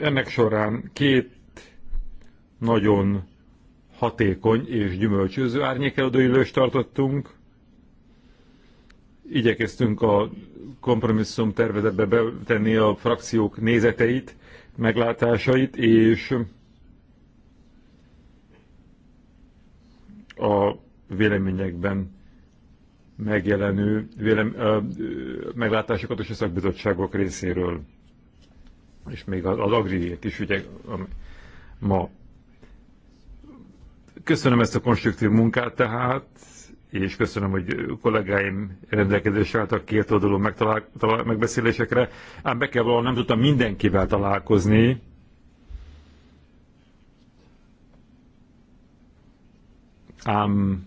Ennek során két nagyon hatékony és gyümölcsöző árnyékelődőülést tartottunk. Igyekeztünk a kompromisszum tervezetbe betenni a frakciók nézeteit, meglátásait, és a véleményekben megjelenő vélem, ö, ö, meglátásokat és a szakbizottságok részéről, és még az, az agriét is, ugye, ma. Köszönöm ezt a konstruktív munkát tehát, és köszönöm, hogy kollégáim rendelkezésre álltak két oldalú megbeszélésekre. Ám be kell valahol nem tudtam mindenkivel találkozni, ám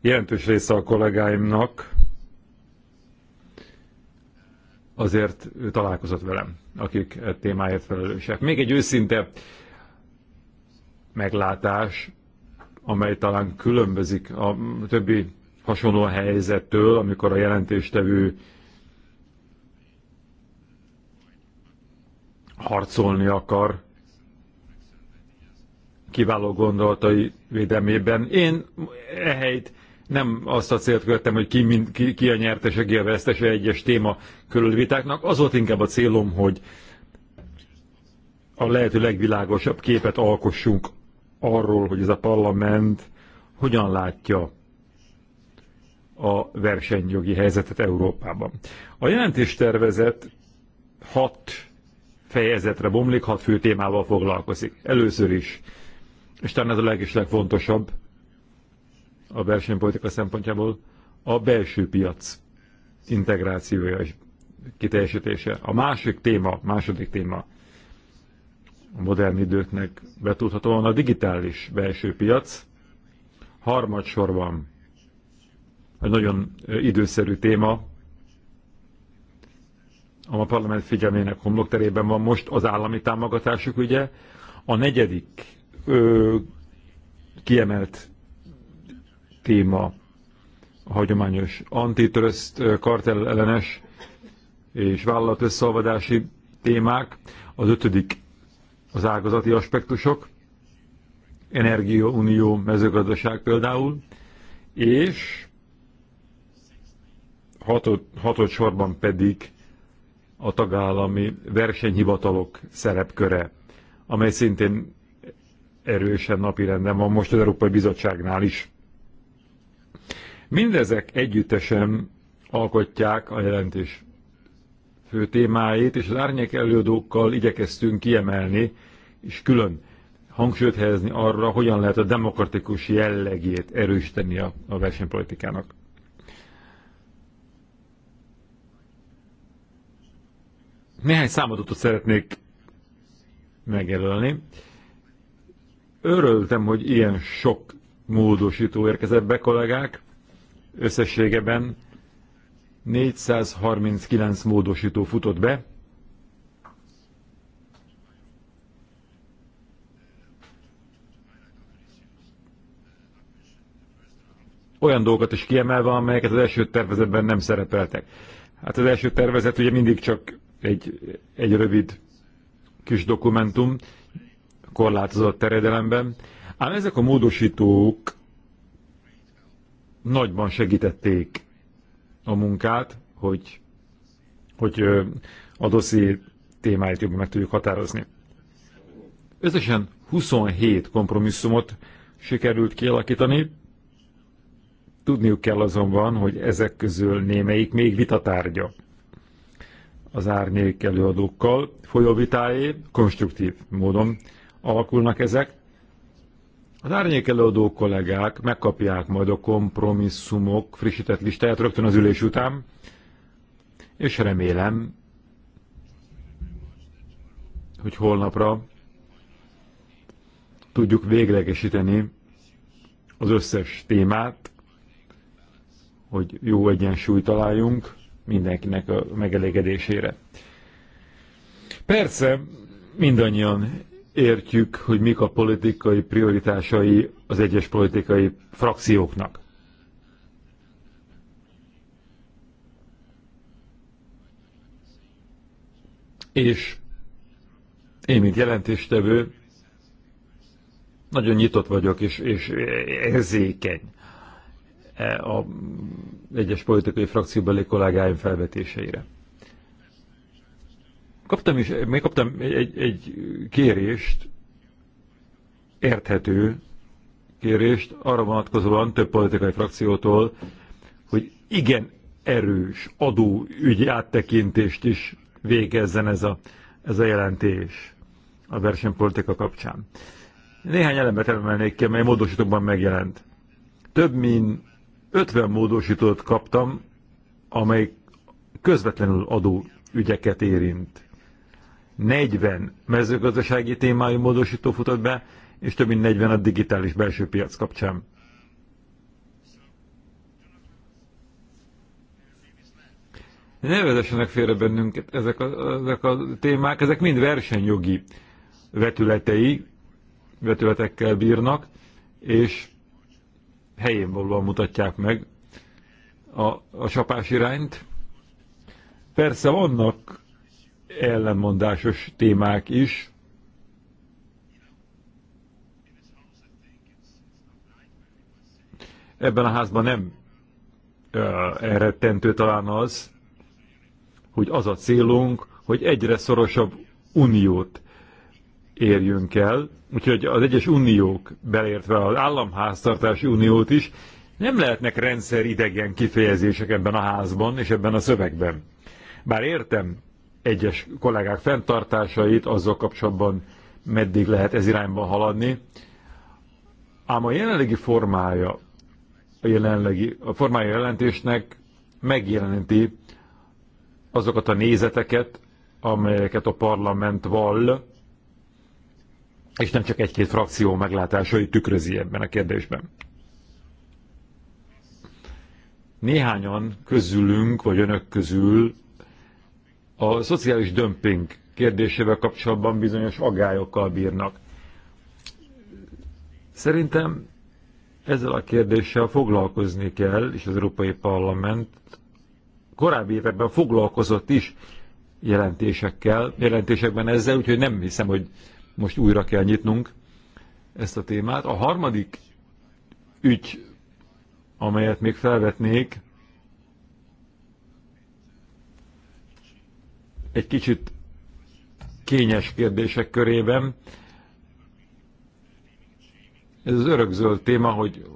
jelentős része a kollégáimnak azért találkozott velem, akik e témáért felelősek. Még egy őszinte meglátás, amely talán különbözik a többi hasonló helyzettől, amikor a jelentéstevő harcolni akar kiváló gondolatai védelmében. Én ehelyt nem azt a célt követtem, hogy ki, mind, ki, ki a nyertese, ki a vesztese egyes téma körülvitáknak. Az volt inkább a célom, hogy a lehető legvilágosabb képet alkossunk arról, hogy ez a parlament hogyan látja a versenyjogi helyzetet Európában. A jelentéstervezet hat fejezetre bomlik, hat fő témával foglalkozik. Először is és talán ez a leg legfontosabb a versenypolitika szempontjából, a belső piac integrációja és kiteljesítése. A másik téma, második téma a modern időknek betudhatóan a digitális belső piac. Harmadsorban egy nagyon időszerű téma, a parlament figyelmének homlokterében van most az állami támogatásuk, ugye. A negyedik ö, kiemelt téma a hagyományos antitrust, kartel ellenes és összeolvadási témák. Az ötödik az ágazati aspektusok, energiaunió, mezőgazdaság például, és hatod, hatod sorban pedig a tagállami versenyhivatalok szerepköre, amely szintén erősen napirenden van most az Európai Bizottságnál is. Mindezek együttesen alkotják a jelentés fő témáit, és az árnyék előadókkal igyekeztünk kiemelni, és külön hangsúlyt helyezni arra, hogyan lehet a demokratikus jellegét erősíteni a, a versenypolitikának. Néhány számadatot szeretnék megjelölni. Öröltem, hogy ilyen sok módosító érkezett be, kollégák. Összességeben 439 módosító futott be. Olyan dolgokat is kiemelve, amelyeket az első tervezetben nem szerepeltek. Hát az első tervezet ugye mindig csak egy, egy rövid kis dokumentum, korlátozott terjedelemben, ám ezek a módosítók nagyban segítették a munkát, hogy, hogy a doszi témáit jobban meg tudjuk határozni. Összesen 27 kompromisszumot sikerült kialakítani, Tudniuk kell azonban, hogy ezek közül némelyik még vitatárgya. Az árnyék előadókkal folyó vitáé konstruktív módon alakulnak ezek. Az árnyékelőadó kollégák megkapják majd a kompromisszumok frissített listáját rögtön az ülés után, és remélem, hogy holnapra tudjuk véglegesíteni az összes témát, hogy jó egyensúlyt találjunk mindenkinek a megelégedésére. Persze, mindannyian értjük, hogy mik a politikai prioritásai az egyes politikai frakcióknak. És én, mint jelentéstevő, nagyon nyitott vagyok és, és érzékeny az egyes politikai frakcióbeli kollégáim felvetéseire. Kaptam is, még kaptam egy, egy kérést, érthető kérést arra vonatkozóan több politikai frakciótól, hogy igen erős adóügyi áttekintést is végezzen ez a, ez a jelentés a versenypolitika kapcsán. Néhány elemet emelnék ki, amely módosítókban megjelent. Több mint 50 módosítót kaptam, amely közvetlenül adó ügyeket érint. 40 mezőgazdasági témájú módosító futott be, és több mint 40 a digitális belső piac kapcsán. Ne vezessenek félre bennünket ezek a, ezek a témák, ezek mind versenyjogi vetületei, vetületekkel bírnak, és helyén valóan mutatják meg a, a sapás irányt. Persze vannak ellenmondásos témák is. Ebben a házban nem elrettentő talán az, hogy az a célunk, hogy egyre szorosabb uniót érjünk el. Úgyhogy az egyes uniók, beleértve az államháztartási uniót is, nem lehetnek rendszeridegen kifejezések ebben a házban és ebben a szövegben. Bár értem, egyes kollégák fenntartásait azzal kapcsolatban, meddig lehet ez irányban haladni. Ám a jelenlegi formája, a, jelenlegi, a formája jelentésnek megjeleníti azokat a nézeteket, amelyeket a parlament vall, és nem csak egy-két frakció meglátásai tükrözi ebben a kérdésben. Néhányan közülünk, vagy önök közül a szociális dömping kérdésével kapcsolatban bizonyos agályokkal bírnak. Szerintem ezzel a kérdéssel foglalkozni kell, és az Európai Parlament korábbi években foglalkozott is jelentésekkel, jelentésekben ezzel, úgyhogy nem hiszem, hogy most újra kell nyitnunk ezt a témát. A harmadik ügy, amelyet még felvetnék, egy kicsit kényes kérdések körében. Ez az örökzöld téma, hogy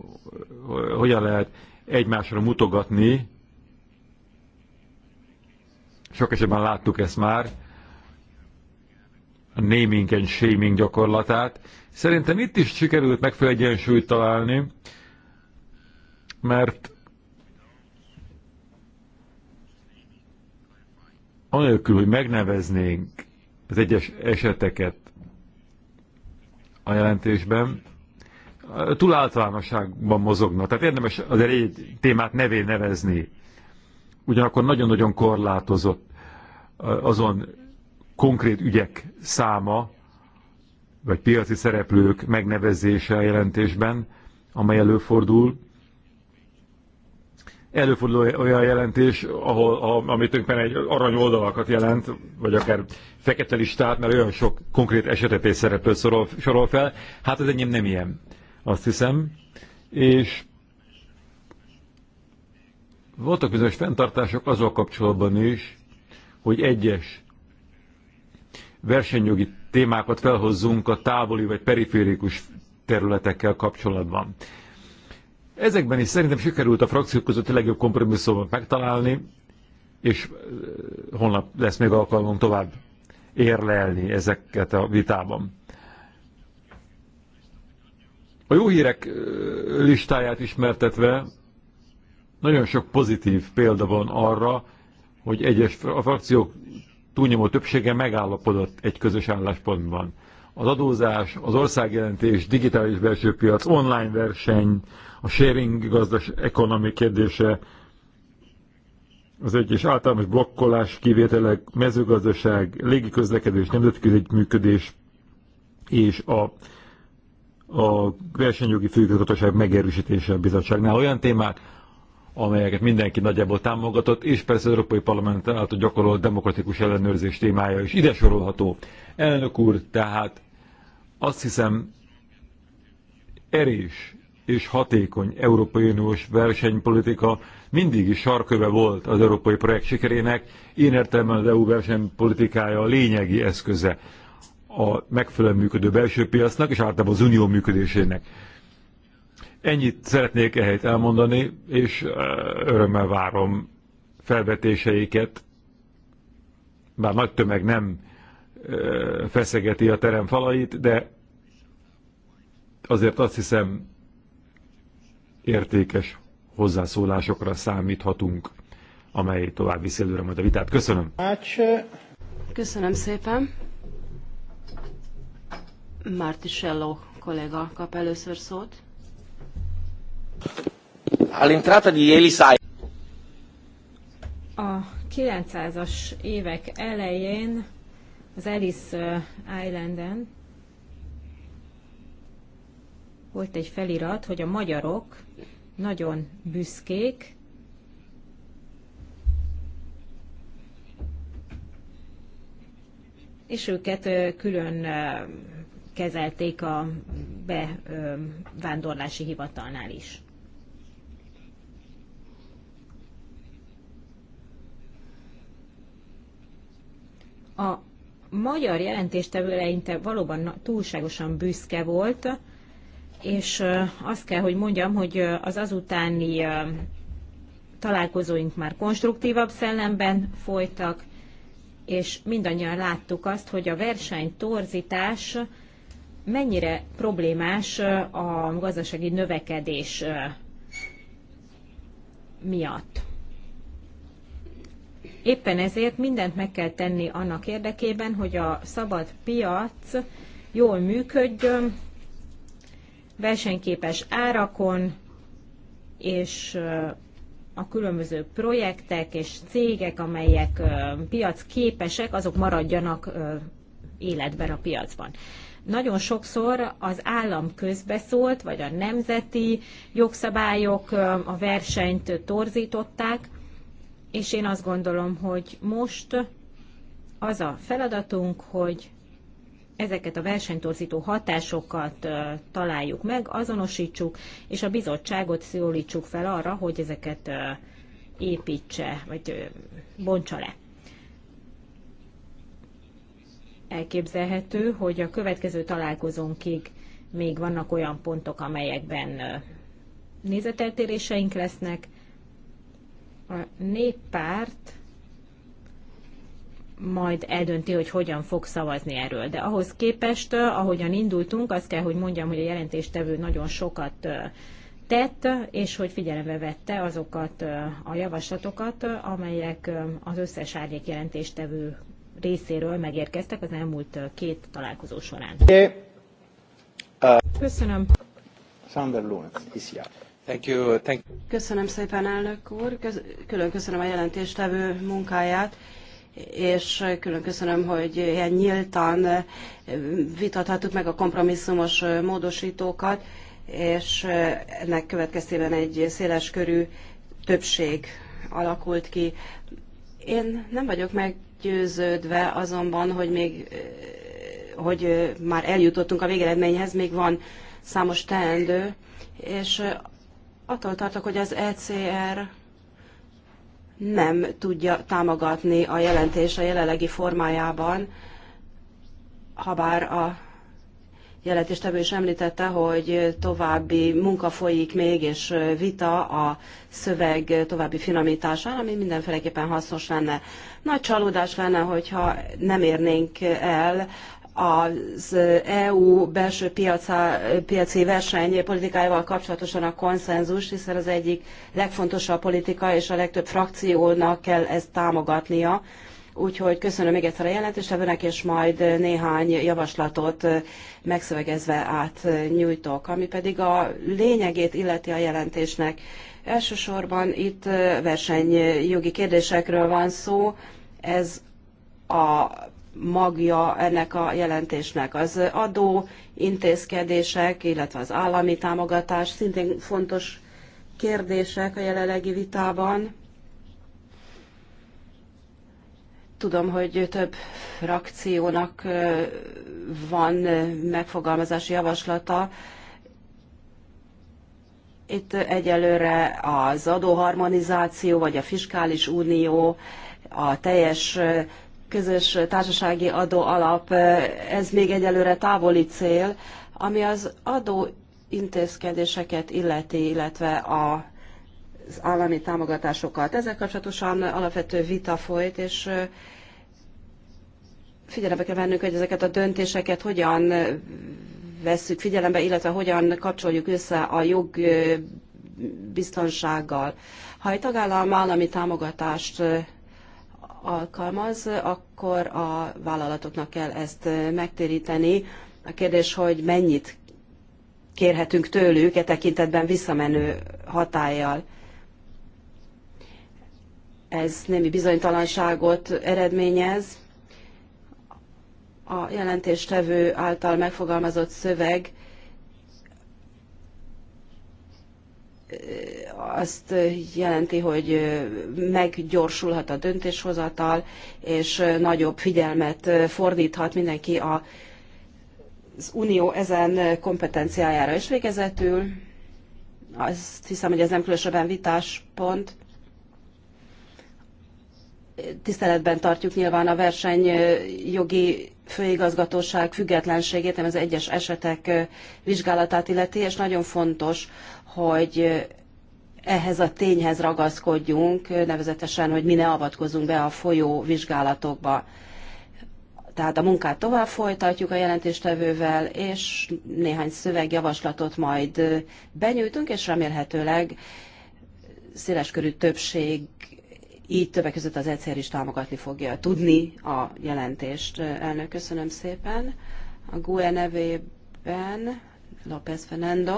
hogyan lehet egymásra mutogatni. Sok esetben láttuk ezt már, a naming and shaming gyakorlatát. Szerintem itt is sikerült megfelelő egyensúlyt találni, mert anélkül, hogy megneveznénk az egyes eseteket a jelentésben, túl általánosságban mozogna. Tehát érdemes az egy témát nevén nevezni. Ugyanakkor nagyon-nagyon korlátozott azon konkrét ügyek száma, vagy piaci szereplők megnevezése a jelentésben, amely előfordul, Előfordul olyan jelentés, ahol, a, ami tulajdonképpen egy arany oldalakat jelent, vagy akár fekete listát, mert olyan sok konkrét esetet és szereplőt sorol, sorol fel. Hát az enyém nem ilyen, azt hiszem. És voltak bizonyos fenntartások azzal kapcsolatban is, hogy egyes versenyjogi témákat felhozzunk a távoli vagy periférikus területekkel kapcsolatban. Ezekben is szerintem sikerült a frakciók között a legjobb kompromisszumot megtalálni, és holnap lesz még alkalmunk tovább érlelni ezeket a vitában. A jó hírek listáját ismertetve nagyon sok pozitív példa van arra, hogy egyes a frakciók túlnyomó többsége megállapodott egy közös álláspontban az adózás, az országjelentés, digitális belső piac, online verseny, a sharing gazdas ekonomi kérdése, az egyes általános blokkolás kivételek, mezőgazdaság, légiközlekedés, nemzetközi működés és a, a versenyjogi főigazgatóság megerősítése a bizottságnál. Olyan témák, amelyeket mindenki nagyjából támogatott, és persze az Európai Parlament által gyakorolt demokratikus ellenőrzés témája is ide sorolható. Elnök úr, tehát azt hiszem, erős és hatékony Európai Uniós versenypolitika mindig is sarköve volt az európai projekt sikerének, én értelemben az EU versenypolitikája a lényegi eszköze a megfelelően működő belső piacnak és általában az unió működésének. Ennyit szeretnék ehelyt elmondani, és örömmel várom felvetéseiket, bár nagy tömeg nem feszegeti a terem falait, de azért azt hiszem értékes hozzászólásokra számíthatunk, amely tovább viszi előre majd a vitát. Köszönöm. Köszönöm szépen. Martisello kollega kap először szót. All'entrata di Elisai. A 900-as évek elején az Alice Islanden volt egy felirat, hogy a magyarok nagyon büszkék, és őket külön kezelték a bevándorlási hivatalnál is. A magyar jelentéstevő eleinte valóban túlságosan büszke volt, és azt kell, hogy mondjam, hogy az azutáni találkozóink már konstruktívabb szellemben folytak, és mindannyian láttuk azt, hogy a verseny torzítás mennyire problémás a gazdasági növekedés miatt. Éppen ezért mindent meg kell tenni annak érdekében, hogy a szabad piac jól működjön, versenyképes árakon és a különböző projektek és cégek, amelyek piac képesek, azok maradjanak életben a piacban. Nagyon sokszor az állam közbeszólt, vagy a nemzeti jogszabályok a versenyt torzították, és én azt gondolom, hogy most az a feladatunk, hogy ezeket a versenytorzító hatásokat találjuk meg, azonosítsuk, és a bizottságot szólítsuk fel arra, hogy ezeket építse, vagy bontsa le. Elképzelhető, hogy a következő találkozónkig még vannak olyan pontok, amelyekben nézeteltéréseink lesznek, a néppárt majd eldönti, hogy hogyan fog szavazni erről. De ahhoz képest, eh, ahogyan indultunk, azt kell, hogy mondjam, hogy a jelentéstevő nagyon sokat eh, tett, és hogy figyelembe vette azokat eh, a javaslatokat, amelyek az összes árnyék jelentéstevő részéről megérkeztek az elmúlt két találkozó során. Köszönöm. Sander Lónc, ICR. Thank you. Thank you. Köszönöm szépen, elnök úr. Külön köszönöm a jelentéstevő munkáját és külön köszönöm, hogy ilyen nyíltan vitathattuk meg a kompromisszumos módosítókat, és ennek következtében egy széles körű többség alakult ki. Én nem vagyok meggyőződve azonban, hogy még hogy már eljutottunk a végeredményhez, még van számos teendő, és attól tartok, hogy az ECR nem tudja támogatni a jelentés a jelenlegi formájában, bár a jelentéstevő is említette, hogy további munka folyik még, és vita a szöveg további finomításán, ami mindenféleképpen hasznos lenne. Nagy csalódás lenne, hogyha nem érnénk el az EU belső piaca, piaci politikájával kapcsolatosan a konszenzus, hiszen az egyik legfontosabb politika, és a legtöbb frakciónak kell ezt támogatnia. Úgyhogy köszönöm még egyszer a jelentéstevőnek, és majd néhány javaslatot megszövegezve átnyújtok, ami pedig a lényegét illeti a jelentésnek. Elsősorban itt versenyjogi kérdésekről van szó, ez a magja ennek a jelentésnek. Az adó intézkedések, illetve az állami támogatás szintén fontos kérdések a jelenlegi vitában. Tudom, hogy több frakciónak van megfogalmazási javaslata. Itt egyelőre az adóharmonizáció vagy a fiskális unió, a teljes közös társasági adó alap, eh, ez még egyelőre távoli cél, ami az adó intézkedéseket illeti, illetve a az állami támogatásokat. Ezzel kapcsolatosan alapvető vita folyt, és eh, figyelembe kell vennünk, hogy ezeket a döntéseket hogyan eh, vesszük figyelembe, illetve hogyan kapcsoljuk össze a jog biztonsággal. Ha egy tagállam állami támogatást alkalmaz, akkor a vállalatoknak kell ezt megtéríteni. A kérdés, hogy mennyit kérhetünk tőlük e tekintetben visszamenő hatállyal. Ez némi bizonytalanságot eredményez. A jelentéstevő által megfogalmazott szöveg azt jelenti, hogy meggyorsulhat a döntéshozatal, és nagyobb figyelmet fordíthat mindenki a, az unió ezen kompetenciájára. is végezetül azt hiszem, hogy ez nem különösebben vitáspont. Tiszteletben tartjuk nyilván a versenyjogi főigazgatóság függetlenségét, nem az egyes esetek vizsgálatát illeti, és nagyon fontos hogy ehhez a tényhez ragaszkodjunk, nevezetesen, hogy mi ne avatkozunk be a folyó vizsgálatokba. Tehát a munkát tovább folytatjuk a jelentéstevővel, és néhány szövegjavaslatot majd benyújtunk, és remélhetőleg széleskörű többség így többek között az egyszer is támogatni fogja tudni a jelentést. Elnök, köszönöm szépen. A GUE nevében López Fernando.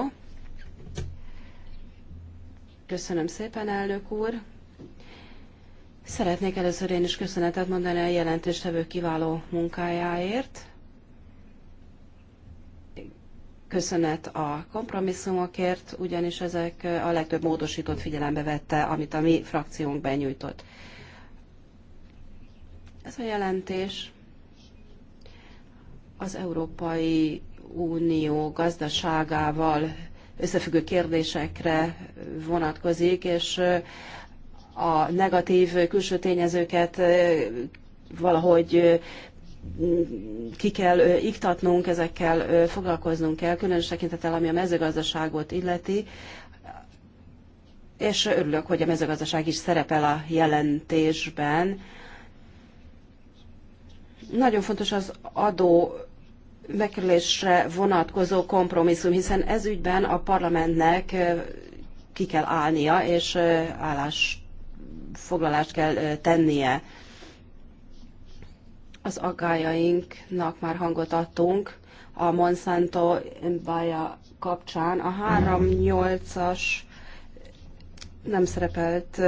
Köszönöm szépen, elnök úr. Szeretnék először én is köszönetet mondani a jelentéstevő kiváló munkájáért. Köszönet a kompromisszumokért, ugyanis ezek a legtöbb módosított figyelembe vette, amit a mi frakciónk benyújtott. Ez a jelentés az Európai Unió gazdaságával összefüggő kérdésekre vonatkozik, és a negatív külső tényezőket valahogy ki kell iktatnunk, ezekkel foglalkoznunk kell, különös tekintetel, ami a mezőgazdaságot illeti, és örülök, hogy a mezőgazdaság is szerepel a jelentésben. Nagyon fontos az adó megkerülésre vonatkozó kompromisszum, hiszen ez ügyben a parlamentnek ki kell állnia, és állásfoglalást kell tennie. Az aggájainknak már hangot adtunk a Monsanto bája kapcsán. A 8 as nem szerepelt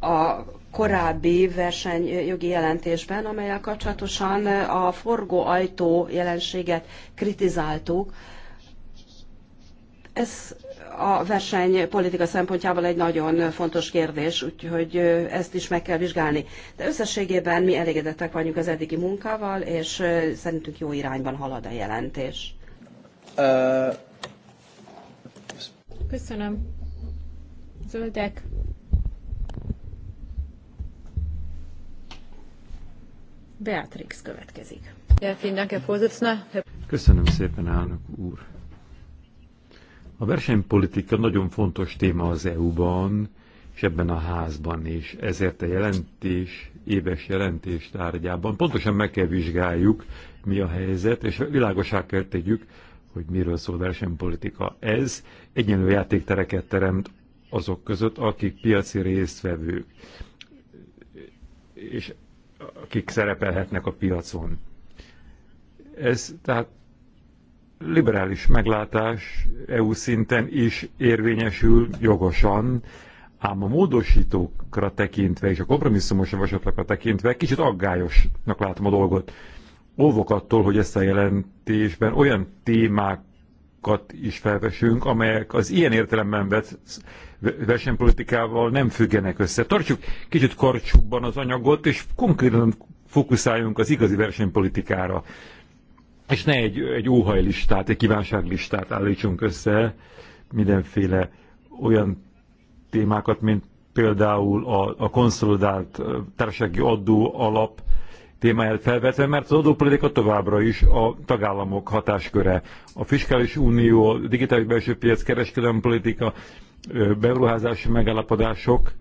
a korábbi versenyjogi jelentésben, amelyel kapcsolatosan a forgóajtó jelenséget kritizáltuk. Ez a versenypolitika szempontjából egy nagyon fontos kérdés, úgyhogy ezt is meg kell vizsgálni. De összességében mi elégedettek vagyunk az eddigi munkával, és szerintünk jó irányban halad a jelentés. Köszönöm. Zöldek, Beatrix következik. Köszönöm szépen, állnak úr. A versenypolitika nagyon fontos téma az EU-ban, és ebben a házban is. Ezért a jelentés, éves jelentés tárgyában pontosan meg kell vizsgáljuk, mi a helyzet, és világosá kell tegyük, hogy miről szól versenypolitika. Ez egyenlő játéktereket teremt azok között, akik piaci résztvevők. És akik szerepelhetnek a piacon. Ez tehát liberális meglátás EU szinten is érvényesül jogosan, ám a módosítókra tekintve és a kompromisszumos javaslatokra tekintve kicsit aggályosnak látom a dolgot. Óvok attól, hogy ezt a jelentésben olyan témákat is felvesünk, amelyek az ilyen értelemben vett versenypolitikával nem függenek össze. Tartsuk kicsit karcsúbban az anyagot, és konkrétan fókuszáljunk az igazi versenypolitikára. És ne egy, egy óhajlistát, egy kívánságlistát állítsunk össze mindenféle olyan témákat, mint például a, a konszolidált társasági adó alap, témáját felvetve, mert az adópolitika továbbra is a tagállamok hatásköre. A fiskális unió, a digitális belső piac, kereskedelmi politika, beruházási megállapodások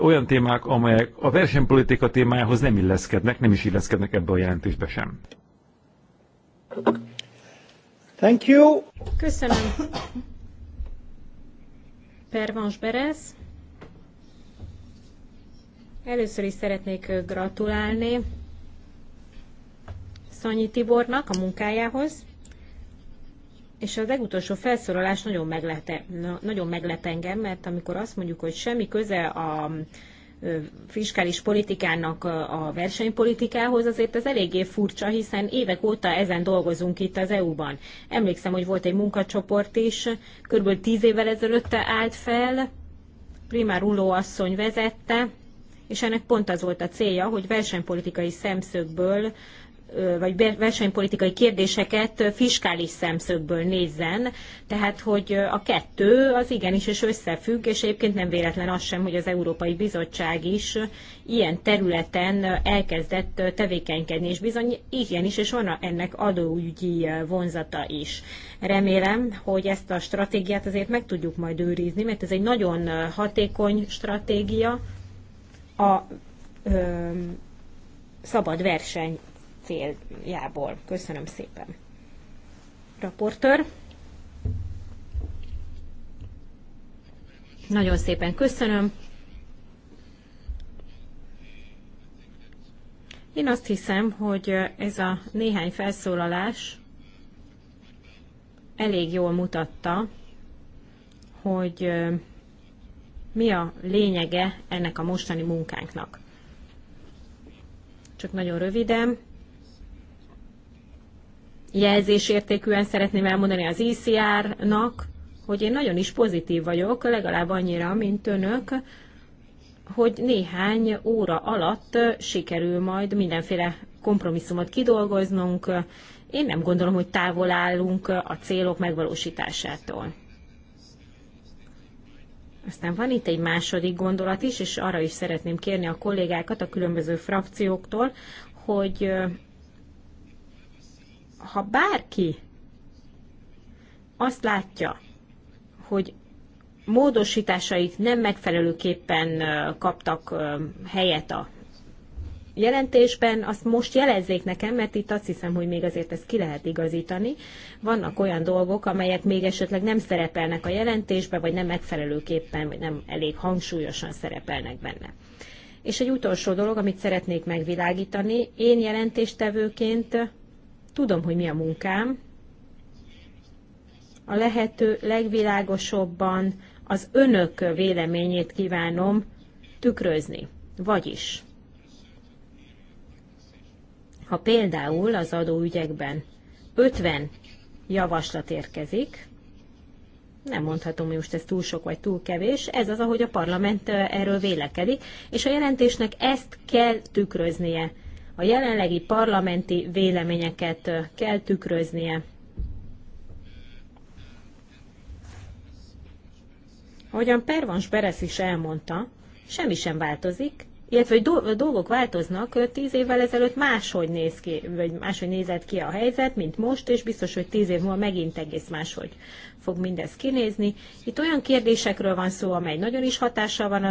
olyan témák, amelyek a versenypolitika témájához nem illeszkednek, nem is illeszkednek ebbe a jelentésbe sem. Thank you. Köszönöm. Pervans Berez. Először is szeretnék gratulálni Szanyi Tibornak a munkájához. És a legutolsó felszólalás nagyon, meglete, nagyon meglep engem, mert amikor azt mondjuk, hogy semmi köze a fiskális politikának a versenypolitikához, azért ez eléggé furcsa, hiszen évek óta ezen dolgozunk itt az EU-ban. Emlékszem, hogy volt egy munkacsoport is, kb. tíz évvel ezelőtt állt fel, Primár asszony vezette, és ennek pont az volt a célja, hogy versenypolitikai szemszögből vagy versenypolitikai kérdéseket fiskális szemszögből nézzen, tehát hogy a kettő az igenis is összefügg, és egyébként nem véletlen az sem, hogy az Európai Bizottság is ilyen területen elkezdett tevékenykedni, és bizony igenis, és van ennek adóügyi vonzata is. Remélem, hogy ezt a stratégiát azért meg tudjuk majd őrizni, mert ez egy nagyon hatékony stratégia a ö, szabad verseny céljából. Köszönöm szépen. Raportőr. Nagyon szépen köszönöm. Én azt hiszem, hogy ez a néhány felszólalás elég jól mutatta, hogy mi a lényege ennek a mostani munkánknak. Csak nagyon röviden, jelzésértékűen szeretném elmondani az ICR-nak, e hogy én nagyon is pozitív vagyok, legalább annyira, mint önök, hogy néhány óra alatt sikerül majd mindenféle kompromisszumot kidolgoznunk. Én nem gondolom, hogy távol állunk a célok megvalósításától. Aztán van itt egy második gondolat is, és arra is szeretném kérni a kollégákat a különböző frakcióktól, hogy ha bárki azt látja, hogy módosításait nem megfelelőképpen kaptak helyet a jelentésben, azt most jelezzék nekem, mert itt azt hiszem, hogy még azért ezt ki lehet igazítani. Vannak olyan dolgok, amelyek még esetleg nem szerepelnek a jelentésben, vagy nem megfelelőképpen, vagy nem elég hangsúlyosan szerepelnek benne. És egy utolsó dolog, amit szeretnék megvilágítani, én jelentéstevőként Tudom, hogy mi a munkám. A lehető legvilágosabban az önök véleményét kívánom tükrözni. Vagyis, ha például az adóügyekben 50 javaslat érkezik, nem mondhatom, hogy most ez túl sok vagy túl kevés, ez az, ahogy a parlament erről vélekedik, és a jelentésnek ezt kell tükröznie a jelenlegi parlamenti véleményeket kell tükröznie. Ahogyan Pervans Beres is elmondta, semmi sem változik, illetve hogy dolgok változnak, tíz évvel ezelőtt máshogy néz ki, vagy máshogy nézett ki a helyzet, mint most, és biztos, hogy tíz év múlva megint egész máshogy fog mindez kinézni. Itt olyan kérdésekről van szó, amely nagyon is hatással van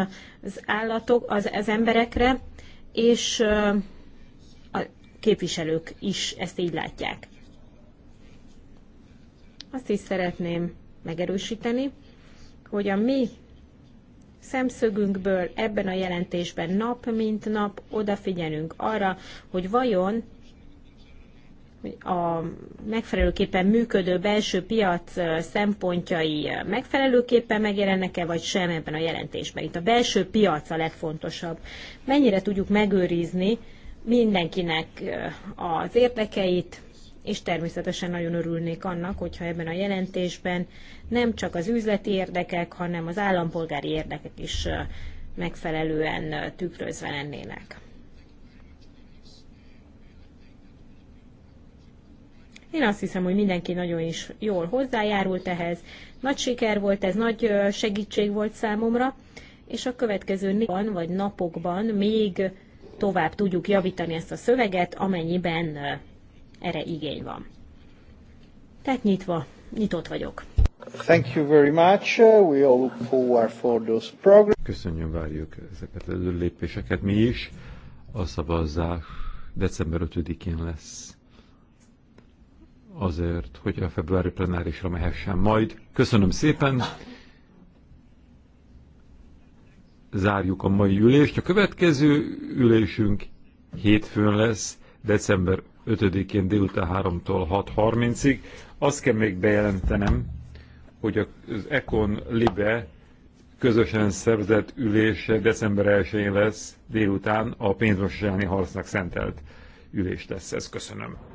az állatok, az, az emberekre, és képviselők is ezt így látják. Azt is szeretném megerősíteni, hogy a mi szemszögünkből ebben a jelentésben nap mint nap odafigyelünk arra, hogy vajon a megfelelőképpen működő belső piac szempontjai megfelelőképpen megjelennek-e, vagy sem ebben a jelentésben. Itt a belső piac a legfontosabb. Mennyire tudjuk megőrizni mindenkinek az érdekeit, és természetesen nagyon örülnék annak, hogyha ebben a jelentésben nem csak az üzleti érdekek, hanem az állampolgári érdekek is megfelelően tükrözve lennének. Én azt hiszem, hogy mindenki nagyon is jól hozzájárult ehhez. Nagy siker volt ez, nagy segítség volt számomra, és a következő napban vagy napokban még tovább tudjuk javítani ezt a szöveget, amennyiben erre igény van. Tehát nyitva, nyitott vagyok. Thank you very much. Uh, we all look forward for those progress. Köszönjön, várjuk ezeket az lépéseket. Mi is a szavazás december 5-én lesz azért, hogy a februári plenárisra mehessen majd. Köszönöm szépen! zárjuk a mai ülést. A következő ülésünk hétfőn lesz, december 5-én délután 3-tól 6.30-ig. Azt kell még bejelentenem, hogy az Econ Libe közösen szervezett ülése december 1-én lesz délután a pénzmosásáni harcnak szentelt ülést lesz. Ezt köszönöm.